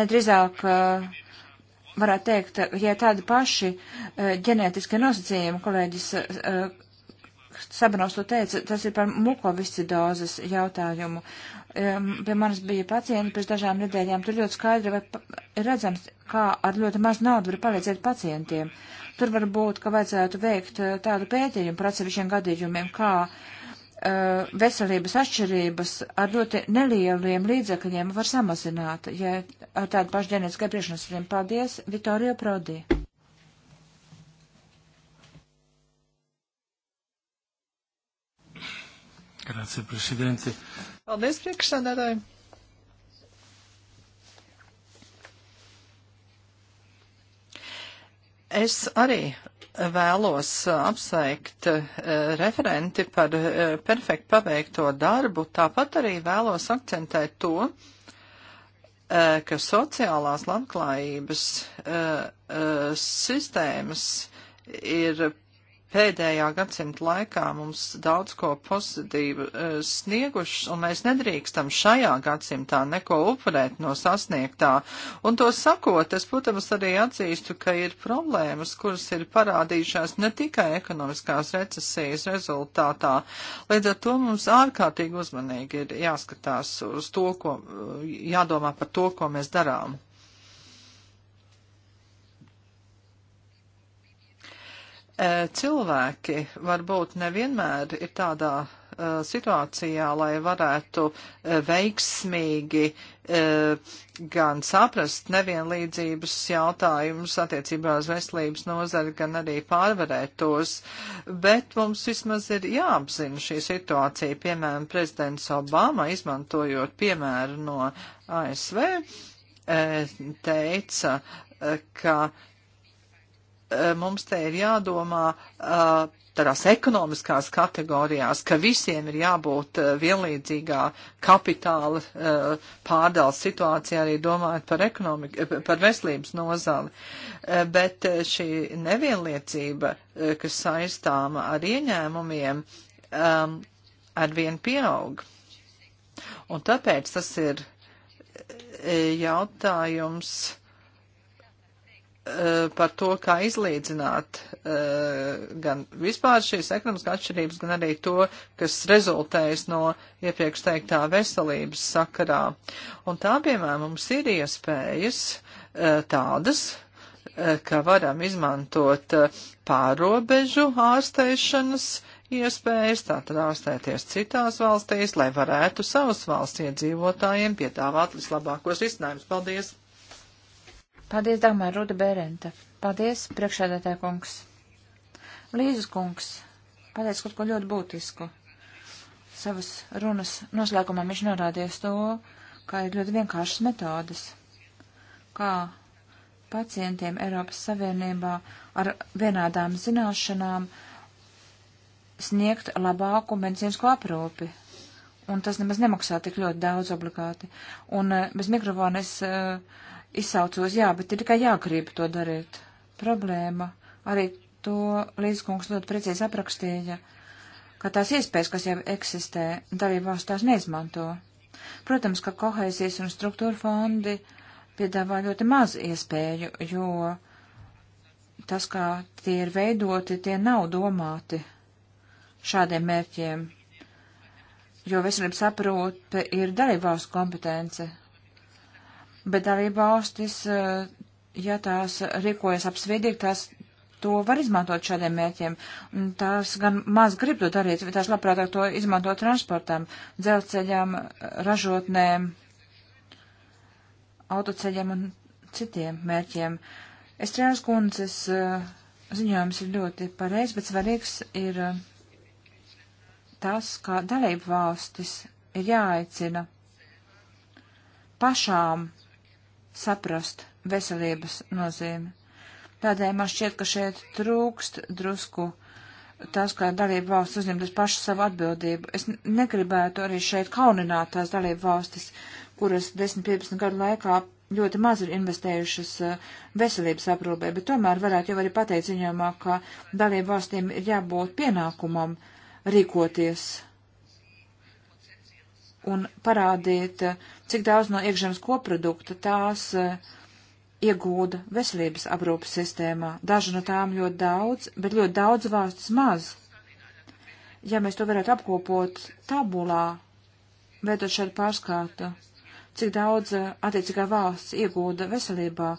nedrīzāk eh, varētu teikt, ja tādi paši ģenētiskie nosacījumi, kolēģis Sabanovs to teica, tas ir par mukoviscidozes jautājumu. Pie manis bija pacienti pirms dažām nedēļām, tur ļoti skaidri vai redzams, kā ar ļoti maz naudu var palīdzēt pacientiem. Uh, Tur var būt, ka vajadzētu veikt eh, tādu pētījumu par atsevišķiem gadījumiem, kā uh, veselības atšķirības ar ļoti nelieliem līdzekļiem var samazināt, ja ar tādu pašu ģenētiskai priekšnosacījumu. Paldies, Vitorio Prodi. Grazie, Presidente. Paldies, priekšsādātāji. Es arī vēlos apsveikt eh, referenti par eh, perfektu paveikto darbu, tāpat arī vēlos akcentēt to, eh, ka sociālās labklājības sistēmas ir pēdējā gadsimta laikā mums daudz ko pozitīvu uh, sniegušas, un mēs nedrīkstam šajā gadsimtā neko upurēt no sasniegtā. Un to sakot, es, protams, arī atzīstu, ka ir problēmas, kuras ir parādījušās ne tikai ekonomiskās recesijas rezultātā. Līdz ar to mums ārkārtīgi uzmanīgi ir jāskatās uz to, ko e, jādomā par to, ko mēs darām. cilvēki varbūt nevienmēr ir tādā situācijā, lai varētu veiksmīgi gan saprast nevienlīdzības jautājumus attiecībā uz veselības nozari, gan arī pārvarēt tos, bet mums vismaz ir jāapzina šī situācija. Piemēram, prezidents Obama, izmantojot piemēru no ASV, teica, ka Eh, mums te ir jādomā eh, tādās ekonomiskās kategorijās, ka visiem ir jābūt eh, vienlīdzīgā kapitāla pārdales situācijā, arī domājot par, ekonomiku, par veselības nozali. Bet šī nevienlīdzība, kas saistāma ar ieņēmumiem, ehm, arvien pieaug. Un tāpēc tas ir jautājums Eh, par to, kā izlīdzināt eh, gan vispār šīs ekonomiskās atšķirības, gan arī to, kas rezultējas no iepriekš teiktā veselības sakarā. Un tā, piemēram, mums ir iespējas eh, tādas, ka varam izmantot pārobežu ārsteišanas iespējas, tātad ārstēties citās valstīs, lai varētu savas valsts iedzīvotājiem piedāvāt vislabākos risinājumus. Paldies! Paldies, Dagmar Ruda Bērenta. Paldies, priekšādātā kungs. Līzes kungs, pateic kaut ko ļoti būtisku. Savas runas noslēgumā viņš norādījis to, kā ir ļoti vienkāršas metodas, kā pacientiem Eiropas Savienībā ar vienādām zināšanām sniegt labāku medicīnisko aprūpi. Un tas nemaz nemaksā tik ļoti daudz obligāti. Un eh, bez mikrofona es uh, izsaucos, jā, bet ir tikai jāgrib to darīt. Problēma arī to līdzkungs ļoti precīzi aprakstīja, ka tās iespējas, kas jau eksistē, dalībās tās neizmanto. Protams, ka kohēzijas un struktūra fondi piedāvā ļoti maz iespēju, jo tas, kā tie ir veidoti, tie nav domāti šādiem mērķiem, jo veselības aprūpe ir dalībās kompetence bet dalība valstis, eh, ja tās rīkojas apsviedīgi, tās to var izmantot šādiem mērķiem. Tās gan maz grib to darīt, bet tās labprātāk to izmanto transportam, dzelceļam, ražotnēm, autoceļam un citiem mērķiem. Estrēlas kundzes eh, ziņojums ir ļoti pareizs, bet svarīgs ir eh, tas, kā dalību valstis ir jāaicina pašām saprast veselības nozīmi. Tādēļ man šķiet, ka šeit trūkst drusku tas, kā dalība valsts uzņemtas pašu savu atbildību. Es negribētu arī šeit kaunināt tās dalība valstis, kuras 10-15 gadu laikā ļoti maz ir investējušas eh, veselības aprūpē, bet tomēr varētu jau arī pateikt ziņojumā, ka dalību valstīm ir jābūt pienākumam rīkoties un parādīt, cik daudz no iekšzemes koprodukta tās eh, iegūda veselības aprūpas sistēmā. Daži no tām ļoti daudz, bet ļoti daudz valsts maz. Ja mēs to varētu apkopot tabulā, veidot šādu pārskātu, cik daudz eh, attiecīgā valsts iegūda veselībā,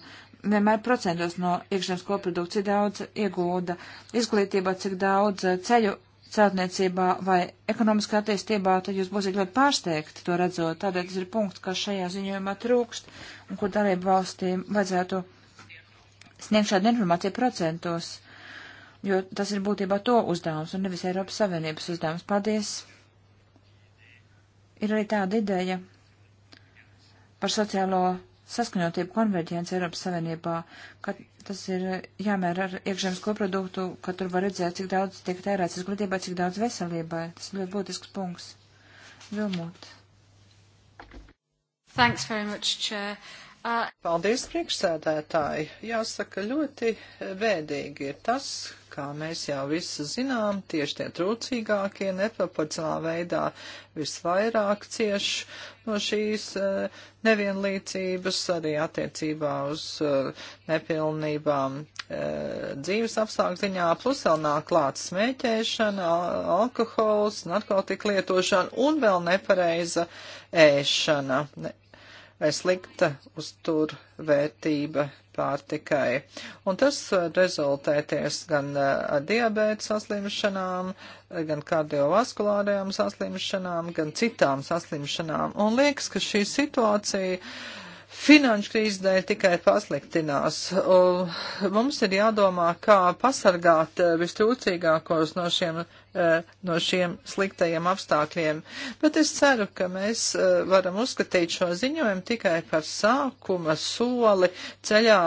vienmēr procentos no iekšzemes koprodukta, cik daudz iegūda izglītībā, cik daudz eh, ceļu celtniecībā vai ekonomiskā attīstībā, tad jūs būsiet ļoti pārsteigti to redzot. Tādēļ tas ir punkts, kas šajā ziņojumā trūkst un kur dalību valstīm vajadzētu sniegt šādu informāciju procentos, jo tas ir būtībā to uzdevums un nevis Eiropas Savienības uzdevums. Paldies! Ir arī tāda ideja par sociālo saskaņotību konverģents Eiropas Savienībā, ka tas ir jāmēra ar iekšzemes koproduktu, ka tur var redzēt, cik daudz tiek tērēts izglītībai, cik daudz veselībai. Tas ir ļoti būtisks punkts. Vilmot. Thanks very much, Chair. Uh... Paldies, priekšsēdētāji. Jāsaka, ļoti bēdīgi ir tas, kā mēs jau visu zinām, tieši tie trūcīgākie neproporcionālā veidā visvairāk cieš no šīs uh, nevienlīdzības arī attiecībā uz uh, nepilnībām uh, dzīves apstākļu ziņā, plus vēl nāk klāts smēķēšana, al alkohols, narkotika lietošana un vēl nepareiza ēšana ne vai slikta uzturvērtība pārtikai. Un tas var uh, rezultēties gan uh, diabēta saslimšanām, gan kardiovaskulārajām saslimšanām, gan citām saslimšanām. Un liekas, ka šī situācija uh, Finanšu krīze dēļ tikai pasliktinās. Mums ir jādomā, kā pasargāt eh, vistrūcīgākos no šiem, eh, no šiem sliktajiem apstākļiem. Bet es ceru, ka mēs eh, varam uzskatīt šo ziņojumu tikai par sākuma soli ceļā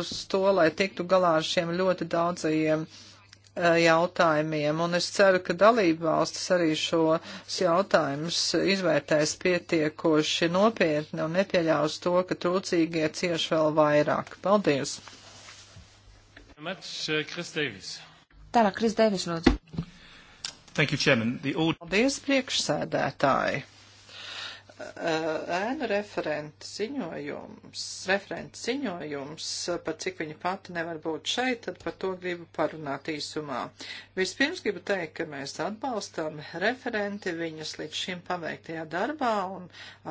uz to, lai tiktu galā ar šiem ļoti daudzajiem jautājumiem, un es ceru, ka dalība valstis arī šos jautājumus izvērtēs pietiekoši nopietni un nepieļaus to, ka trūcīgie cieš vēl vairāk. Paldies! Tālāk, Kris Deivis, lūdzu. Thank you, Chairman. The old... Paldies, priekšsēdētāji! Eh, ēnu referenta ziņojums, referenta ziņojums, eh, par cik viņa pati nevar būt šeit, tad par to gribu parunāt īsumā. Vispirms gribu teikt, ka mēs atbalstam referenti viņas līdz šim paveiktajā darbā un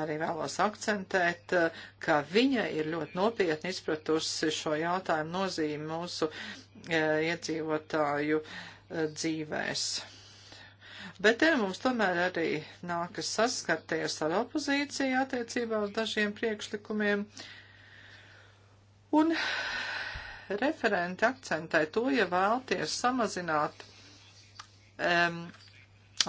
arī vēlos akcentēt, eh, ka viņa ir ļoti nopietni izpratusi šo jautājumu nozīmi mūsu iedzīvotāju dzīvēs. Bet te mums tomēr arī nākas saskarties ar opozīciju attiecībā uz dažiem priekšlikumiem. Un referenti akcentē to, ja vēlties samazināt um,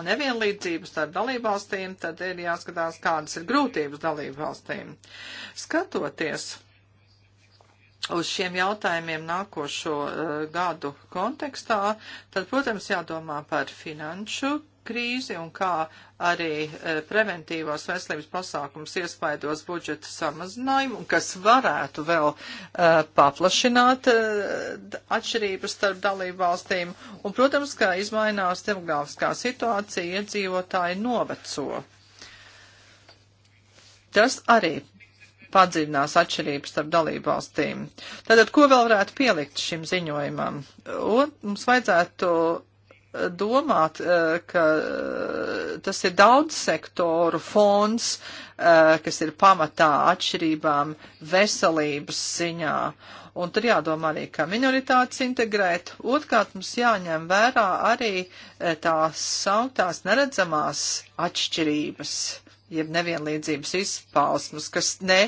nevienlīdzības starp dalībvalstīm, tad ir jāskatās, kādas ir grūtības dalībvalstīm. Skatoties uz šiem jautājumiem nākošo uh, gadu kontekstā, tad, protams, jādomā par finanšu krīzi un kā arī e, preventīvos veselības pasākums iespaidos budžeta samazinājumu, kas varētu vēl uh, paplašināt uh, atšķirības starp dalību valstīm. Un, protams, kā izmainās demografiskā situācija, iedzīvotāji noveco. Tas arī padziļinās atšķirības starp dalībvalstīm. Tātad, ko vēl varētu pielikt šim ziņojumam? Un mums vajadzētu domāt, eh, ka eh, tas ir daudz sektoru fonds, eh, kas ir pamatā atšķirībām veselības ziņā. Un tur jādomā arī, kā minoritātes integrēt. Otkārt mums jāņem vērā arī tās sauktās neredzamās atšķirības jeb nevienlīdzības izpausmas, kas ne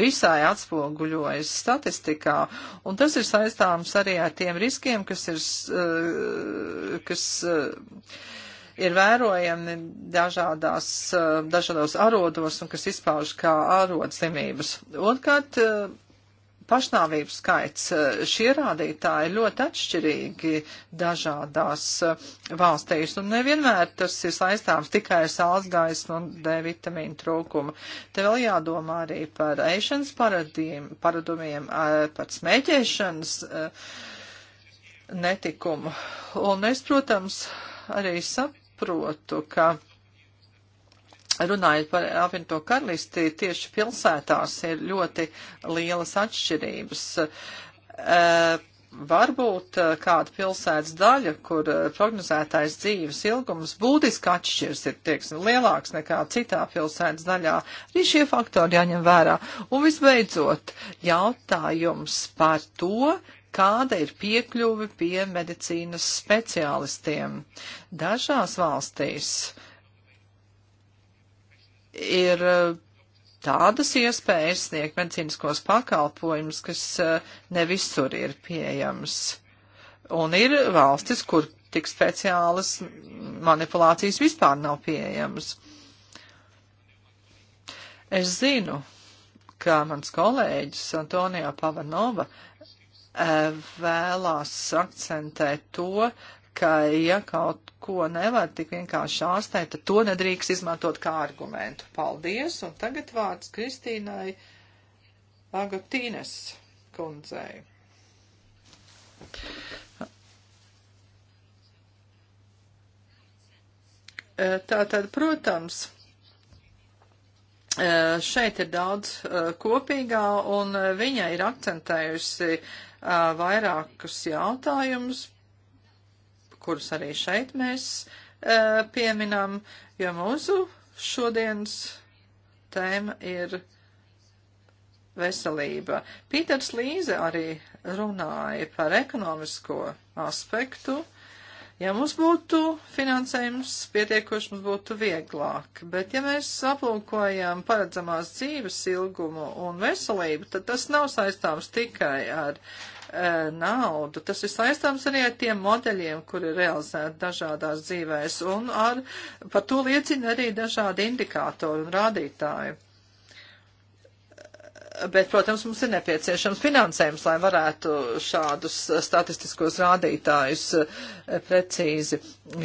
visai atspoguļojas statistikā. Un tas ir saistāms arī ar tiem riskiem, kas ir, eh, kas eh, ir vērojami dažādās, eh, dažādos arodos un kas izpauž kā arodslimības. Otkārt, pašnāvību skaits. Šie rādītāji ļoti atšķirīgi dažādās eh, valstīs, un nevienmēr tas ir saistāms tikai ar sālsgaismu un D vitamīnu trūkumu. Te vēl jādomā arī par ēšanas paradumiem, eh, par smēķēšanas eh, netikumu. Un es, protams, arī saprotu, ka Runājot par apvienoto karalisti, tieši pilsētās ir ļoti lielas atšķirības. Uh, varbūt e, kāda pilsētas daļa, kur e, prognozētais dzīves ilgums būtiski atšķirs, ir tieksim, lielāks nekā citā pilsētas daļā. Arī šie faktori jāņem vērā. Un visbeidzot, jautājums par to, kāda ir piekļuve pie medicīnas speciālistiem. Dažās valstīs ir e, tādas iespējas sniegt medicīniskos pakalpojumus, kas e, ne visur ir pieejams. Un ir valstis, kur tik speciālas manipulācijas vispār nav pieejamas. Es zinu, ka mans kolēģis Antonijā Pavanova e, vēlās akcentēt to, ka, ja kaut ko nevar tik vienkārši ārstēt, tad to nedrīkst izmantot kā argumentu. Paldies, un tagad vārds Kristīnai Agatīnes kundzei. E, tātad, protams, e, šeit ir daudz e, kopīgā, un viņa ir akcentējusi vairākus jautājumus kurus arī šeit mēs uh, pieminam, jo mūsu šodienas tēma ir veselība. Pīters Līze arī runāja par ekonomisko aspektu. Ja mums būtu finansējums pietiekoši, mums būtu vieglāk, bet ja mēs aplūkojam paredzamās dzīves ilgumu un veselību, tad tas nav saistāms tikai ar uh, E, naudu. Tas ir saistāms arī ar tiem modeļiem, kuri realizēti dažādās dzīvēs, un ar, par to liecina arī dažādi indikātori un rādītāji. Bet, protams, mums ir nepieciešams finansējums, lai varētu šādus statistiskos rādītājus e, precīzi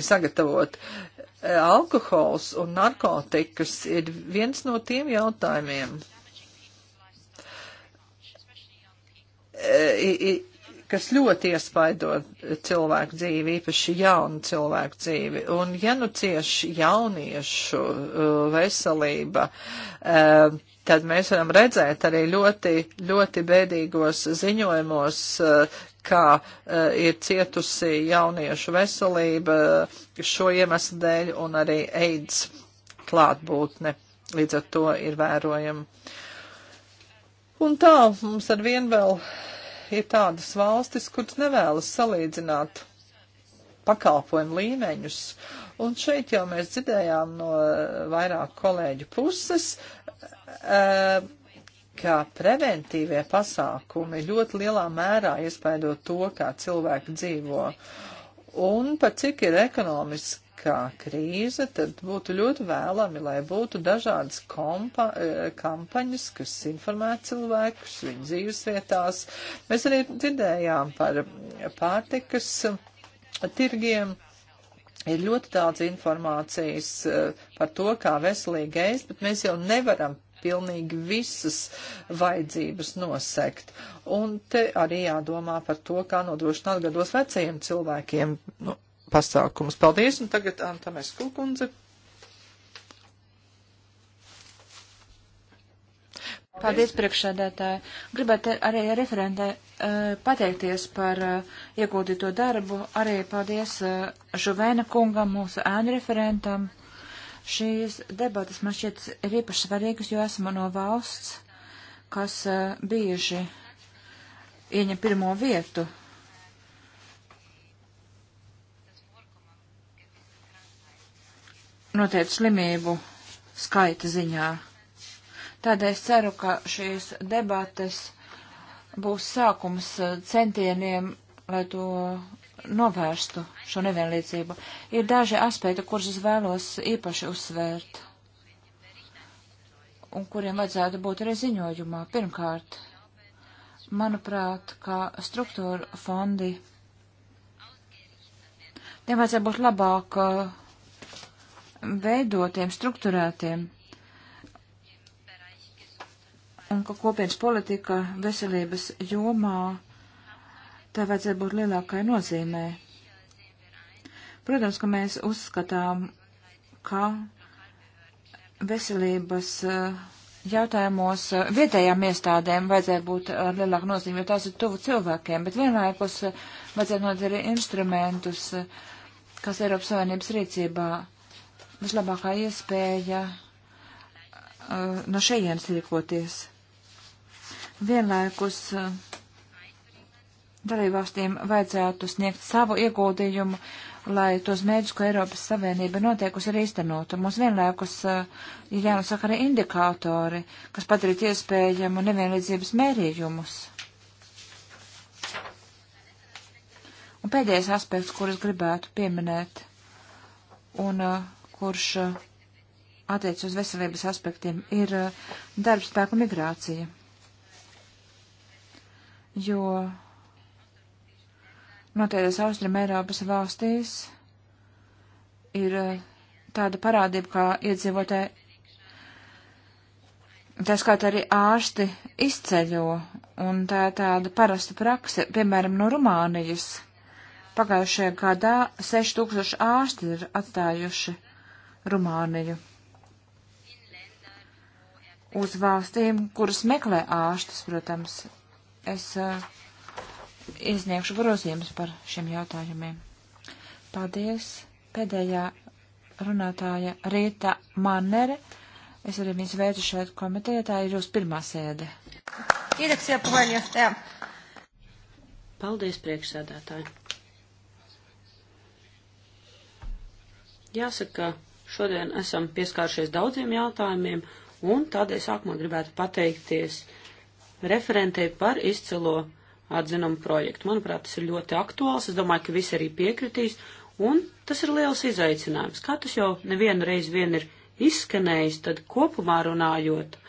sagatavot. E, alkohols un narkotikas ir viens no tiem jautājumiem, kas ļoti iespaido cilvēku dzīvi, īpaši jaunu cilvēku dzīvi. Un ja nu cieši jauniešu uh, veselība, uh, tad mēs varam redzēt arī ļoti, ļoti bēdīgos ziņojumos, uh, kā ir cietusi jauniešu veselība šo iemeslu dēļ un arī eids klātbūtne. Līdz ar to ir vērojama. Un tā mums ar vien vēl uh, ir tādas valstis, kuras nevēlas salīdzināt pakalpojumu līmeņus. Un šeit jau mēs dzirdējām no vairāk kolēģu puses, e, ka preventīvie pasākumi ļoti lielā mērā iespaido to, kā cilvēki dzīvo. Un par cik ir ekonomiski kā krīze, tad būtu ļoti vēlami, lai būtu dažādas kompa, e, kampaņas, kas informētu cilvēkus viņu dzīvesvietās. Mēs arī dzirdējām par pārtikas tirgiem. Ir ļoti daudz informācijas e, par to, kā veselīgi ēst, bet mēs jau nevaram pilnīgi visas vajadzības nosekt. Un te arī jādomā par to, kā nodrošināt gados vecajiem cilvēkiem nu, pasākumus. Paldies, un tagad Anta Meskukundze. Paldies, priekšsēdētāji. Gribētu arī referentē eh, pateikties par eh, iegūtīto darbu. Arī paldies eh, Žuvēna kungam, mūsu ēnu referentam. Šīs debatas man šķiet ir īpaši svarīgas, jo esmu no valsts, kas bieži ieņem pirmo vietu noteikti slimību skaita ziņā. Tādēļ es ceru, ka šīs debates būs sākums eh, centieniem, lai to novērstu šo nevienlīdzību. Ir daži aspekti, kurus es vēlos īpaši uzsvērt un kuriem vajadzētu būt arī ziņojumā. Pirmkārt, manuprāt, ka struktūra fondi, tiem vajadzētu būt labāk uh, veidotiem, strukturētiem. Un ka kopienas politika veselības jomā tā vajadzētu būt lielākai nozīmē. Protams, ka mēs uzskatām, ka veselības eh, jautājumos eh, vietējām iestādēm vajadzētu būt ar eh, lielāku nozīmi, jo tās ir tuvu cilvēkiem, bet vienlaikus vajadzētu nodot arī instrumentus, kas Eiropas Savienības rīcībā ir vislabākā iespēja uh, no šejienes rīkoties. Vienlaikus uh, dalībvalstīm vajadzētu sniegt savu ieguldījumu, lai tos mēģus, ko Eiropas Savienība noteikusi, arī īstenot. Un mums vienlaikus uh, ir jānosaka arī indikātori, kas padarītu iespējamu nevienlīdzības mērījumus. Un pēdējais aspekts, kurus gribētu pieminēt, un uh, kurš eh, attiec uz veselības aspektiem, ir eh, darbspēku migrācija. Jo noteiktās Austrum Eiropas valstīs ir eh, tāda parādība, kā iedzīvotāji, tā skaitā arī ārsti izceļo, un tā ir tāda parasta prakse, piemēram, no Rumānijas. Pagājušajā gadā 6000 ārsti ir atstājuši Rumāniju uz valstīm, kuras meklē ārstus, protams. Es uh, izniegšu grozījumus par šiem jautājumiem. Paldies! Pēdējā runātāja Rīta Mannere. Es arī viņas veicu šeit komitejā. Tā ir jūsu pirmā sēde. Kiitoksia puheenjohtaja. Paldies priekšsēdētāji. Jāsaka, ka Šodien esam pieskāršies daudziem jautājumiem, un tādēļ sākumā gribētu pateikties referentei par izcilo atzinumu projektu. Manuprāt, tas ir ļoti aktuāls, es domāju, ka visi arī piekritīs, un tas ir liels izaicinājums. Kā tas jau nevienu reizi vien ir izskanējis, tad kopumā runājot,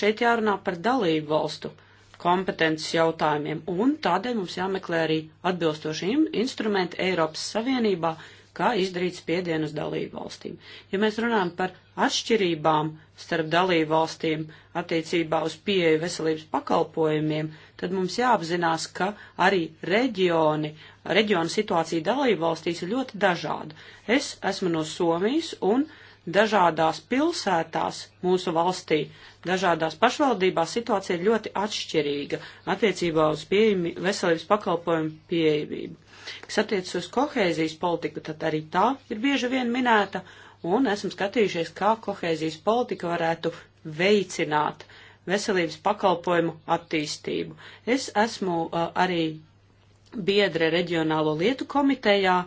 šeit jārunā par dalību valstu kompetences jautājumiem, un tādēļ mums jāmeklē arī atbilstoši instrumenti Eiropas Savienībā, kā izdarīt spiedienu uz dalību valstīm. Ja mēs runājam par atšķirībām starp dalību valstīm attiecībā uz pieeju veselības pakalpojumiem, tad mums jāapzinās, ka arī reģioni, reģiona situācija dalību valstīs ir ļoti dažāda. Es esmu no Somijas un uh, dažādās pilsētās mūsu valstī, dažādās pašvaldībās situācija ir ļoti atšķirīga attiecībā uz pieejami, veselības pakalpojumu pieejamību. Kas attiecas uz kohēzijas politiku, tad arī tā ir bieži vien minēta, un esam skatījušies, kā kohēzijas politika varētu veicināt veselības pakalpojumu attīstību. Es esmu uh, arī biedre reģionālo lietu komitejā,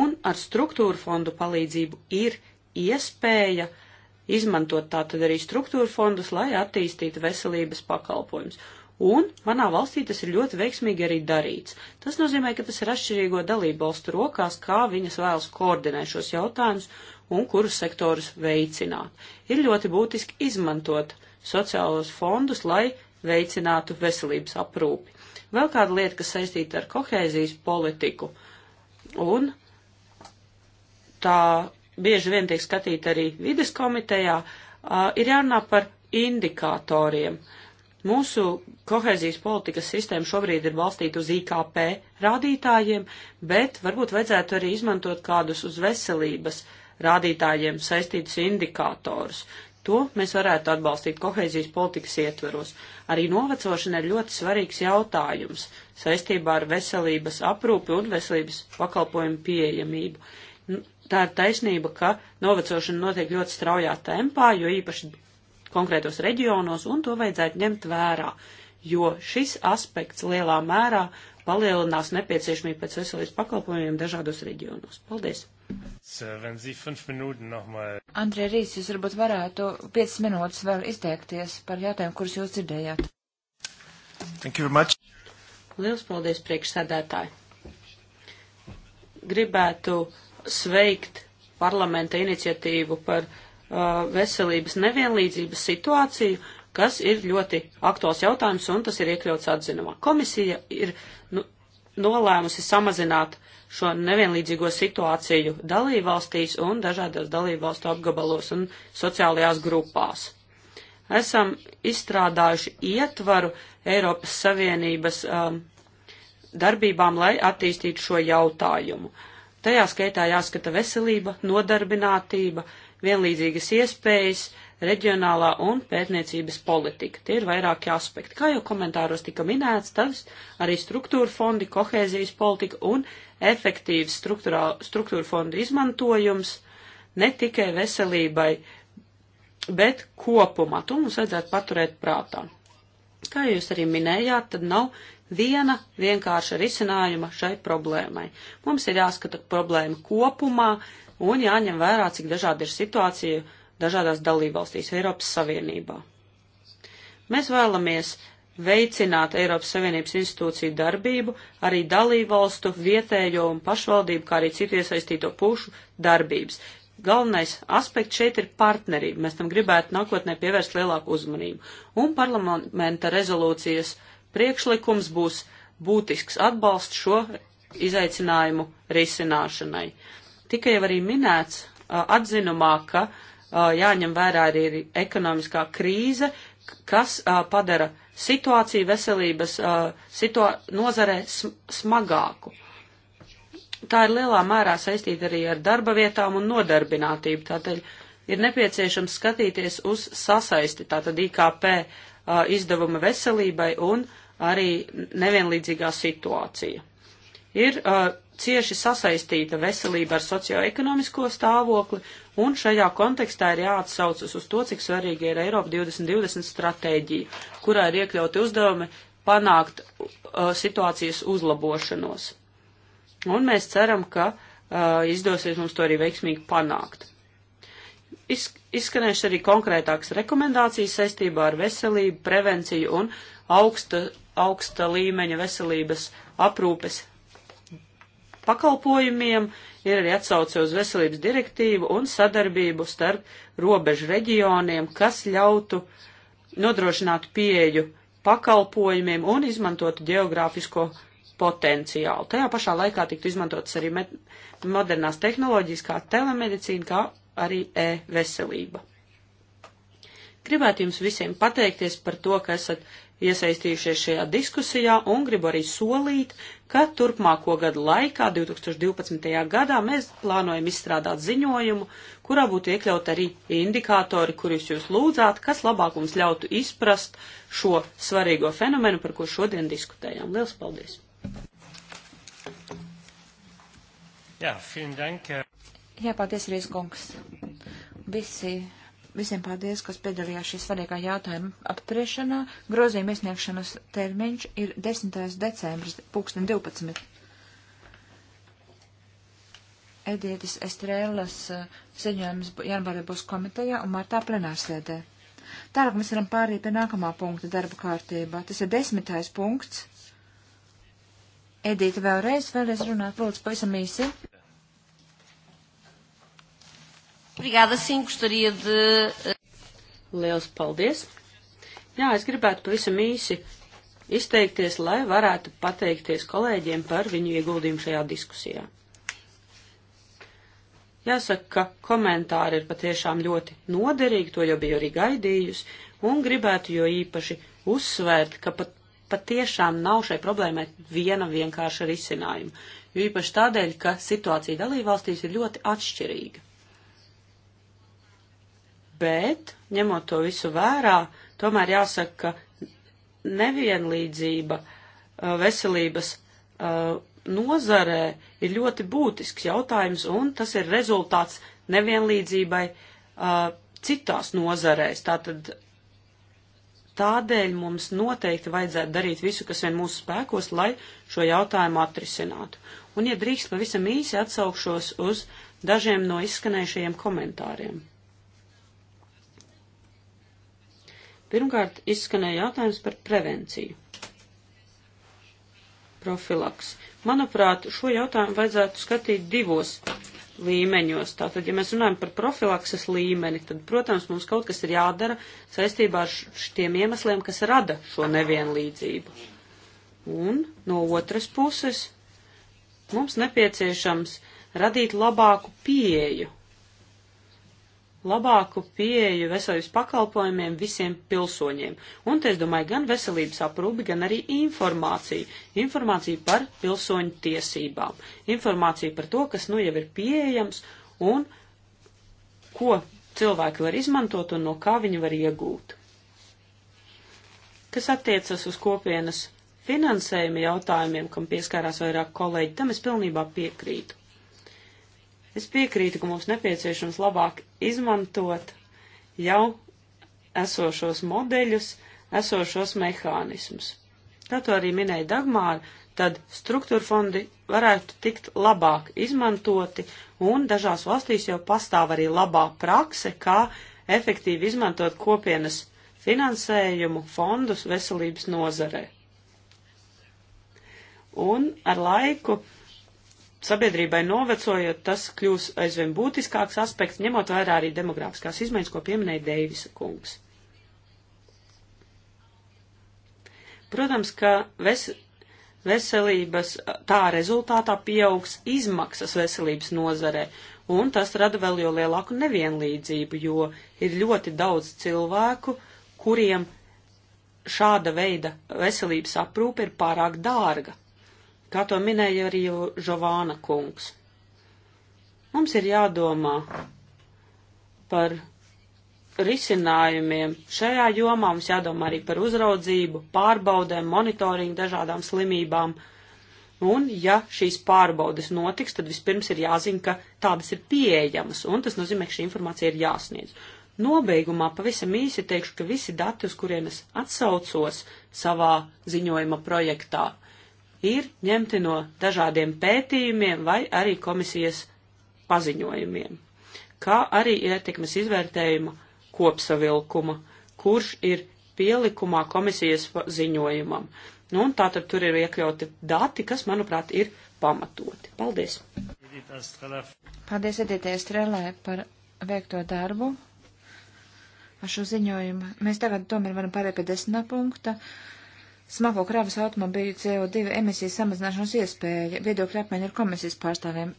un ar struktūru fondu palīdzību ir iespēja izmantot tātad arī struktūra fondus, lai attīstītu veselības pakalpojumus. Un manā valstī tas ir ļoti veiksmīgi arī darīts. Tas nozīmē, ka tas ir atšķirīgo dalību valstu rokās, kā viņas vēlas koordinēt šos jautājumus un kurus sektorus veicināt. Ir ļoti būtiski izmantot sociālos fondus, lai veicinātu veselības aprūpi. Vēl kāda lieta, kas saistīta ar kohēzijas politiku un tā bieži vien tiek skatīta arī vides komitejā, uh, ir jārunā par indikatoriem. Mūsu kohēzijas politikas sistēma šobrīd ir balstīta uz IKP rādītājiem, bet varbūt vajadzētu arī izmantot kādus uz veselības rādītājiem saistītus indikātorus. To mēs varētu atbalstīt kohēzijas politikas ietveros. Arī novecošana ir ļoti svarīgs jautājums saistībā ar veselības aprūpi un veselības pakalpojumu pieejamību tā ir taisnība, ka novecošana notiek ļoti straujā tempā, jo īpaši konkrētos reģionos, un to vajadzētu ņemt vērā, jo šis aspekts lielā mērā palielinās nepieciešamību pēc veselības pakalpojumiem dažādos reģionos. Paldies! Andrija Rīs, jūs varbūt varētu 5 minūtes vēl izteikties par jautājumu, kurus jūs dzirdējāt. Thank you very much. Liels paldies, priekšsēdētāji. Gribētu uh, sveikt parlamenta iniciatīvu par uh, veselības nevienlīdzības situāciju, kas ir ļoti aktuāls jautājums, un tas ir iekļauts atzinumā. Komisija ir nu, nolēmusi samazināt šo nevienlīdzīgo situāciju dalībvalstīs un dažādās dalībvalstu apgabalos un sociālajās grupās. Esam izstrādājuši ietvaru Eiropas Savienības um, darbībām, lai attīstītu šo jautājumu. Uh, Tajā skaitā jāskata veselība, nodarbinātība, vienlīdzīgas iespējas, reģionālā un pētniecības politika. Tie ir vairāki aspekti. Kā jau komentāros tika minēts, tas arī struktūra fondi, kohēzijas politika un efektīvs struktūra fondu izmantojums ne tikai veselībai, bet kopumā. To mums vajadzētu paturēt prātā. Kā jūs arī minējāt, tad nav viena vienkārša risinājuma šai problēmai. Mums ir jāskata problēma kopumā un jāņem vērā, cik dažāda ir situācija dažādās dalībvalstīs Eiropas Savienībā. Mēs vēlamies veicināt Eiropas Savienības institūciju darbību, arī dalībvalstu, vietējo un pašvaldību, kā arī citu iesaistīto pušu darbības. Galvenais aspekts šeit ir partnerība. Mēs tam gribētu nākotnē pievērst lielāku uzmanību. Un parlamenta rezolūcijas uh, priekšlikums būs būtisks atbalsts šo izaicinājumu risināšanai. Tikai jau arī minēts atzinumā, ka jāņem vērā arī ekonomiskā krīze, kas padara situāciju veselības situā nozarē smagāku. Tā ir lielā mērā saistīta arī ar darba vietām un nodarbinātību. Tātad ir nepieciešams skatīties uz sasaisti, tātad IKP izdevuma veselībai un uh, arī nevienlīdzīgā situācija. Ir uh, cieši sasaistīta veselība ar socioekonomisko stāvokli, un šajā kontekstā ir jāatsaucas uz to, cik svarīga ir Eiropa 2020 stratēģija, kurā ir iekļauti uzdevumi panākt uh, situācijas uzlabošanos. Un mēs ceram, ka uh, izdosies mums to arī veiksmīgi panākt. Iz, izskanējuši arī konkrētākas rekomendācijas saistībā ar veselību, prevenciju un uh, augsta, augsta līmeņa veselības aprūpes pakalpojumiem, ir arī atsauce uz veselības direktīvu un sadarbību starp robežu reģioniem, kas ļautu nodrošināt pieeju pakalpojumiem un izmantotu geogrāfisko potenciālu. Tajā pašā laikā tiktu izmantotas arī modernās tehnoloģijas kā telemedicīna, kā arī e-veselība. Gribētu jums visiem pateikties par to, ka esat iesaistījušies šajā diskusijā un gribu arī solīt, ka turpmāko gadu laikā, 2012. gadā, mēs plānojam izstrādāt ziņojumu, kurā būtu iekļaut arī indikātori, kurus jūs lūdzāt, kas labāk mums ļautu izprast šo svarīgo fenomenu, par ko šodien diskutējām. Lielas paldies! Jā, Jā paldies, Rīskungs. Visi Visiem paldies, kas piedalījās šī svarīgā jautājuma apturēšanā. Grozījuma iesniegšanas termiņš ir 10. decembris 2012. Edietis Estrēlas eh, ziņojums janvārī būs komitejā un martā plenārsēdē. Tālāk mēs varam pārīt pie nākamā punkta darba kārtībā. Tas ir desmitais punkts. Edita vēlreiz vēlreiz runāt, lūdzu, pavisam īsi. Obrigada, sim, gostaria de. Eh, Liels paldies! Jā, es gribētu pavisam īsi izteikties, lai varētu pateikties kolēģiem par viņu ieguldījumu šajā diskusijā. Jāsaka, ka komentāri ir patiešām ļoti noderīgi, to jau biju arī gaidījusi, un gribētu jo īpaši uzsvērt, ka pat, patiešām nav šai problēmai viena vienkārša risinājuma, jo īpaši tādēļ, ka situācija dalībvalstīs ir ļoti atšķirīga bet, ņemot to visu vērā, tomēr jāsaka, ka nevienlīdzība uh, veselības uh, nozarē ir ļoti būtisks jautājums, un tas ir rezultāts nevienlīdzībai uh, citās nozarēs. Tātad Tādēļ mums noteikti vajadzētu darīt visu, kas vien mūsu spēkos, lai šo jautājumu atrisinātu. Un, ja drīkst, pavisam īsi atsaukšos uz dažiem no izskanējušajiem komentāriem. Pirmkārt, izskanēja jautājums par prevenciju. Profilaks. Manuprāt, šo jautājumu vajadzētu skatīt divos līmeņos. Tātad, ja mēs runājam par profilakses līmeni, tad, protams, mums kaut kas ir jādara saistībā ar šiem iemesliem, kas rada šo nevienlīdzību. Un no otras puses, mums nepieciešams radīt labāku pieeju labāku pieeju veselības pakalpojumiem visiem pilsoņiem. Un te es domāju gan veselības aprūpi, gan arī informāciju. Informāciju par pilsoņu tiesībām. Informāciju par to, kas nu jau ir pieejams un ko cilvēki var izmantot un no kā viņi var iegūt. Kas attiecas uz kopienas finansējuma jautājumiem, kam pieskārās vairāk kolēģi, tam es pilnībā piekrītu. Es piekrītu, ka mums nepieciešams labāk izmantot jau esošos modeļus, esošos mehānismus. Kā to arī minēja Dagmāra, tad struktūra fondi varētu tikt labāk izmantoti, un dažās valstīs jau pastāv arī labā prakse, kā efektīvi izmantot kopienas finansējumu fondus veselības nozarē. Un ar laiku sabiedrībai novecojot, tas kļūs aizvien būtiskāks aspekts, ņemot vērā arī demogrāfiskās izmaiņas, ko pieminēja Deivisa kungs. Protams, ka ves, veselības tā rezultātā pieaugs izmaksas veselības nozarē, un tas rada vēl jo lielāku nevienlīdzību, jo ir ļoti daudz cilvēku, kuriem šāda veida veselības aprūpe ir pārāk dārga kā to minēja arī Žovāna kungs. Mums ir jādomā par risinājumiem. Šajā jomā mums jādomā arī par uzraudzību, pārbaudēm, monitoringu dažādām slimībām. Un, ja šīs pārbaudes notiks, tad vispirms ir jāzina, ka tādas ir pieejamas, un tas nozīmē, ka šī informācija ir jāsniedz. Nobeigumā pavisam īsi teikšu, ka visi dati, uz kuriem es atsaucos savā ziņojuma projektā, ir ņemti no dažādiem pētījumiem vai arī komisijas paziņojumiem, kā arī ietekmes izvērtējuma kopsavilkuma, kurš ir pielikumā komisijas ziņojumam. Nu, un tātad tur ir iekļauti dati, kas, manuprāt, ir pamatoti. Paldies! Paldies, Edita Estrelē, par veikto darbu ar šo ziņojumu. Mēs tagad tomēr varam pārēt pie desmitā punkta. Uh, smago kravas automobīļu CO2 emisiju samazināšanas iespēja. Viedokļa apmaiņa ar komisijas pārstāvjiem.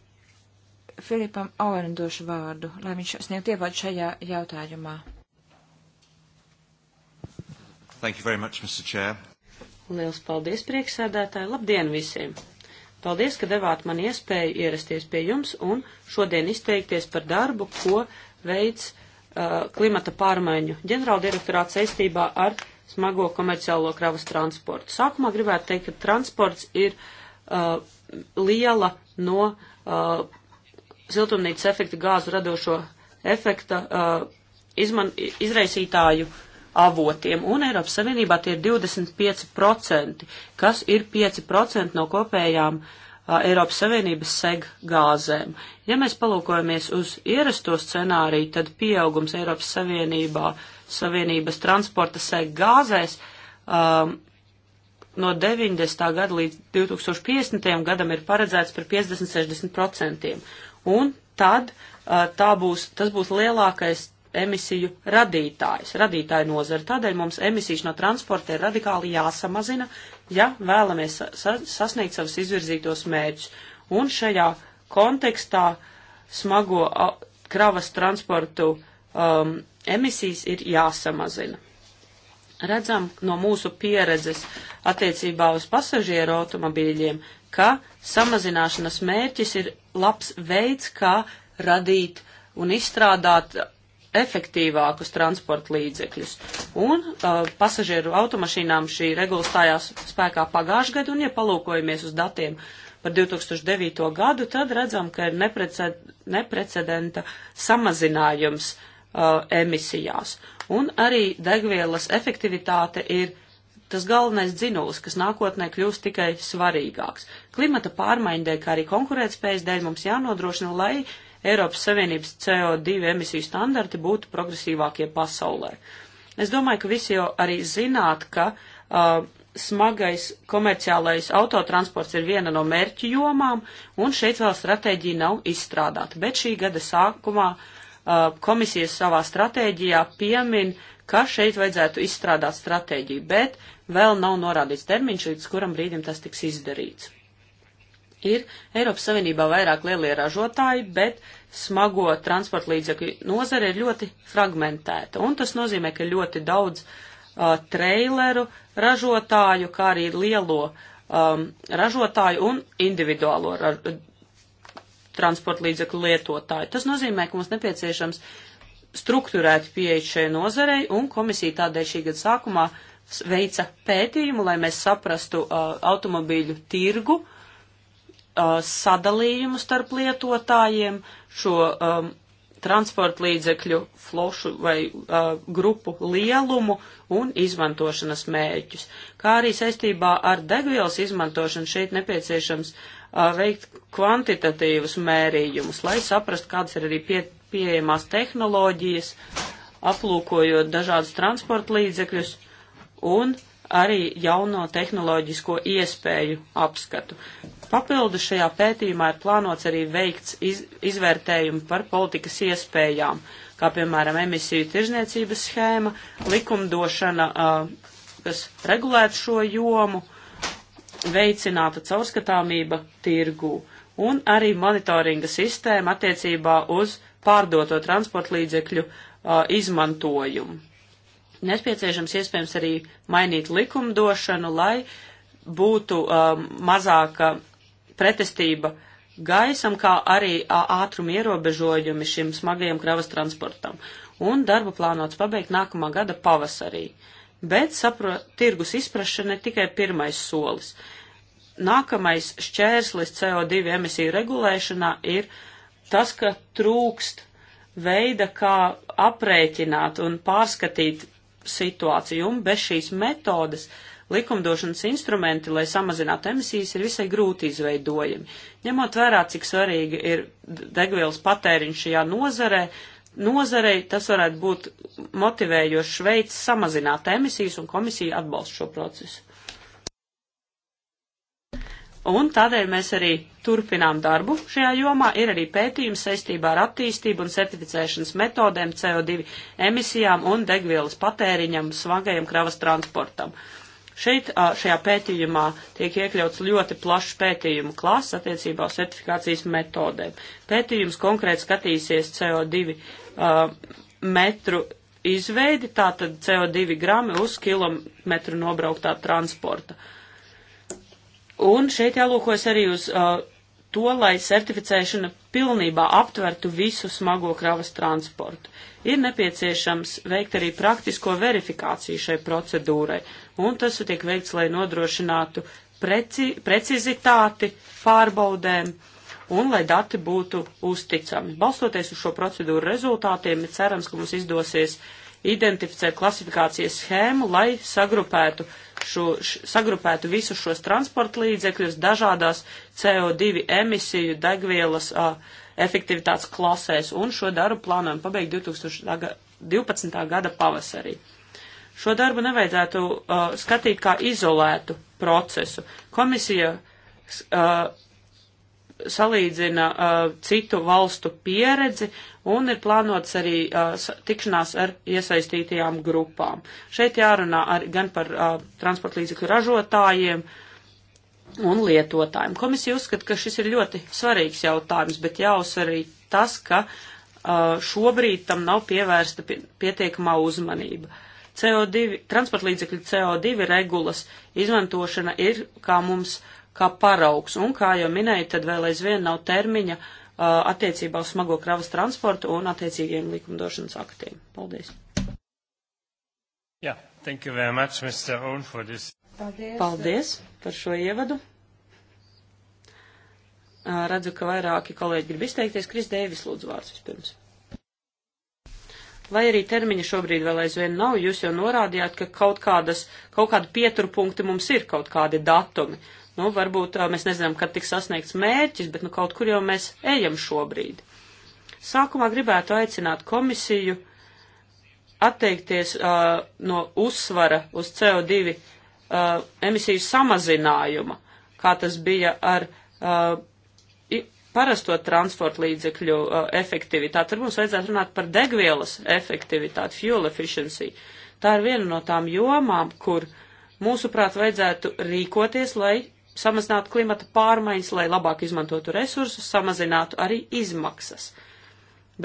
Filipam Ovenam došu vārdu, lai viņš sniegtu ievādu šajā jautājumā. Thank you very much, Mr. Chair. Liels paldies, prieksēdētāji. Labdien visiem! Paldies, ka devāt man iespēju ierasties pie jums un šodien izteikties par darbu, ko veids uh, klimata pārmaiņu ģenerāldirektorāts saistībā ar smago komerciālo kravas transportu. Sākumā gribētu teikt, ka transports ir uh, liela no uh, siltumnīcas efekta gāzu radošo efekta uh, izman, izraisītāju avotiem, un Eiropas Savienībā tie ir 25%, kas ir 5% no kopējām uh, Eiropas Savienības seg gāzēm. Ja mēs palūkojamies uz ierasto scenāriju, tad pieaugums Eiropas Savienībā uh, Savienības transporta sēk gāzēs um, no 90. gada līdz 2050. gadam ir paredzēts par 50-60%. Un tad uh, tā būs, tas būs lielākais emisiju radītājs, radītāju nozara. Tādēļ mums emisijas no transporta ir radikāli jāsamazina, ja vēlamies sa sasniegt savus izvirzītos mērķus. Un šajā kontekstā smago kravas transportu um, emisijas ir jāsamazina. Redzam no mūsu pieredzes attiecībā uz pasažieru automobīļiem, ka samazināšanas mērķis ir labs veids, kā radīt un izstrādāt efektīvākus transporta līdzekļus. Un uh, pasažieru automašīnām šī regula stājās spēkā pagājušajā gadā, un ja palūkojamies uz datiem par 2009. gadu, tad redzam, ka ir neprecedenta samazinājums uh, uh, emisijās. Un arī degvielas efektivitāte ir tas galvenais dzinums, kas nākotnē kļūs tikai svarīgāks. Klimata pārmaiņu dēļ, kā arī konkurētspējas dēļ mums jānodrošina, lai Eiropas Savienības CO2 emisiju standarti būtu progresīvākie pasaulē. Es domāju, ka visi jau arī zināt, ka uh, smagais komerciālais autotransports ir viena no mērķu jomām, un šeit vēl stratēģija nav izstrādāta. Bet šī gada sākumā uh, Uh, komisijas savā stratēģijā piemin, ka šeit vajadzētu izstrādāt stratēģiju, bet vēl nav norādīts termiņš, līdz kuram brīdim tas tiks izdarīts. Ir Eiropas Savienībā vairāk lielie ražotāji, bet smago transporta līdzekļu nozare ir ļoti fragmentēta, un tas nozīmē, ka ļoti daudz uh, treileru ražotāju, kā arī lielo um, ražotāju un individuālo ražotāju transporta līdzekļu lietotāji. Tas nozīmē, ka mums nepieciešams struktūrēt pieeja šai nozarei, un komisija tādēļ šī gada sākumā veica pētījumu, lai mēs saprastu uh, automobīļu tirgu, uh, sadalījumu starp lietotājiem, šo um, transporta līdzekļu flošu vai uh, grupu lielumu un izmantošanas mērķus. Kā arī saistībā ar degvielas izmantošanu šeit nepieciešams uh, veikt kvantitatīvus mērījumus, lai saprastu, kādas ir arī pie, pieejamās tehnoloģijas, aplūkojot dažādus transporta līdzekļus un arī jauno tehnoloģisko iespēju apskatu. Papildu šajā pētījumā ir plānots arī veikts iz, izvērtējumi par politikas iespējām, kā piemēram emisiju tirzniecības schēma, likumdošana, kas regulētu šo jomu, veicināta caurskatāmība tirgū un arī monitoringa sistēma attiecībā uz pārdoto transporta līdzekļu uh, izmantojumu. Nespieciešams iespējams arī mainīt likumdošanu, lai būtu um, mazāka pretestība gaisam, kā arī ātruma ierobežojumi šim smagajam kravas transportam. Un darbu plānots pabeigt nākamā gada pavasarī. Bet, saprot, tirgus izprašana ir tikai pirmais solis. Uh, nākamais šķērslis CO2 emisiju regulēšanā ir tas, ka trūkst veida, kā aprēķināt un pārskatīt situāciju, un bez šīs metodas likumdošanas instrumenti, lai samazinātu emisijas, ir visai grūti izveidojami. Ņemot vērā, cik svarīgi ir degvielas patēriņš šajā nozarē, nozarei tas varētu būt motivējošs veids samazināt emisijas, un komisija atbalsta šo procesu. Un tādēļ mēs arī turpinām darbu šajā jomā. Ir arī pētījums saistībā ar attīstību un certificēšanas metodēm CO2 emisijām un degvielas patēriņam svagajam kravas transportam. Šeit šajā pētījumā tiek iekļauts ļoti plašs pētījumu klases attiecībā uz certifikācijas metodēm. Pētījums konkrēti skatīsies CO2 uh, metru izveidi, tātad CO2 grami uz kilometru nobrauktā transporta. Uh, Un šeit jālūkojas arī uz uh, to, lai certificēšana pilnībā aptvertu visu smago kravas transportu. Ir nepieciešams veikt arī praktisko verifikāciju šai procedūrai, un tas tiek veikts, lai nodrošinātu preci, precizitāti pārbaudēm un lai dati būtu uzticami. Balstoties uz šo procedūru rezultātiem, ir cerams, ka mums izdosies identificēt klasifikācijas schēmu, lai sagrupētu uh, šo, š, sagrupētu visus šos transporta līdzekļus dažādās CO2 emisiju degvielas uh, efektivitātes klasēs, un šo darbu plānojam pabeigt 2012. gada pavasarī. Šo darbu nevajadzētu uh, skatīt kā izolētu procesu. Komisija uh, salīdzina uh, citu valstu pieredzi un ir plānots arī uh, tikšanās ar iesaistītajām grupām. Šeit jārunā ar, gan par uh, transporta līdzekļu ražotājiem un lietotājiem. Komisija uzskata, ka šis ir ļoti svarīgs jautājums, bet jāuzsver arī tas, ka uh, šobrīd tam nav pievērsta pietiekamā uzmanība. CO2, transporta līdzekļu CO2 regulas izmantošana ir, kā mums uh, kā paraugs, un, kā jau minēju, tad vēl aizvien nav termiņa uh, attiecībā uz smago kravas transportu un attiecīgiem likumdošanas aktiem. Paldies! Yeah, thank you very much, Mr. Owen, for this. Paldies, Paldies par šo ievadu. Uh, redzu, ka vairāki kolēģi grib izteikties. Kris Dēvis lūdzu vārds vispirms. Lai arī termiņa šobrīd vēl aizvien nav, jūs jau norādījāt, ka kaut, kādas, kaut kādi pieturpunkti mums ir, kaut kādi datumi. Nu, varbūt mēs nezinām, kad tiks sasniegts mērķis, bet nu, kaut kur jau mēs ejam šobrīd. Sākumā gribētu aicināt komisiju atteikties uh, no uzsvara uz CO2 uh, emisiju samazinājuma, kā tas bija ar uh, parasto transporta līdzekļu uh, efektivitāti. Tur mums vajadzētu runāt par degvielas efektivitāti, fuel efficiency. Tā ir viena no tām jomām, kur, mūsuprāt, vajadzētu rīkoties, lai samazinātu klimata pārmaiņas, lai labāk izmantotu resursus, samazinātu arī izmaksas.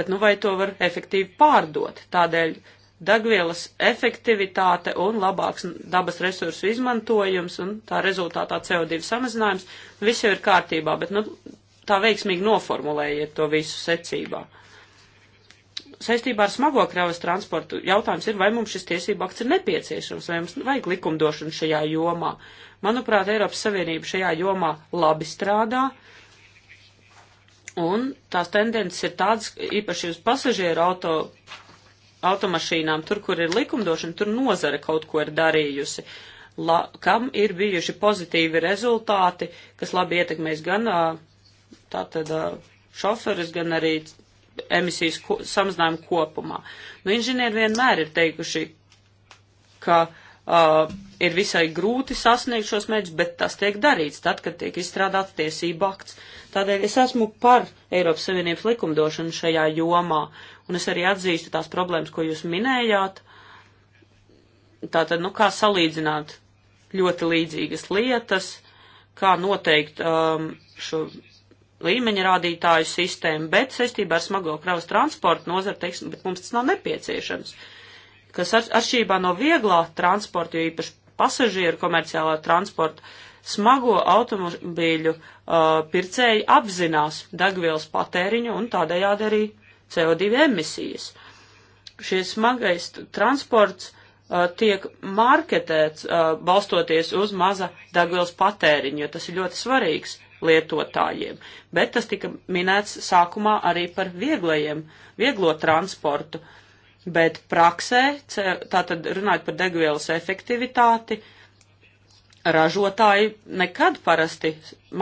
Bet nu vai to var efektīvi pārdot? Tādēļ degvielas efektivitāte un labāks dabas resursu izmantojums un tā rezultātā CO2 samazinājums, viss jau ir kārtībā, bet nu, tā veiksmīgi noformulējiet to visu secībā. Uh, saistībā ar smago kravas transportu jautājums ir, vai mums šis tiesību akts ir nepieciešams, vai mums vajag likumdošanu šajā jomā. Manuprāt, Eiropas Savienība šajā jomā labi strādā, un tās tendences ir tādas, īpaši uz pasažieru auto automašīnām, tur, kur ir likumdošana, tur nozare kaut ko ir darījusi, la, kam ir bijuši pozitīvi rezultāti, kas labi ietekmēs gan tātad šoferis, gan arī emisijas ko, samazinājumu kopumā. Nu, inženieri vienmēr ir teikuši, ka uh, ir visai grūti sasniegt šos mērķus, bet tas tiek darīts tad, kad tiek izstrādāts tiesība akts. Tādēļ es esmu par Eiropas Savienības likumdošanu šajā jomā, un es arī atzīstu tās problēmas, ko jūs minējāt. Tātad, nu, kā salīdzināt ļoti līdzīgas lietas, kā noteikt um, šo līmeņa rādītāju sistēmu, bet saistībā ar smago kravas transportu nozara teiksim, bet mums tas nav nepieciešams. Kas ar, atšķirībā no vieglā transporta, jo īpaši pasažieru komerciālā transporta, smago automobīļu uh, pircēji apzinās degvielas patēriņu un tādējādi arī CO2 emisijas. Šis smagais transports uh, tiek marketēts uh, balstoties uz maza degvielas patēriņu, jo tas ir ļoti svarīgs lietotājiem. Bet tas tika minēts sākumā arī par vieglajiem, vieglo transportu. Bet praksē, tātad runājot par degvielas efektivitāti, ražotāji nekad parasti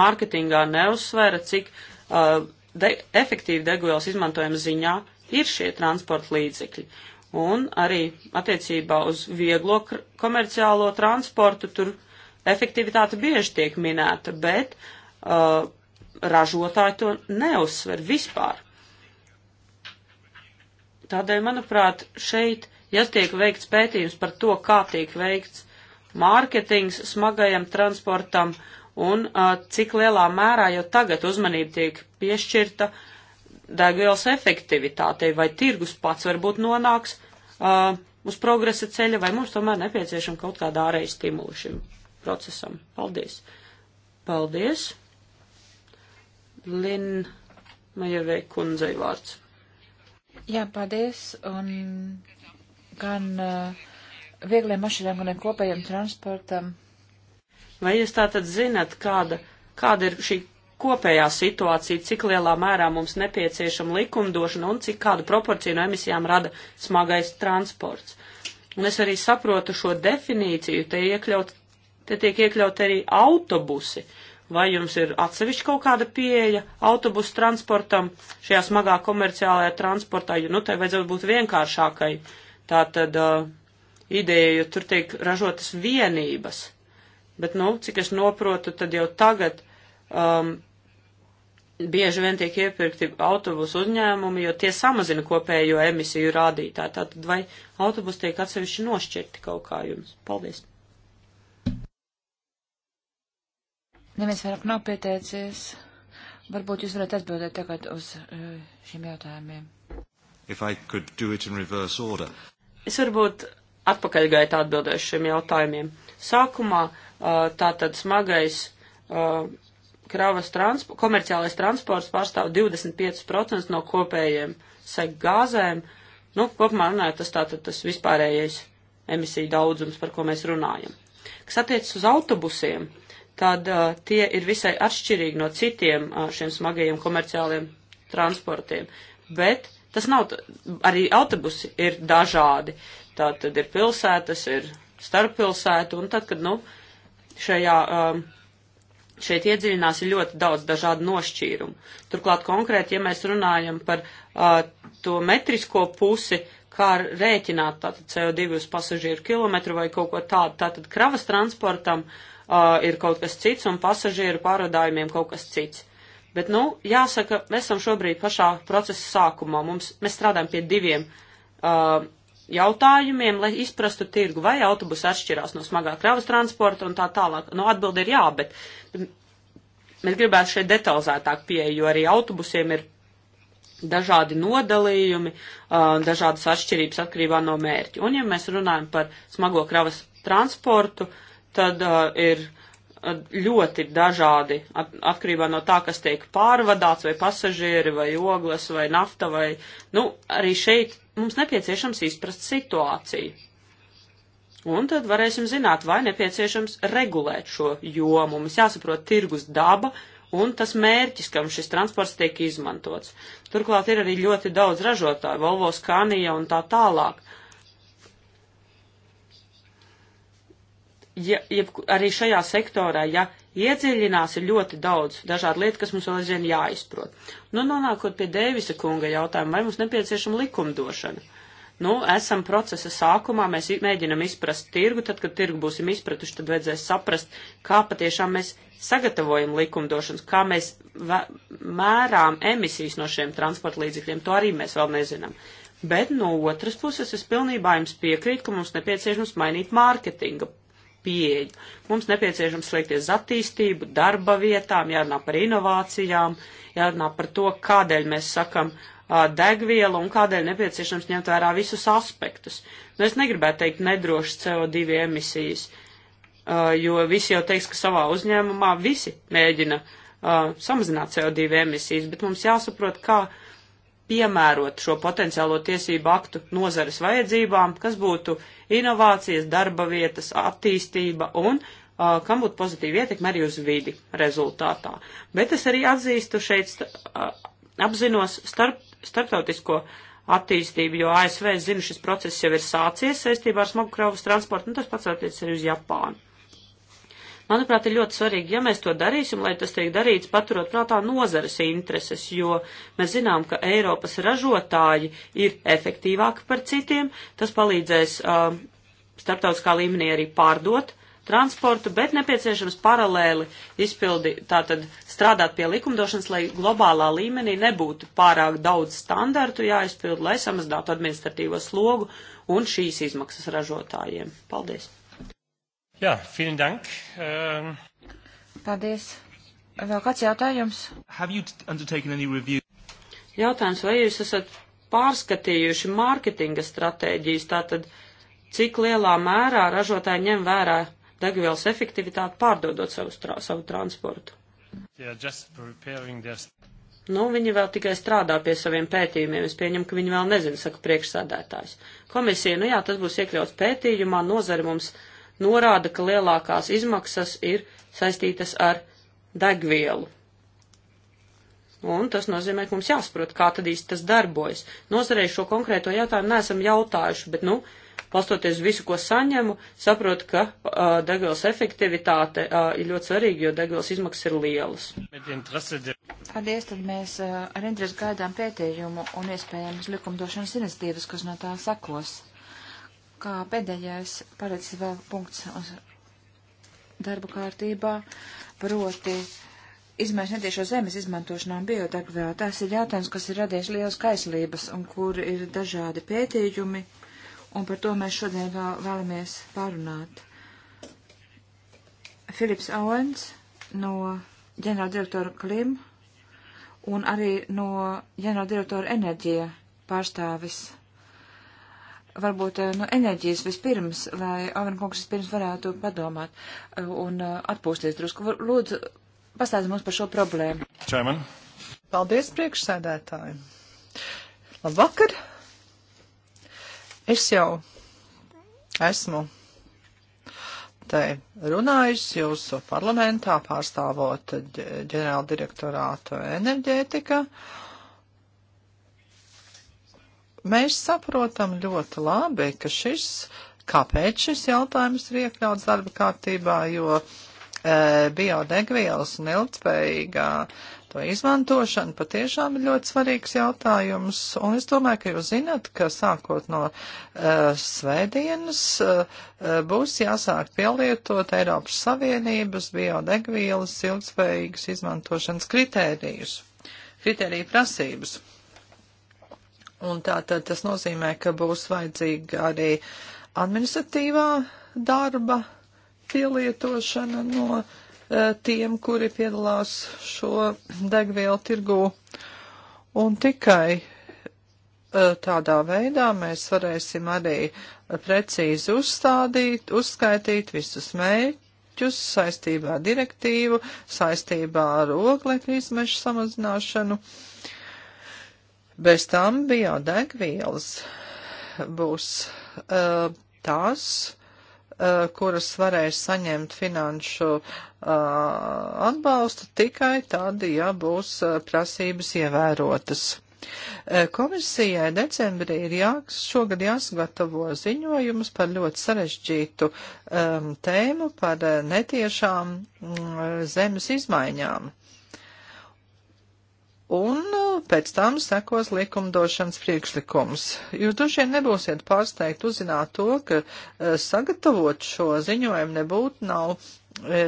mārketingā neuzsvēra, cik uh, de efektīvi degvielas izmantojuma ziņā ir šie transporta līdzekļi. Un arī attiecībā uz vieglo komerciālo transportu tur efektivitāte bieži tiek minēta, bet uh, ražotāji to neuzsver vispār. Tādēļ, manuprāt, šeit, ja tiek veikts pētījums par to, kā tiek veikts mārketings smagajam transportam un uh, cik lielā mērā jau tagad uzmanība tiek piešķirta degvielas efektivitātei, vai tirgus pats varbūt nonāks uh, uz progresa ceļa, vai mums tomēr nepieciešama kaut kāda ārēja stimula šim procesam. Paldies! Paldies! Lin Majervei kundzei vārds. Jā, paldies. Un gan uh, viegliem mašīnām, gan kopējiem transportam. Vai jūs tātad zinat, kāda, kāda ir šī kopējā situācija, cik lielā mērā mums nepieciešama likumdošana un cik kādu proporciju no emisijām rada smagais transports? Un es arī saprotu šo definīciju, te, iekļaut, te tiek iekļaut arī autobusi, Vai jums ir atsevišķi kaut kāda pieeja autobusu transportam šajā smagā komerciālajā transportā, jo, nu, tai vajadzētu būt vienkāršākai. Tā tad uh, ideja, jo tur tiek ražotas vienības. Bet, nu, cik es noprotu, tad jau tagad um, bieži vien tiek iepirkti autobusu uzņēmumi, jo tie samazina kopējo emisiju rādītāju. Tātad vai autobusi tiek atsevišķi nošķirti kaut kā jums? Paldies! Neviens vairāk nav pieteicies. Varbūt jūs varat atbildēt tagad uz eh, šiem jautājumiem. Es varbūt atpakaļgaitā atbildēšu šiem jautājumiem. Sākumā eh, tātad smagais eh, kravas transpo, komerciālais transports pārstāv 25% no kopējiem seg gāzēm. Nu, kopumā runājot, tas tātad tas vispārējais emisiju daudzums, par ko mēs runājam. Kas attiecas uz autobusiem, uh, tad uh, tie ir visai atšķirīgi no citiem uh, šiem smagajiem komerciāliem transportiem. Bet tas nav, arī autobusi ir dažādi. Tā tad ir pilsētas, ir starppilsētu, un tad, kad, nu, šajā, um, šeit iedziļinās ir ļoti daudz dažādu nošķīrumu. Turklāt konkrēti, ja mēs runājam par uh, to metrisko pusi, kā rēķināt tātad CO2 uz pasažieru kilometru vai kaut ko tādu, tātad kravas transportam, uh, uh, ir kaut kas cits un pasažieru pārādājumiem kaut kas cits. Bet, nu, jāsaka, mēs esam šobrīd pašā procesa sākumā. Mums, mēs strādājam pie diviem uh, jautājumiem, lai izprastu tirgu, vai autobus atšķirās no smagā kravas transporta un tā tālāk. Nu, atbildi ir jā, bet mēs gribētu šeit detalizētāk pieeja, jo arī autobusiem ir dažādi nodalījumi, dažādas atšķirības atkarībā no mērķa. Un ja mēs runājam par smago kravas transportu, uh, tad uh, ir ļoti dažādi at, atkarībā no tā, kas tiek pārvadāts, vai pasažieri, vai ogles, vai nafta, vai, nu, arī šeit mums nepieciešams izprast situāciju. Un tad varēsim zināt, vai nepieciešams regulēt šo jomu. Mums jāsaprot tirgus daba un tas mērķis, kam šis transports tiek izmantots. Turklāt ir arī ļoti daudz ražotāju, Volvo, Skanija un tā tālāk. Uh, ja, ja, arī šajā sektorā, ja iedziļinās, ir ļoti daudz dažādu lietu, kas mums vēl aizvien jāizprot. Nu, nonākot pie Deivisa kunga jautājuma, vai mums nepieciešama likumdošana? Nu, esam procesa sākumā, mēs mēģinam izprast tirgu, tad, kad tirgu būsim izpratuši, tad vajadzēs saprast, kā patiešām mēs sagatavojam likumdošanas, kā mēs mērām emisijas no šiem transporta līdzekļiem, to arī mēs vēl nezinām. Bet no otras puses es pilnībā jums piekrītu, ka mums nepieciešams mainīt mārketinga pieeju. Mums nepieciešams slēgties uz attīstību, darba vietām, jārunā par inovācijām, jārunā par to, kādēļ mēs sakam degvielu un kādēļ nepieciešams ņemt vērā visus aspektus. Nu, es negribētu teikt nedrošas CO2 emisijas, jo visi jau teiks, ka savā uzņēmumā visi mēģina samazināt CO2 emisijas, bet mums jāsaprot, kā piemērot šo potenciālo tiesību aktu nozares vajadzībām, kas būtu inovācijas, darba vietas, attīstība un uh, kam būtu pozitīva ietekme arī uz vidi rezultātā. Bet es arī atzīstu šeit, uh, apzinos starp, starptautisko attīstību, jo ASV, zinu, šis process jau ir sācies saistībā ar smagu kravas transportu, un tas pats attiecas arī uz Japānu manuprāt, ir ļoti svarīgi, ja mēs to darīsim, lai tas tiek darīts paturot prātā nozares intereses, jo mēs zinām, ka Eiropas ražotāji ir efektīvāki par citiem, tas palīdzēs uh, starptautiskā līmenī arī pārdot transportu, bet nepieciešams paralēli izpildi, tātad strādāt pie likumdošanas, lai globālā līmenī nebūtu pārāk daudz standartu jāizpild, lai samazinātu administratīvo slogu un šīs izmaksas ražotājiem. Paldies! Jā, vielen dank. Uh... Paldies. Vēl kāds jautājums? Jautājums, vai jūs esat pārskatījuši mārketinga stratēģijas, tātad cik lielā mērā ražotāji ņem vērā degvielas efektivitāti pārdodot savu, tra savu transportu? Nu, viņi vēl tikai strādā pie saviem pētījumiem. Es pieņemu, ka viņi vēl nezina, saka priekšsādētājs. Komisija, nu jā, tas būs iekļauts pētījumā, nozare mums norāda, ka lielākās izmaksas ir saistītas ar degvielu. Un tas nozīmē, ka mums jāsaprot, kā tad īsti tas darbojas. Nozarei šo konkrēto jautājumu neesam jautājuši, bet, nu, pastoties visu, ko saņemu, saprotu, ka uh, degvielas efektivitāte uh, ir ļoti svarīga, jo degvielas izmaksas ir lielas. Paldies, tad mēs uh, ar interesi gaidām pētījumu un iespējams likumdošanas iniciatīvas, kas no tā sakos kā pēdējais paredzis vēl punkts uz darbu kārtībā, proti izmaiņas netiešo zemes izmantošanā un biodegvielu. Tas ir jautājums, kas ir radies liels kaislības un kur ir dažādi pētījumi, un par to mēs šodien vēl vēlamies pārunāt. Filips Owens no ģenerāldirektora Klim un arī no ģenerāldirektora enerģija pārstāvis varbūt eh, no nu, enerģijas vispirms, lai Avenkungs vispirms varētu padomāt eh, un eh, atpūsties drusku. Lūdzu, pastāsti mums par šo problēmu. Čaiman. Paldies priekšsēdētāji. Labvakar. Es jau esmu te runājis jūsu parlamentā pārstāvot ģenerāldirektorātu enerģētika. Uh, Mēs saprotam ļoti labi, ka šis, kāpēc šis jautājums ir iekļauts darba kārtībā, jo e, biodegvielas un ilgtspējīgā to izmantošana patiešām ir ļoti svarīgs jautājums, un es domāju, ka jūs zinat, ka sākot no uh, svētdienas uh, būs jāsāk pielietot Eiropas Savienības biodegvielas ilgspējīgas izmantošanas kritērijus, kritēriju prasības. Uh, Un tātad tas nozīmē, ka būs vajadzīga arī administratīvā darba pielietošana no eh, tiem, kuri piedalās šo degvielu tirgū. Un tikai eh, tādā veidā mēs varēsim arī precīzi uzstādīt, uzskaitīt visus mērķus saistībā ar direktīvu, saistībā ar oglekļu izmešu samazināšanu. Uh, Bez tam biodegvielas būs uh, tās, uh, kuras varēs saņemt finanšu uh, atbalstu tikai tad, ja būs uh, prasības ievērotas. Komisijai decembrī ir jāks, šogad jāsagatavo ziņojums par ļoti sarežģītu um, tēmu par netiešām um, zemes izmaiņām. Un uh, pēc tam sekos likumdošanas priekšlikums. Jūs droši vien nebūsiet pārsteigti uzzināt to, ka uh, sagatavot šo ziņojumu nebūtu nav e,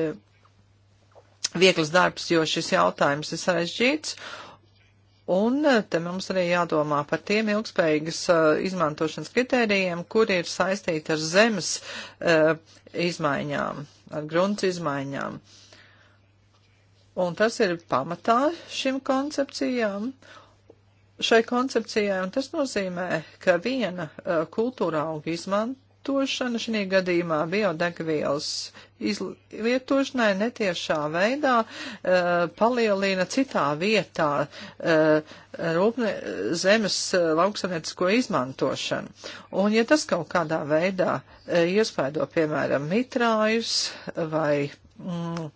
viegls darbs, jo šis jautājums ir sarežģīts. Un te mums arī jādomā par tiem ilgspējīgas uh, izmantošanas kritērijiem, kuri ir saistīti ar zemes uh, izmaiņām, ar grunts izmaiņām. Uh, Un tas ir pamatā šim koncepcijām, šai koncepcijai, un tas nozīmē, ka viena uh, kultūra auga izmantošana šī gadījumā biodegvielas izlietošanai netiešā veidā uh, palielina citā vietā uh, rūpne, zemes lauksamniecisko izmantošanu. Un ja tas kaut kādā veidā iespaido, piemēram, mitrājus vai mm,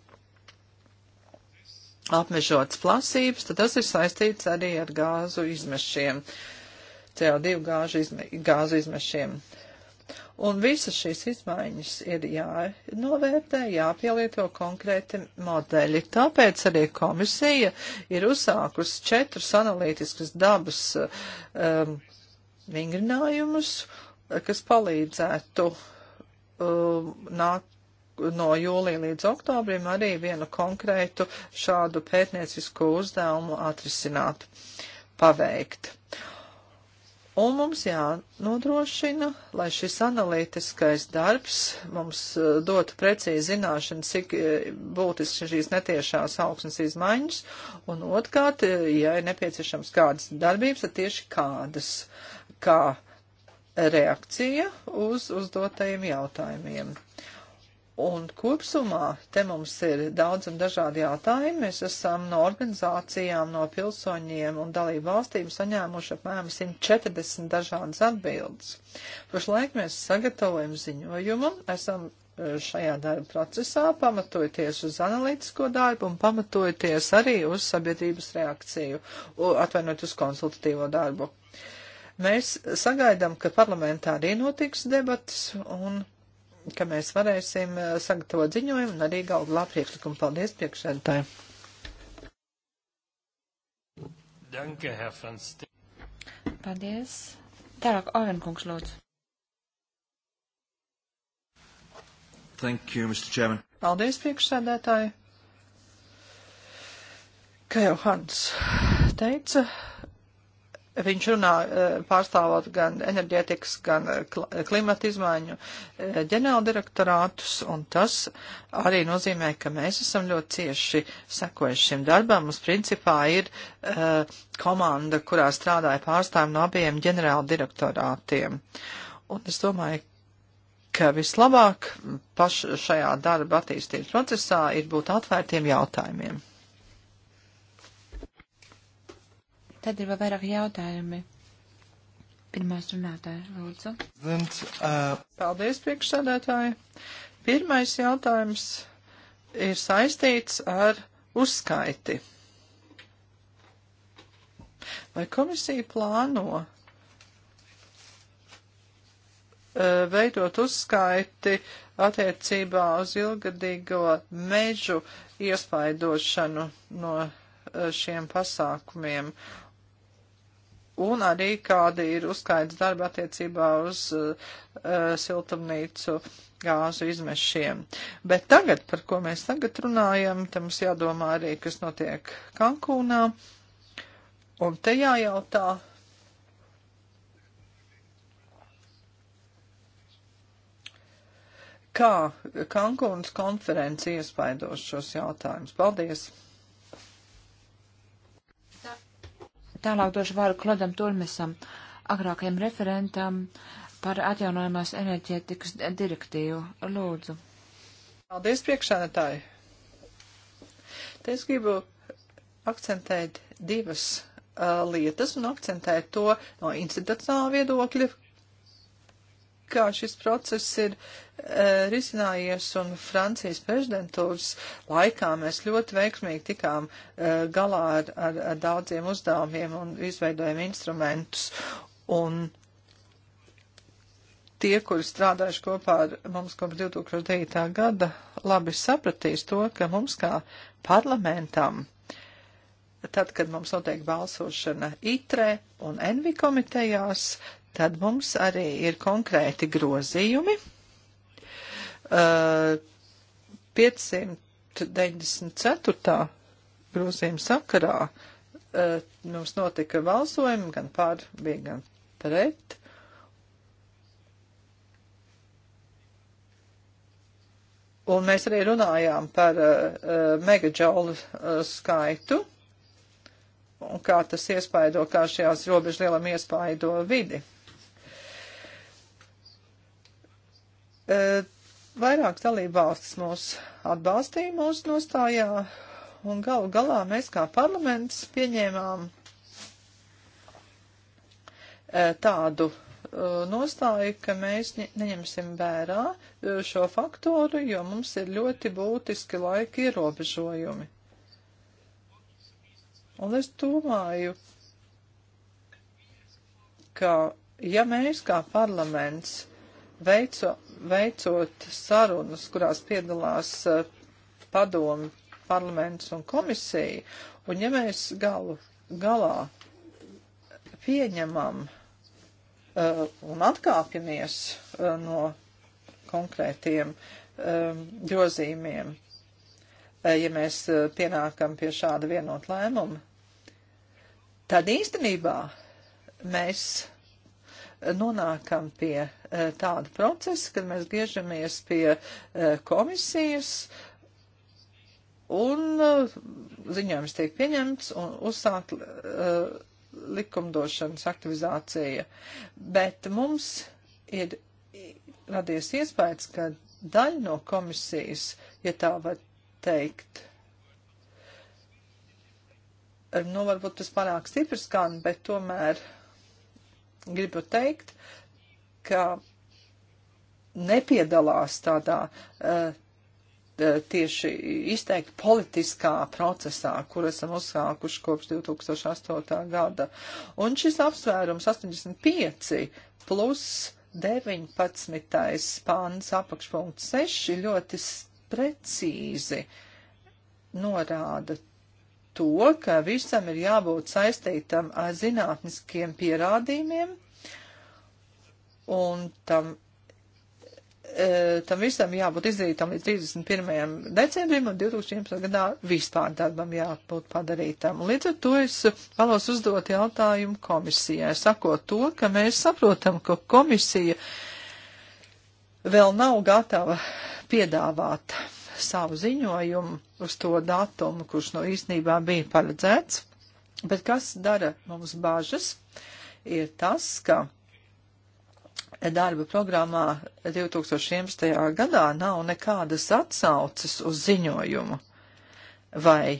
apmežotas plasības, tad tas ir saistīts arī ar gāzu izmešiem, CO2 gāžu izme, gāzu izmešiem. Un visas šīs izmaiņas ir jānovērtē, jāpielieto konkrēti modeļi. Tāpēc arī komisija ir uzsākus četrus analītiskus dabas um, vingrinājumus, kas palīdzētu um, nāk no jūlija līdz oktobrim arī vienu konkrētu šādu pētniecisku uzdevumu atrisināt, paveikt. Un mums jānodrošina, lai šis analītiskais darbs mums eh, dotu precīzi zināšanu, cik eh, būtiski šīs netiešās augsnes izmaiņas, un otrkārt, eh, ja ir nepieciešams kādas darbības, tad tieši kādas, kā reakcija uz uzdotajiem jautājumiem. Uh, Un kopsumā te mums ir daudz un dažādi jautājumi. Mēs esam no organizācijām, no pilsoņiem un dalību valstīm saņēmuši apmēram 140 dažādas atbildes. Pašlaik mēs sagatavojam ziņojumu, esam e, šajā darba procesā, pamatojoties uz analītisko darbu un pamatojoties arī uz sabiedrības reakciju, atvainot uz konsultatīvo darbu. Mēs sagaidām, ka parlamentā arī notiks debats un ka mēs varēsim eh, sagatavot ziņojumu un arī galvā priekšlikumu. Paldies priekšsēdētāji! Danke, Herr van Steen. Paldies. Tālāk, Ovenkungs, lūdzu. Thank you, Mr. Chairman. Paldies, priekšsēdētāji. Kā jau Hans teica, Viņš runā e, pārstāvot gan enerģētikas, gan e, e, klimata izmaiņu ģenerāldirektorātus, un tas arī nozīmē, ka mēs esam ļoti cieši sekojuši šim darbam. Mums principā ir uh, komanda, kurā strādāja pārstāvi no abiem ģenerāldirektorātiem. Un es domāju, ka vislabāk paš šajā darba attīstības procesā ir būt atvērtiem jautājumiem. Tad ir vēl vairāk jautājumi. Pirmais runātājs, lūdzu. Uh, Paldies, priekšsēdētāji. Pirmais jautājums ir saistīts ar uzskaiti. Vai komisija plāno uh, veidot uzskaiti attiecībā uz ilgadīgo mežu iespaidošanu no uh, šiem pasākumiem un arī kādi ir uzskaits darba attiecībā uz uh, siltumnīcu gāzu izmešiem. Bet tagad, par ko mēs tagad runājam, tam mums jādomā arī, kas notiek Kankūnā. Un te jājautā, kā Kankūnas konferences iespaidos šos jautājumus. Paldies! Tālāk došu vārdu Klodam Turmesam, agrākajam referentam par atjaunojumās enerģētikas direktīvu. Lūdzu. Paldies, priekšsēdētāji. Te es gribu akcentēt divas uh, lietas un akcentēt to no institucionāla viedokļa, kā šis process ir e, risinājies, un Francijas prezidentūras laikā mēs ļoti veiksmīgi tikām e, galā ar, ar, ar daudziem uzdevumiem un izveidojam instrumentus. Un tie, kuri strādājuši kopā ar mums kopš 2009. gada, labi sapratīs to, ka mums kā parlamentam, tad, kad mums notiek balsošana ITRE un ENVI komitejās, Tad mums arī ir konkrēti grozījumi. Uh, 594. grozījuma sakarā uh, mums notika balsojumi gan pār, bija gan pret. Un mēs arī runājām par uh, uh megaģaulu uh, skaitu un kā tas iespaido, kā šajās robežu lielam iespaido vidi. E, Vairāk dalību valstis mūs atbalstīja mūsu nostājā, un galu galā mēs kā parlaments pieņēmām e, tādu e, nostāju, ka mēs neņemsim vērā šo faktoru, jo mums ir ļoti būtiski laika ierobežojumi. Un es domāju, ka ja mēs kā parlaments veico, veicot sarunas, kurās piedalās eh, padomu, parlaments un komisija, un ja mēs galu, galā pieņemam uh, un atkāpjamies uh, no konkrētiem uh, grozījumiem, uh, ja mēs uh, pienākam pie šāda vienot lēmuma, tad īstenībā mēs nonākam pie eh, tāda procesa, kad mēs griežamies pie eh, komisijas un eh, ziņojums tiek pieņemts un uzsākt likumdošanas aktivizācija. Bet mums ir radies iespējas, ka daļa no komisijas, ja tā var teikt, nu varbūt tas pārāk stipri skan, bet tomēr gribu teikt, ka nepiedalās tādā uh, tieši izteikti politiskā procesā, kur esam uzsākuši kopš 2008. gada. Un šis apsvērums 85 plus 19. pāns apakšpunkts 6 ļoti precīzi norāda to, ka visam ir jābūt saistītam ar zinātniskiem pierādījumiem, un tam, e, tam visam jābūt izdarītam līdz 31. decembrim, un 2011. gadā vispār darbam jābūt padarītam. Līdz ar to es vēlos uzdot jautājumu komisijai, sakot to, ka mēs saprotam, ka komisija vēl nav gatava piedāvāt savu ziņojumu uz to datumu, kurš no īstenībā bija paredzēts. Bet kas dara mums bažas, ir tas, ka darba programmā 2011. gadā nav nekādas atsauces uz ziņojumu vai e,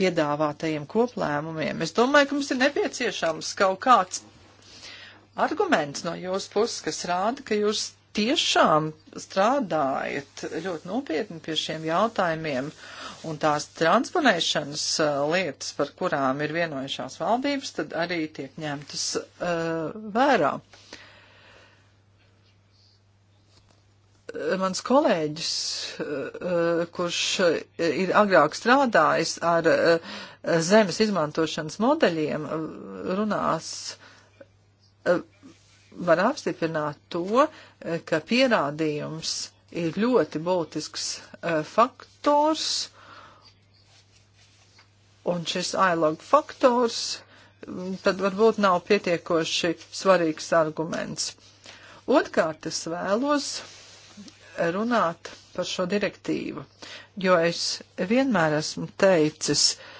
piedāvātajiem koplēmumiem. Es domāju, ka mums ir nepieciešams kaut kāds arguments no jūsu puses, kas rāda, ka jūs tiešām strādājat ļoti nopietni pie šiem jautājumiem un tās transponēšanas uh, lietas, par kurām ir vienojušās valdības, tad arī tiek ņemtas uh, vērā. Mans kolēģis, uh, uh kurš ir agrāk strādājis ar uh, zemes izmantošanas modeļiem, uh, runās var apstiprināt to, eh, ka pierādījums ir ļoti būtisks eh, faktors, un šis ailogu faktors mm, tad varbūt nav pietiekoši svarīgs arguments. Otkārt es vēlos runāt par šo direktīvu, jo es vienmēr esmu teicis, uh,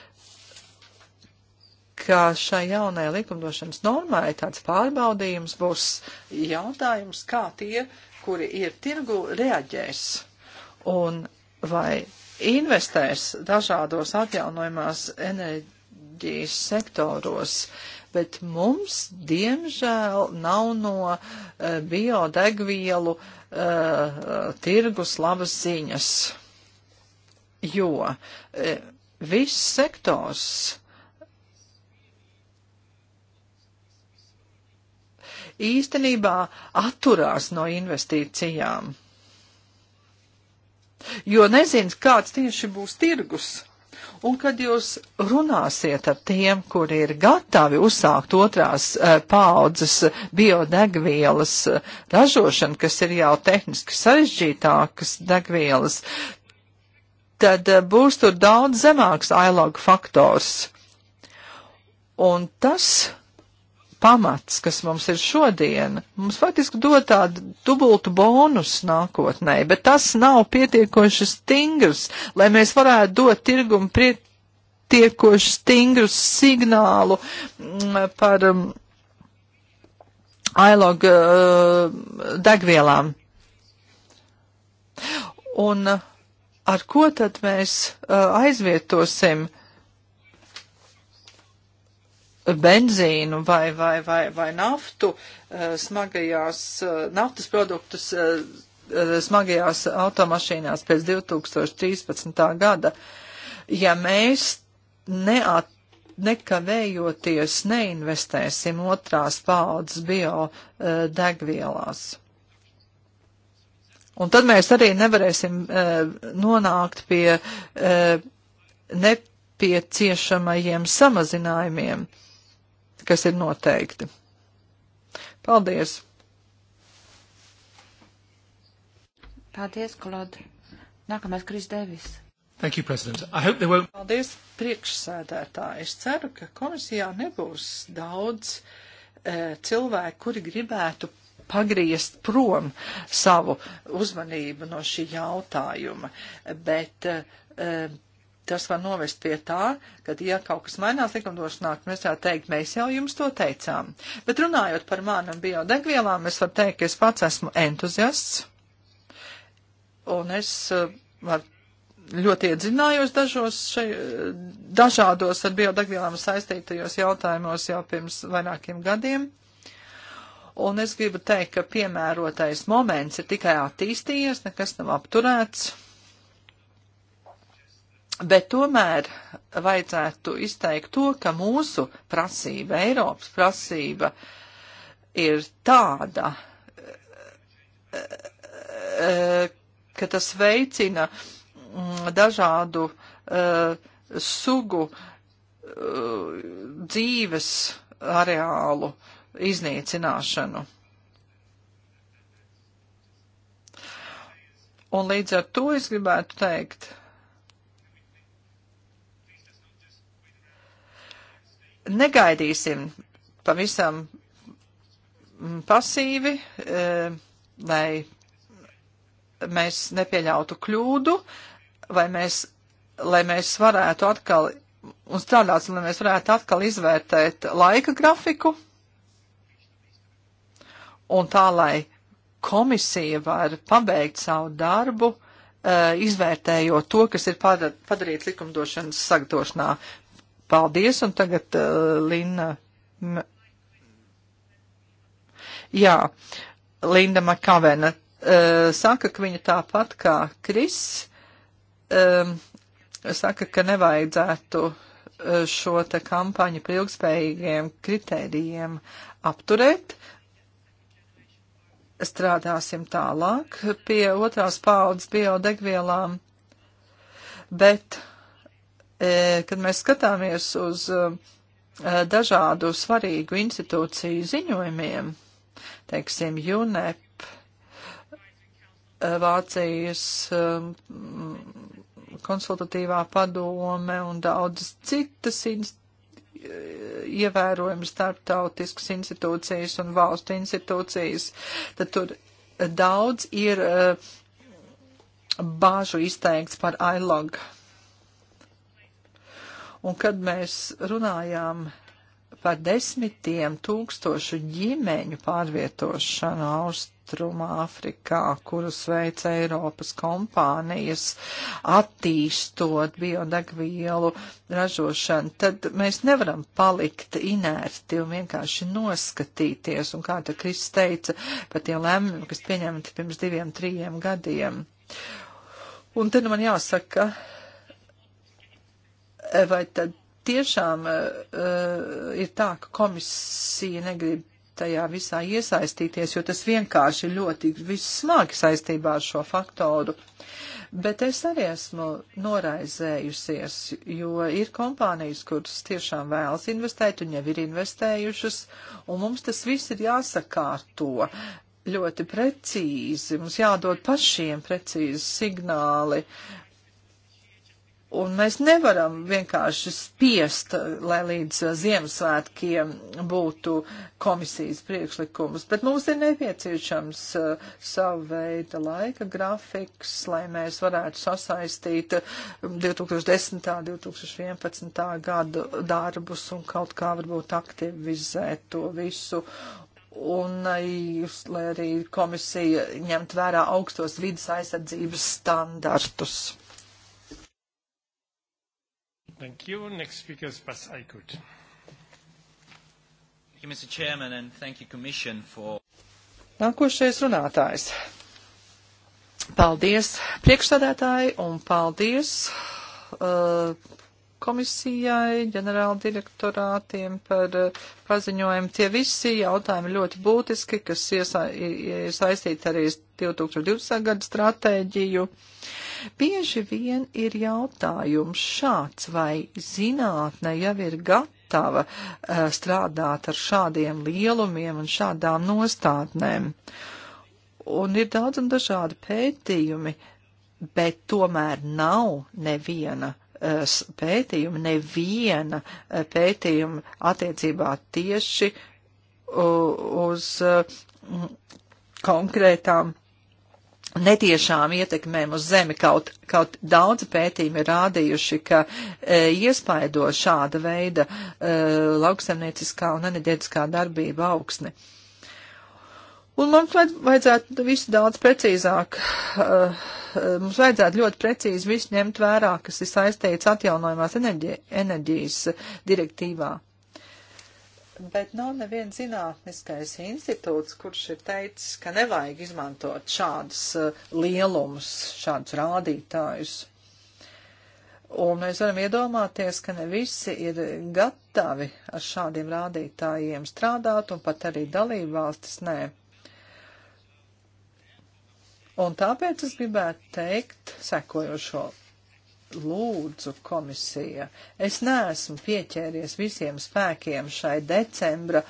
ka šai jaunai likumdošanas normai tāds pārbaudījums būs jautājums, kā tie, kuri ir tirgu, reaģēs un vai investēs dažādos atjaunojumās enerģijas sektoros, bet mums, diemžēl, nav no uh, biodegvielu uh, tirgus labas ziņas, jo uh, viss sektors īstenībā atturās no investīcijām, jo nezins, kāds tieši būs tirgus. Un kad jūs runāsiet ar tiem, kuri ir gatavi uzsākt otrās e, eh, paaudzes biodegvielas eh, ražošanu, kas ir jau tehniski sarežģītākas degvielas, tad e, būs tur daudz zemāks ailogu faktors. Un tas pamats, kas mums ir šodien, mums faktiski dod tādu dubultu bonus nākotnē, bet tas nav pietiekoši stingrs, lai mēs varētu dot tirgumu pietiekoši stingru signālu mm, par um, mm, ailogu uh, eh, degvielām. Un eh, ar ko tad mēs uh, aizvietosim uh, benzīnu vai, vai, vai, vai naftu, eh, smagajās, eh, naftas produktus eh, smagajās automašīnās pēc 2013. gada. Ja mēs neat, nekavējoties neinvestēsim otrās paudzes bio degvielās. Un tad mēs arī nevarēsim nonākt pie nepieciešamajiem samazinājumiem. Uh, kas ir noteikti. Paldies! Paldies, Klod. Nākamais Kris Devis. Thank you, President. I hope they won't. Paldies, priekšsēdētāji. Es ceru, ka komisijā nebūs daudz e, cilvēku, kuri gribētu pagriezt prom savu uzmanību no šī jautājuma, bet e, e tas var novest pie tā, ka, ja kaut kas mainās likumdošanā, mēs varētu teikt, mēs jau jums to teicām. Bet runājot par mānu un biodegvielām, es varu teikt, ka es pats esmu entuziasts, un es uh, eh, varu ļoti iedzinājos dažos šai, eh, dažādos ar biodegvielām saistītajos jautājumos jau pirms vairākiem gadiem. Un es gribu teikt, ka piemērotais moments ir tikai attīstījies, nekas nav apturēts. Bet tomēr vajadzētu izteikt to, ka mūsu prasība, Eiropas prasība ir tāda, ka tas veicina mm, dažādu uh, sugu uh, dzīves areālu iznīcināšanu. Un līdz ar to es gribētu teikt, negaidīsim pavisam pasīvi, e, lai mēs nepieļautu kļūdu, vai mēs, lai mēs varētu atkal un strādāt, lai mēs varētu atkal izvērtēt laika grafiku, un tā, lai komisija var pabeigt savu darbu, e, izvērtējot to, kas ir padarīts likumdošanas sagatavošanā. Paldies, un tagad uh, Linda. M Jā, Linda Makavena uh, saka, ka viņa tāpat kā Kris um, saka, ka nevajadzētu uh, šo te kampaņu par ilgspējīgiem kritērijiem apturēt. Strādāsim tālāk pie otrās paudzes biodegvielām, bet uh, E, kad mēs skatāmies uz e, dažādu svarīgu institūciju ziņojumiem, teiksim, UNEP, e, Vācijas konsultatīvā padome un daudzas citas ievērojams starptautiskas institūcijas un valstu institūcijas, tad tur daudz ir bāžu izteikts par ILOG Un kad mēs runājām par desmitiem tūkstošu ģimeņu pārvietošanu Austrumā Afrikā, kurus veic Eiropas kompānijas, attīstot biodegvielu ražošanu, tad mēs nevaram palikt inerti un vienkārši noskatīties, un kā te Kris teica, par tiem lēmumiem, kas pieņemti pirms diviem, trījiem gadiem. Un tad man jāsaka, ka Vai tad tiešām uh, ir tā, ka komisija negrib tajā visā iesaistīties, jo tas vienkārši ir ļoti vissmagi saistībā ar šo faktoru. Bet es arī esmu noraizējusies, jo ir kompānijas, kuras tiešām vēlas investēt un jau ir investējušas, un mums tas viss ir jāsakārto ļoti precīzi, mums jādod pašiem precīzi signāli, uh, Un mēs nevaram vienkārši spiest, lai līdz Ziemassvētkiem būtu komisijas priekšlikums, bet mums ir nepieciešams uh, savu veidu laika grafiks, lai mēs varētu sasaistīt 2010. Um, 2011. gadu darbus un kaut kā varbūt aktivizēt to visu. Un, uh, lai arī komisija ņemt vērā augstos vidas aizsardzības standartus. Thank you. Next speaker is Bas Eickhout. Thank you, Mr. Chairman, and thank you, Commission, for... Nākošais runātājs. Paldies priekšsādātāji un paldies uh, komisijai, ģenerāla direktorātiem par eh, paziņojumu. Tie visi jautājumi ļoti būtiski, kas iesa, ir saistīti arī 2020. gada stratēģiju. Bieži vien ir jautājums šāds, vai zinātne jau ir gatava eh, strādāt ar šādiem lielumiem un šādām nostādnēm. Un ir daudz un dažādi pētījumi, bet tomēr nav neviena pētījuma, neviena eh, pētījuma attiecībā tieši uz mm, konkrētām netiešām ietekmēm uz zemi. Kaut, kaut daudz pētījumi ir rādījuši, ka e, iespaido šāda veida e, lauksemnieciskā un anidētiskā darbība augsni. E, Un mums vajadzētu visu daudz precīzāk, uh, mums vajadzētu ļoti precīzi visu ņemt vērā, kas ir saistīts atjaunojumās enerģi, enerģijas direktīvā. Bet nav neviens zinātniskais institūts, kurš ir teicis, ka nevajag izmantot šādus uh, lielumus, šādus rādītājus. Un mēs varam iedomāties, ka ne visi ir gatavi ar šādiem rādītājiem strādāt, un pat arī dalībvalstis nē. Un tāpēc es gribētu teikt sekojošo lūdzu komisija, es neesmu pieķēries visiem spēkiem šai decembra,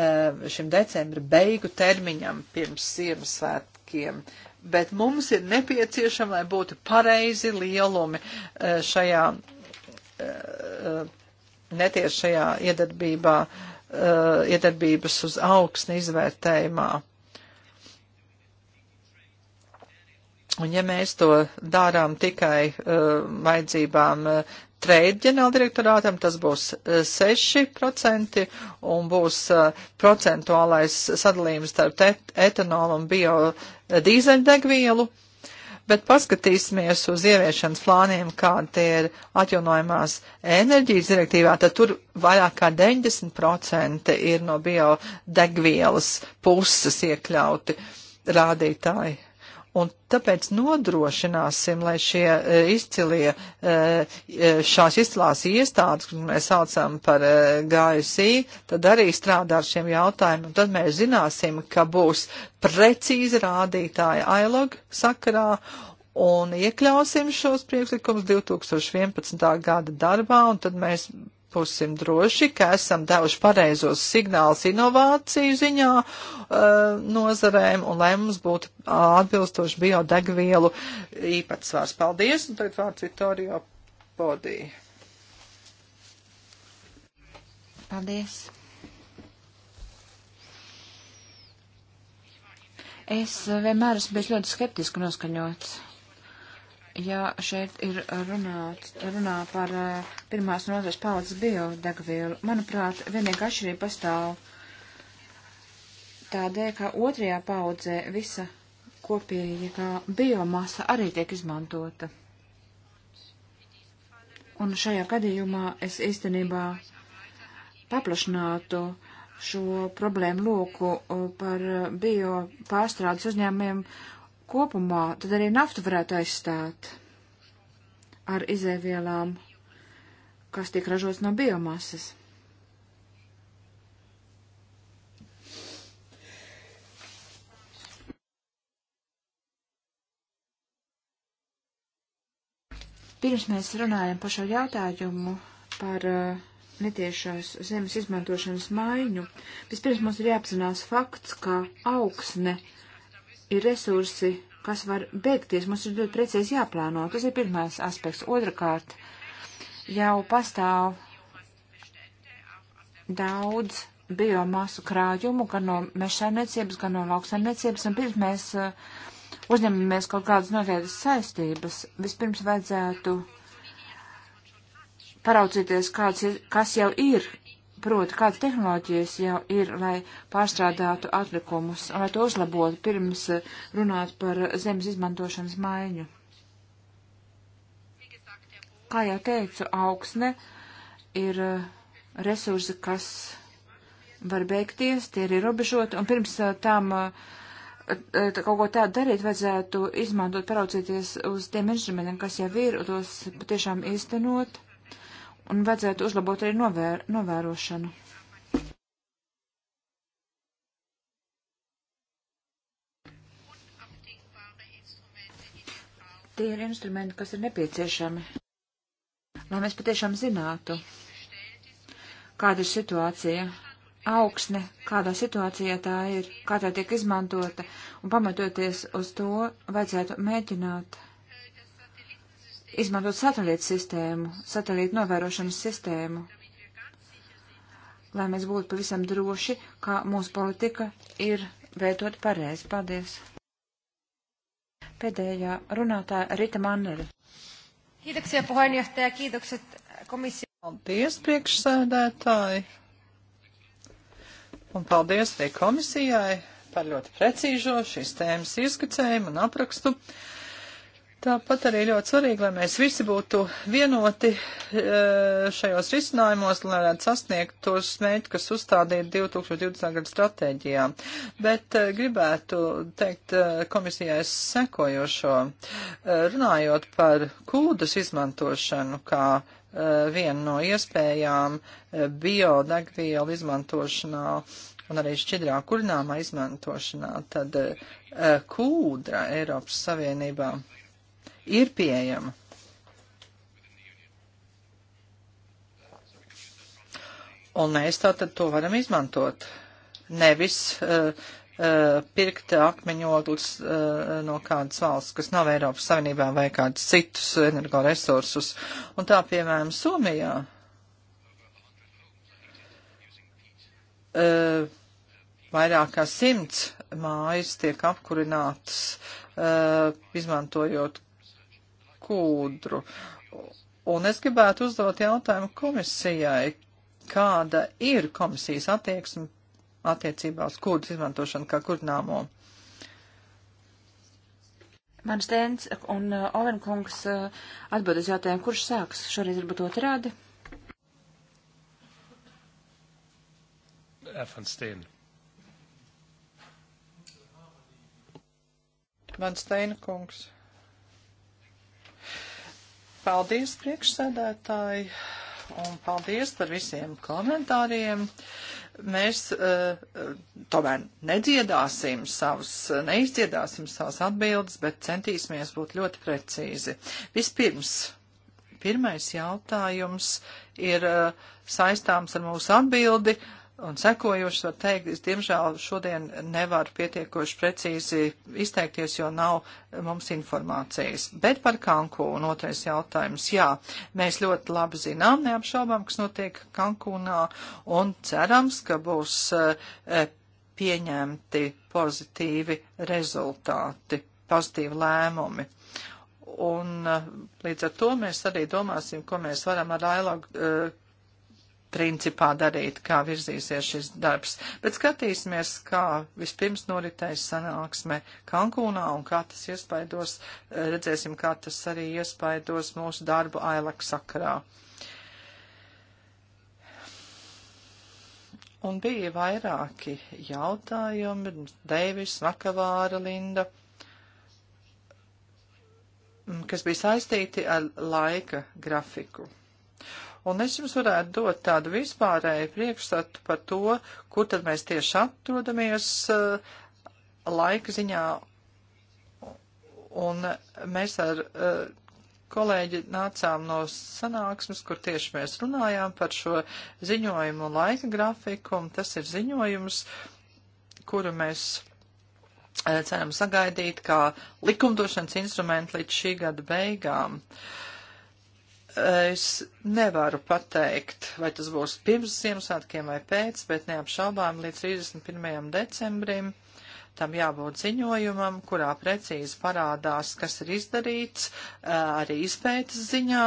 eh, šim decembra beigu termiņam pirms Ziemassvētkiem, bet mums ir nepieciešama, lai būtu pareizi lielumi eh, šajā eh, netiešajā iedarbībā, iedarbības uz augstni izvērtējumā. Un ja mēs to darām tikai uh, vajadzībām uh, trade ģenerāldirektorātam, tas būs uh, 6% un būs uh, procentuālais sadalījums starp et etanolu un biodīzeļdegvielu. Uh, Bet paskatīsimies uz ieviešanas plāniem, kāda tie ir atjaunojumās enerģijas direktīvā, tad tur vairāk kā 90% ir no biodegvielas puses iekļauti rādītāji Un tāpēc nodrošināsim, lai šie e, izcilie, e, e, šās izcilās iestādes, kuras mēs saucam par GSI, tad arī strādā ar šiem jautājumiem. Tad mēs zināsim, ka būs precīzi rādītāji ailogu sakarā un iekļausim šos priekšlikumus 2011. gada darbā, un tad mēs Būsim droši, ka esam devuši pareizos signālus inovāciju ziņā uh, nozarēm un lai mums būtu atbilstoši biodegvielu īpatsvars. Paldies, un tagad vārds Vittorio Podī. Paldies. Es vienmēr esmu bijis ļoti skeptiski noskaņots ja šeit ir runāts, runā par uh, pirmās un otras paudzes biodegvielu. Manuprāt, vienīgā atšķirība pastāv tādēļ, ka otrajā paudzē visa kopīga biomasa arī tiek izmantota. Un šajā gadījumā es īstenībā paplašinātu šo problēmu loku eh, par bio pārstrādes uzņēmumiem kopumā, tad arī naftu varētu aizstāt ar izēvielām, kas tiek ražots no biomasas. Pirms mēs runājam par šo jautājumu par uh, netiešās zemes izmantošanas maiņu, vispirms mums ir jāapzinās fakts, ka augsne uh, ir resursi, kas var beigties. Mums ir ļoti precīzi jāplāno. Tas ir pirmais aspekts. Otrakārt, jau pastāv daudz biomasu krājumu, gan no mežsaimniecības, gan no lauksaimniecības, un pirms mēs uh, uzņemamies kaut kādas noteiktas saistības, vispirms vajadzētu paraudzīties, kāds ir, kas jau ir proti, kādas tehnoloģijas jau ir, lai pārstrādātu atlikumus, un lai to uzlabotu pirms eh, runāt par zemes izmantošanas maiņu. Kā jau teicu, augsne ir eh, resursi, kas var beigties, tie ir ierobežoti, un pirms tam eh, tā, kaut ko tādu darīt, vajadzētu izmantot, paraucīties uz tiem instrumentiem, kas jau ir, un tos patiešām īstenot un vajadzētu uzlabot arī novēr novērošanu. Tie ir instrumenti, kas ir nepieciešami, lai mēs patiešām zinātu, kāda ir situācija, augsne, kādā situācijā tā ir, kā tā tiek izmantota, un pamatoties uz to vajadzētu mēģināt izmantot satelītu sistēmu, satelītu novērošanas sistēmu, lai mēs būtu pavisam droši, kā mūsu politika ir veidot pareizi. Paldies! Pēdējā runātāja Rita Manneri. Kiitoksia puheenjohtaja, kiitokset komissio. Paldies, priekšsēdētāji! Un paldies arī komisijai par ļoti precīzo šīs tēmas izskicējumu un aprakstu. Uh, Tāpat arī ļoti svarīgi, lai mēs visi būtu vienoti e, šajos risinājumos, lai varētu sasniegt tos mērķus, kas uzstādīti 2020. gada stratēģijā. Bet e, gribētu teikt e, komisijai sekojošo, runājot par kūdas izmantošanu kā vienu no iespējām biodegvielu izmantošanā un arī šķidrā kurināmā izmantošanā, tad kūdra Eiropas Savienībā ir pieejama. Un mēs tātad to varam izmantot. Nevis uh, uh, pirkt akmeņoglus uh, eh, no kādas valsts, kas nav Eiropas Savienībā vai kādus citus energoresursus. Un tā, piemēram, Somijā. Uh, vairāk kā simts mājas tiek apkurinātas, uh, izmantojot kūdru. Un es gribētu uzdot jautājumu komisijai, kāda ir komisijas attieksme attiecībā uz kūdru izmantošanu kā kurnāmo. Mans tēns un uh, Ovenkungs uh, atbild uz jautājumu, kurš sāks šoreiz varbūt otrādi. Van Steen. Van Steina kungs. Paldies, priekšsēdētāji, un paldies par visiem komentāriem. Mēs uh, tomēr nedziedāsim savus, neizdziedāsim savas atbildes, bet centīsimies būt ļoti precīzi. Vispirms, pirmais jautājums ir uh, saistāms ar mūsu atbildi. Uh, Un sekojuši var teikt, es diemžēl šodien nevaru pietiekoši precīzi izteikties, jo nav mums informācijas. Bet par Kankūnu otrais jautājums. Jā, mēs ļoti labi zinām, neapšaubām, kas notiek Kankūnā, un cerams, ka būs eh, pieņemti pozitīvi rezultāti, pozitīvi lēmumi. Un eh, līdz ar to mēs arī domāsim, ko mēs varam ar dialogu eh, principā darīt, kā virzīsies šis darbs. Bet skatīsimies, kā vispirms noritēs sanāksme Kankūnā un kā tas iespaidos, redzēsim, kā tas arī iespaidos mūsu darbu ailak sakarā. Un bija vairāki jautājumi, Deivis, Vakavāra, Linda, kas bija saistīti ar laika grafiku. Un es jums varētu dot tādu vispārēju priekšstatu par to, kur tad mēs tieši atrodamies uh, laika ziņā. Un mēs ar uh, kolēģi nācām no sanāksmes, kur tieši mēs runājām par šo ziņojumu laika grafiku, un tas ir ziņojums, kuru mēs eh, ceram sagaidīt kā likumdošanas instrumentu līdz šī gada beigām. Uh, Es nevaru pateikt, vai tas būs pirms Ziemassvētkiem vai pēc, bet neapšaubām līdz 31. decembrim tam jābūt ziņojumam, kurā precīzi parādās, kas ir izdarīts arī izpētes ziņā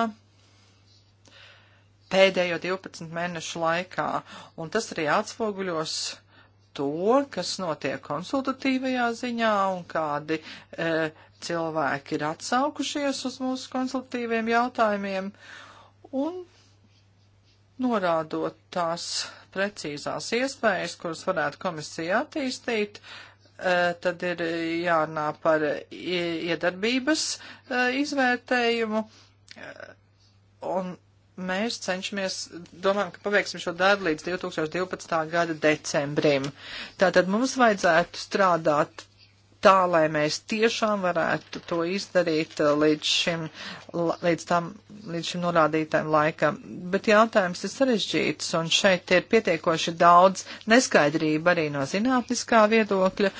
pēdējo 12 mēnešu laikā, un tas arī atspoguļos to, kas notiek konsultatīvajā ziņā un kādi e, cilvēki ir atsaukušies uz mūsu konsultatīviem jautājumiem un norādot tās precīzās iespējas, kuras varētu komisija attīstīt, eh, tad ir jārunā par iedarbības eh, izvērtējumu, eh, un mēs cenšamies, domājam, ka paveiksim šo darbu līdz 2012. gada decembrim. Tātad mums vajadzētu strādāt tā, lai mēs tiešām varētu to izdarīt uh, līdz šim, līdz tam, līdz šim norādītājiem laikam. Bet jautājums ir sarežģīts, un šeit ir pietiekoši daudz neskaidrība arī no zinātniskā viedokļa,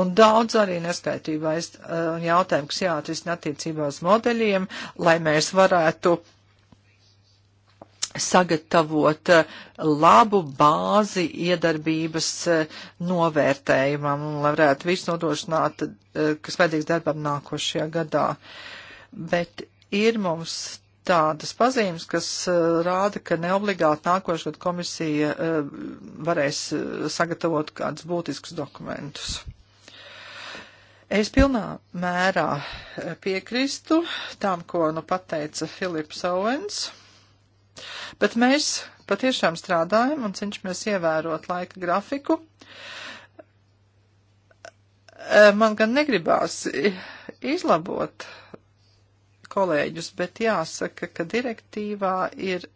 un daudz arī neskaidrība un uh, jautājumu, kas jāatrisina attiecībā uz modeļiem, lai mēs varētu sagatavot eh, labu bāzi iedarbības eh, novērtējumam un lai varētu visu nodrošināt, eh, kas vajadzīgs darbam nākošajā gadā. Bet ir mums tādas pazīmes, kas rāda, ka neobligāti nākošajā gadā komisija varēs sagatavot kādus būtiskus dokumentus. Es pilnā mērā piekrīstu tam, ko nu pateica Filips Owens Bet mēs patiešām strādājam un cenšamies ievērot laika grafiku. Man gan negribās izlabot kolēģus, bet jāsaka, ka direktīvā ir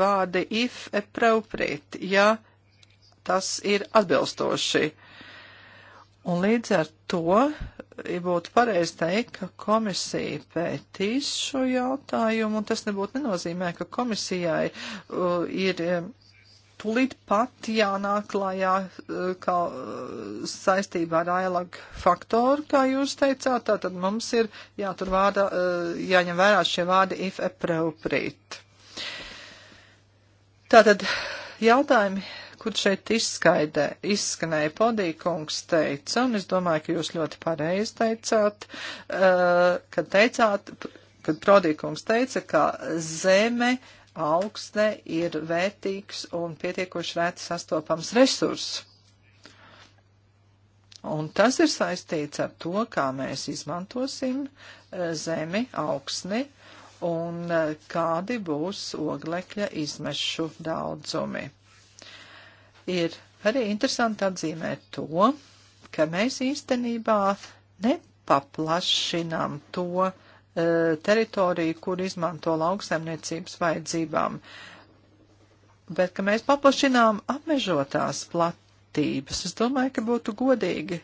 vārdi if appropriate, ja tas ir atbilstoši. Un līdz ar to ja būtu pareizi teikt, ka komisija pētīs šo jautājumu, un tas nebūtu nenozīmē, ka komisijai uh, ir um, tūlīt pat jānāk klājā uh, kā, uh, saistībā ar ailagu faktoru, kā jūs teicāt, tātad mums ir jātur vārda, uh, jāņem vērā šie vārdi if appropriate. Tātad jautājumi kur šeit izskaidē, izskanēja podīkungs teica, un es domāju, ka jūs ļoti pareizi teicāt, uh, kad teicāt, kad prodīkungs teica, ka zeme augstne ir vērtīgs un pietiekoši rēti sastopams resurss. Un tas ir saistīts ar to, kā mēs izmantosim uh, zemi, augsni un uh, kādi būs oglekļa izmešu daudzumi. Ir arī interesanti atzīmēt to, ka mēs īstenībā nepaplašinām to uh, teritoriju, kur izmanto lauksaimniecības vajadzībām, bet ka mēs paplašinām apmežotās platības. Es domāju, ka būtu godīgi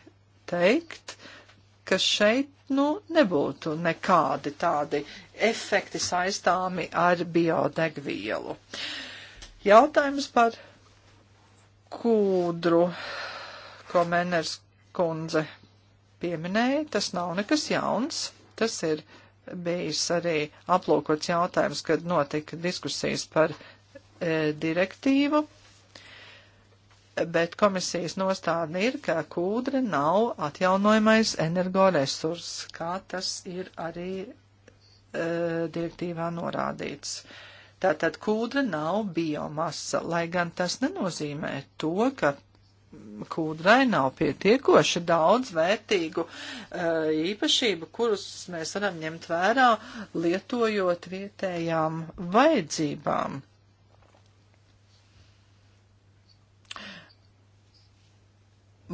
teikt, ka šeit nu, nebūtu nekādi tādi efekti saistāmi ar biodegvielu. Jautājums par kūdru, ko Meners kundze pieminēja, tas nav nekas jauns. Tas ir bijis arī aplūkots jautājums, kad notika diskusijas par e, direktīvu, bet komisijas nostāda ir, ka kūdre nav atjaunojamais energoresurss, kā tas ir arī e, direktīvā norādīts. E, Tātad kūdra nav biomasa, lai gan tas nenozīmē to, ka kūdrai nav pietiekoši daudz vērtīgu uh, īpašību, kurus mēs varam ņemt vērā, lietojot vietējām vajadzībām.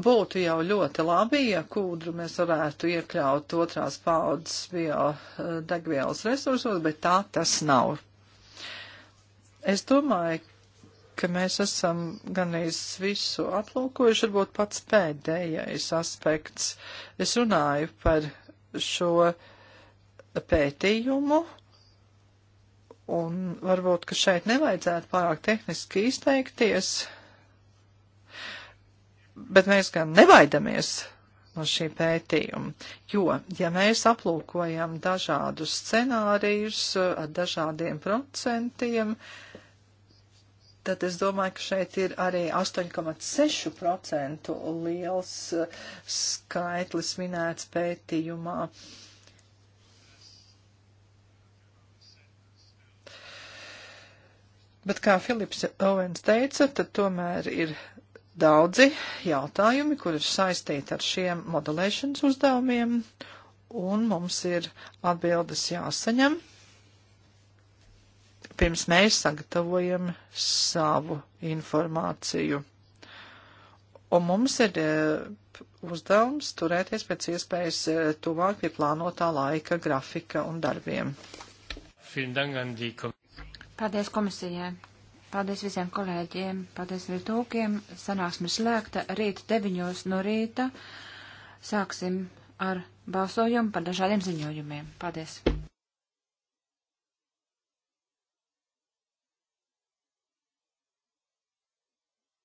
Būtu jau ļoti labi, ja kūdru mēs varētu iekļaut otrās paudzes biodegvielas eh, resursos, bet tā tas nav. Es domāju, ka mēs esam ganīs visu aplūkojuši, varbūt pats pēdējais aspekts. Es runāju par šo pētījumu, un varbūt, ka šeit nevajadzētu pārāk tehniski izteikties, bet mēs gan nevaidamies no šī pētījuma, jo, ja mēs aplūkojam dažādus scenārijus ar dažādiem procentiem, uh, tad es domāju, ka šeit ir arī 8,6% liels eh, skaitlis minēts pētījumā. Bet kā Filips Ovens teica, tad tomēr ir daudzi jautājumi, kur ir saistīti ar šiem modelēšanas uzdevumiem, un mums ir atbildes jāsaņem pirms mēs sagatavojam savu informāciju. Un mums ir e, uzdevums turēties pēc iespējas e, tuvāk pie plānotā laika grafika un darbiem. Paldies komisijai. Paldies visiem kolēģiem. Paldies arī tūkiem. Sanāksme slēgta. Rīt 9 no rīta sāksim ar balsojumu par dažādiem ziņojumiem. Paldies!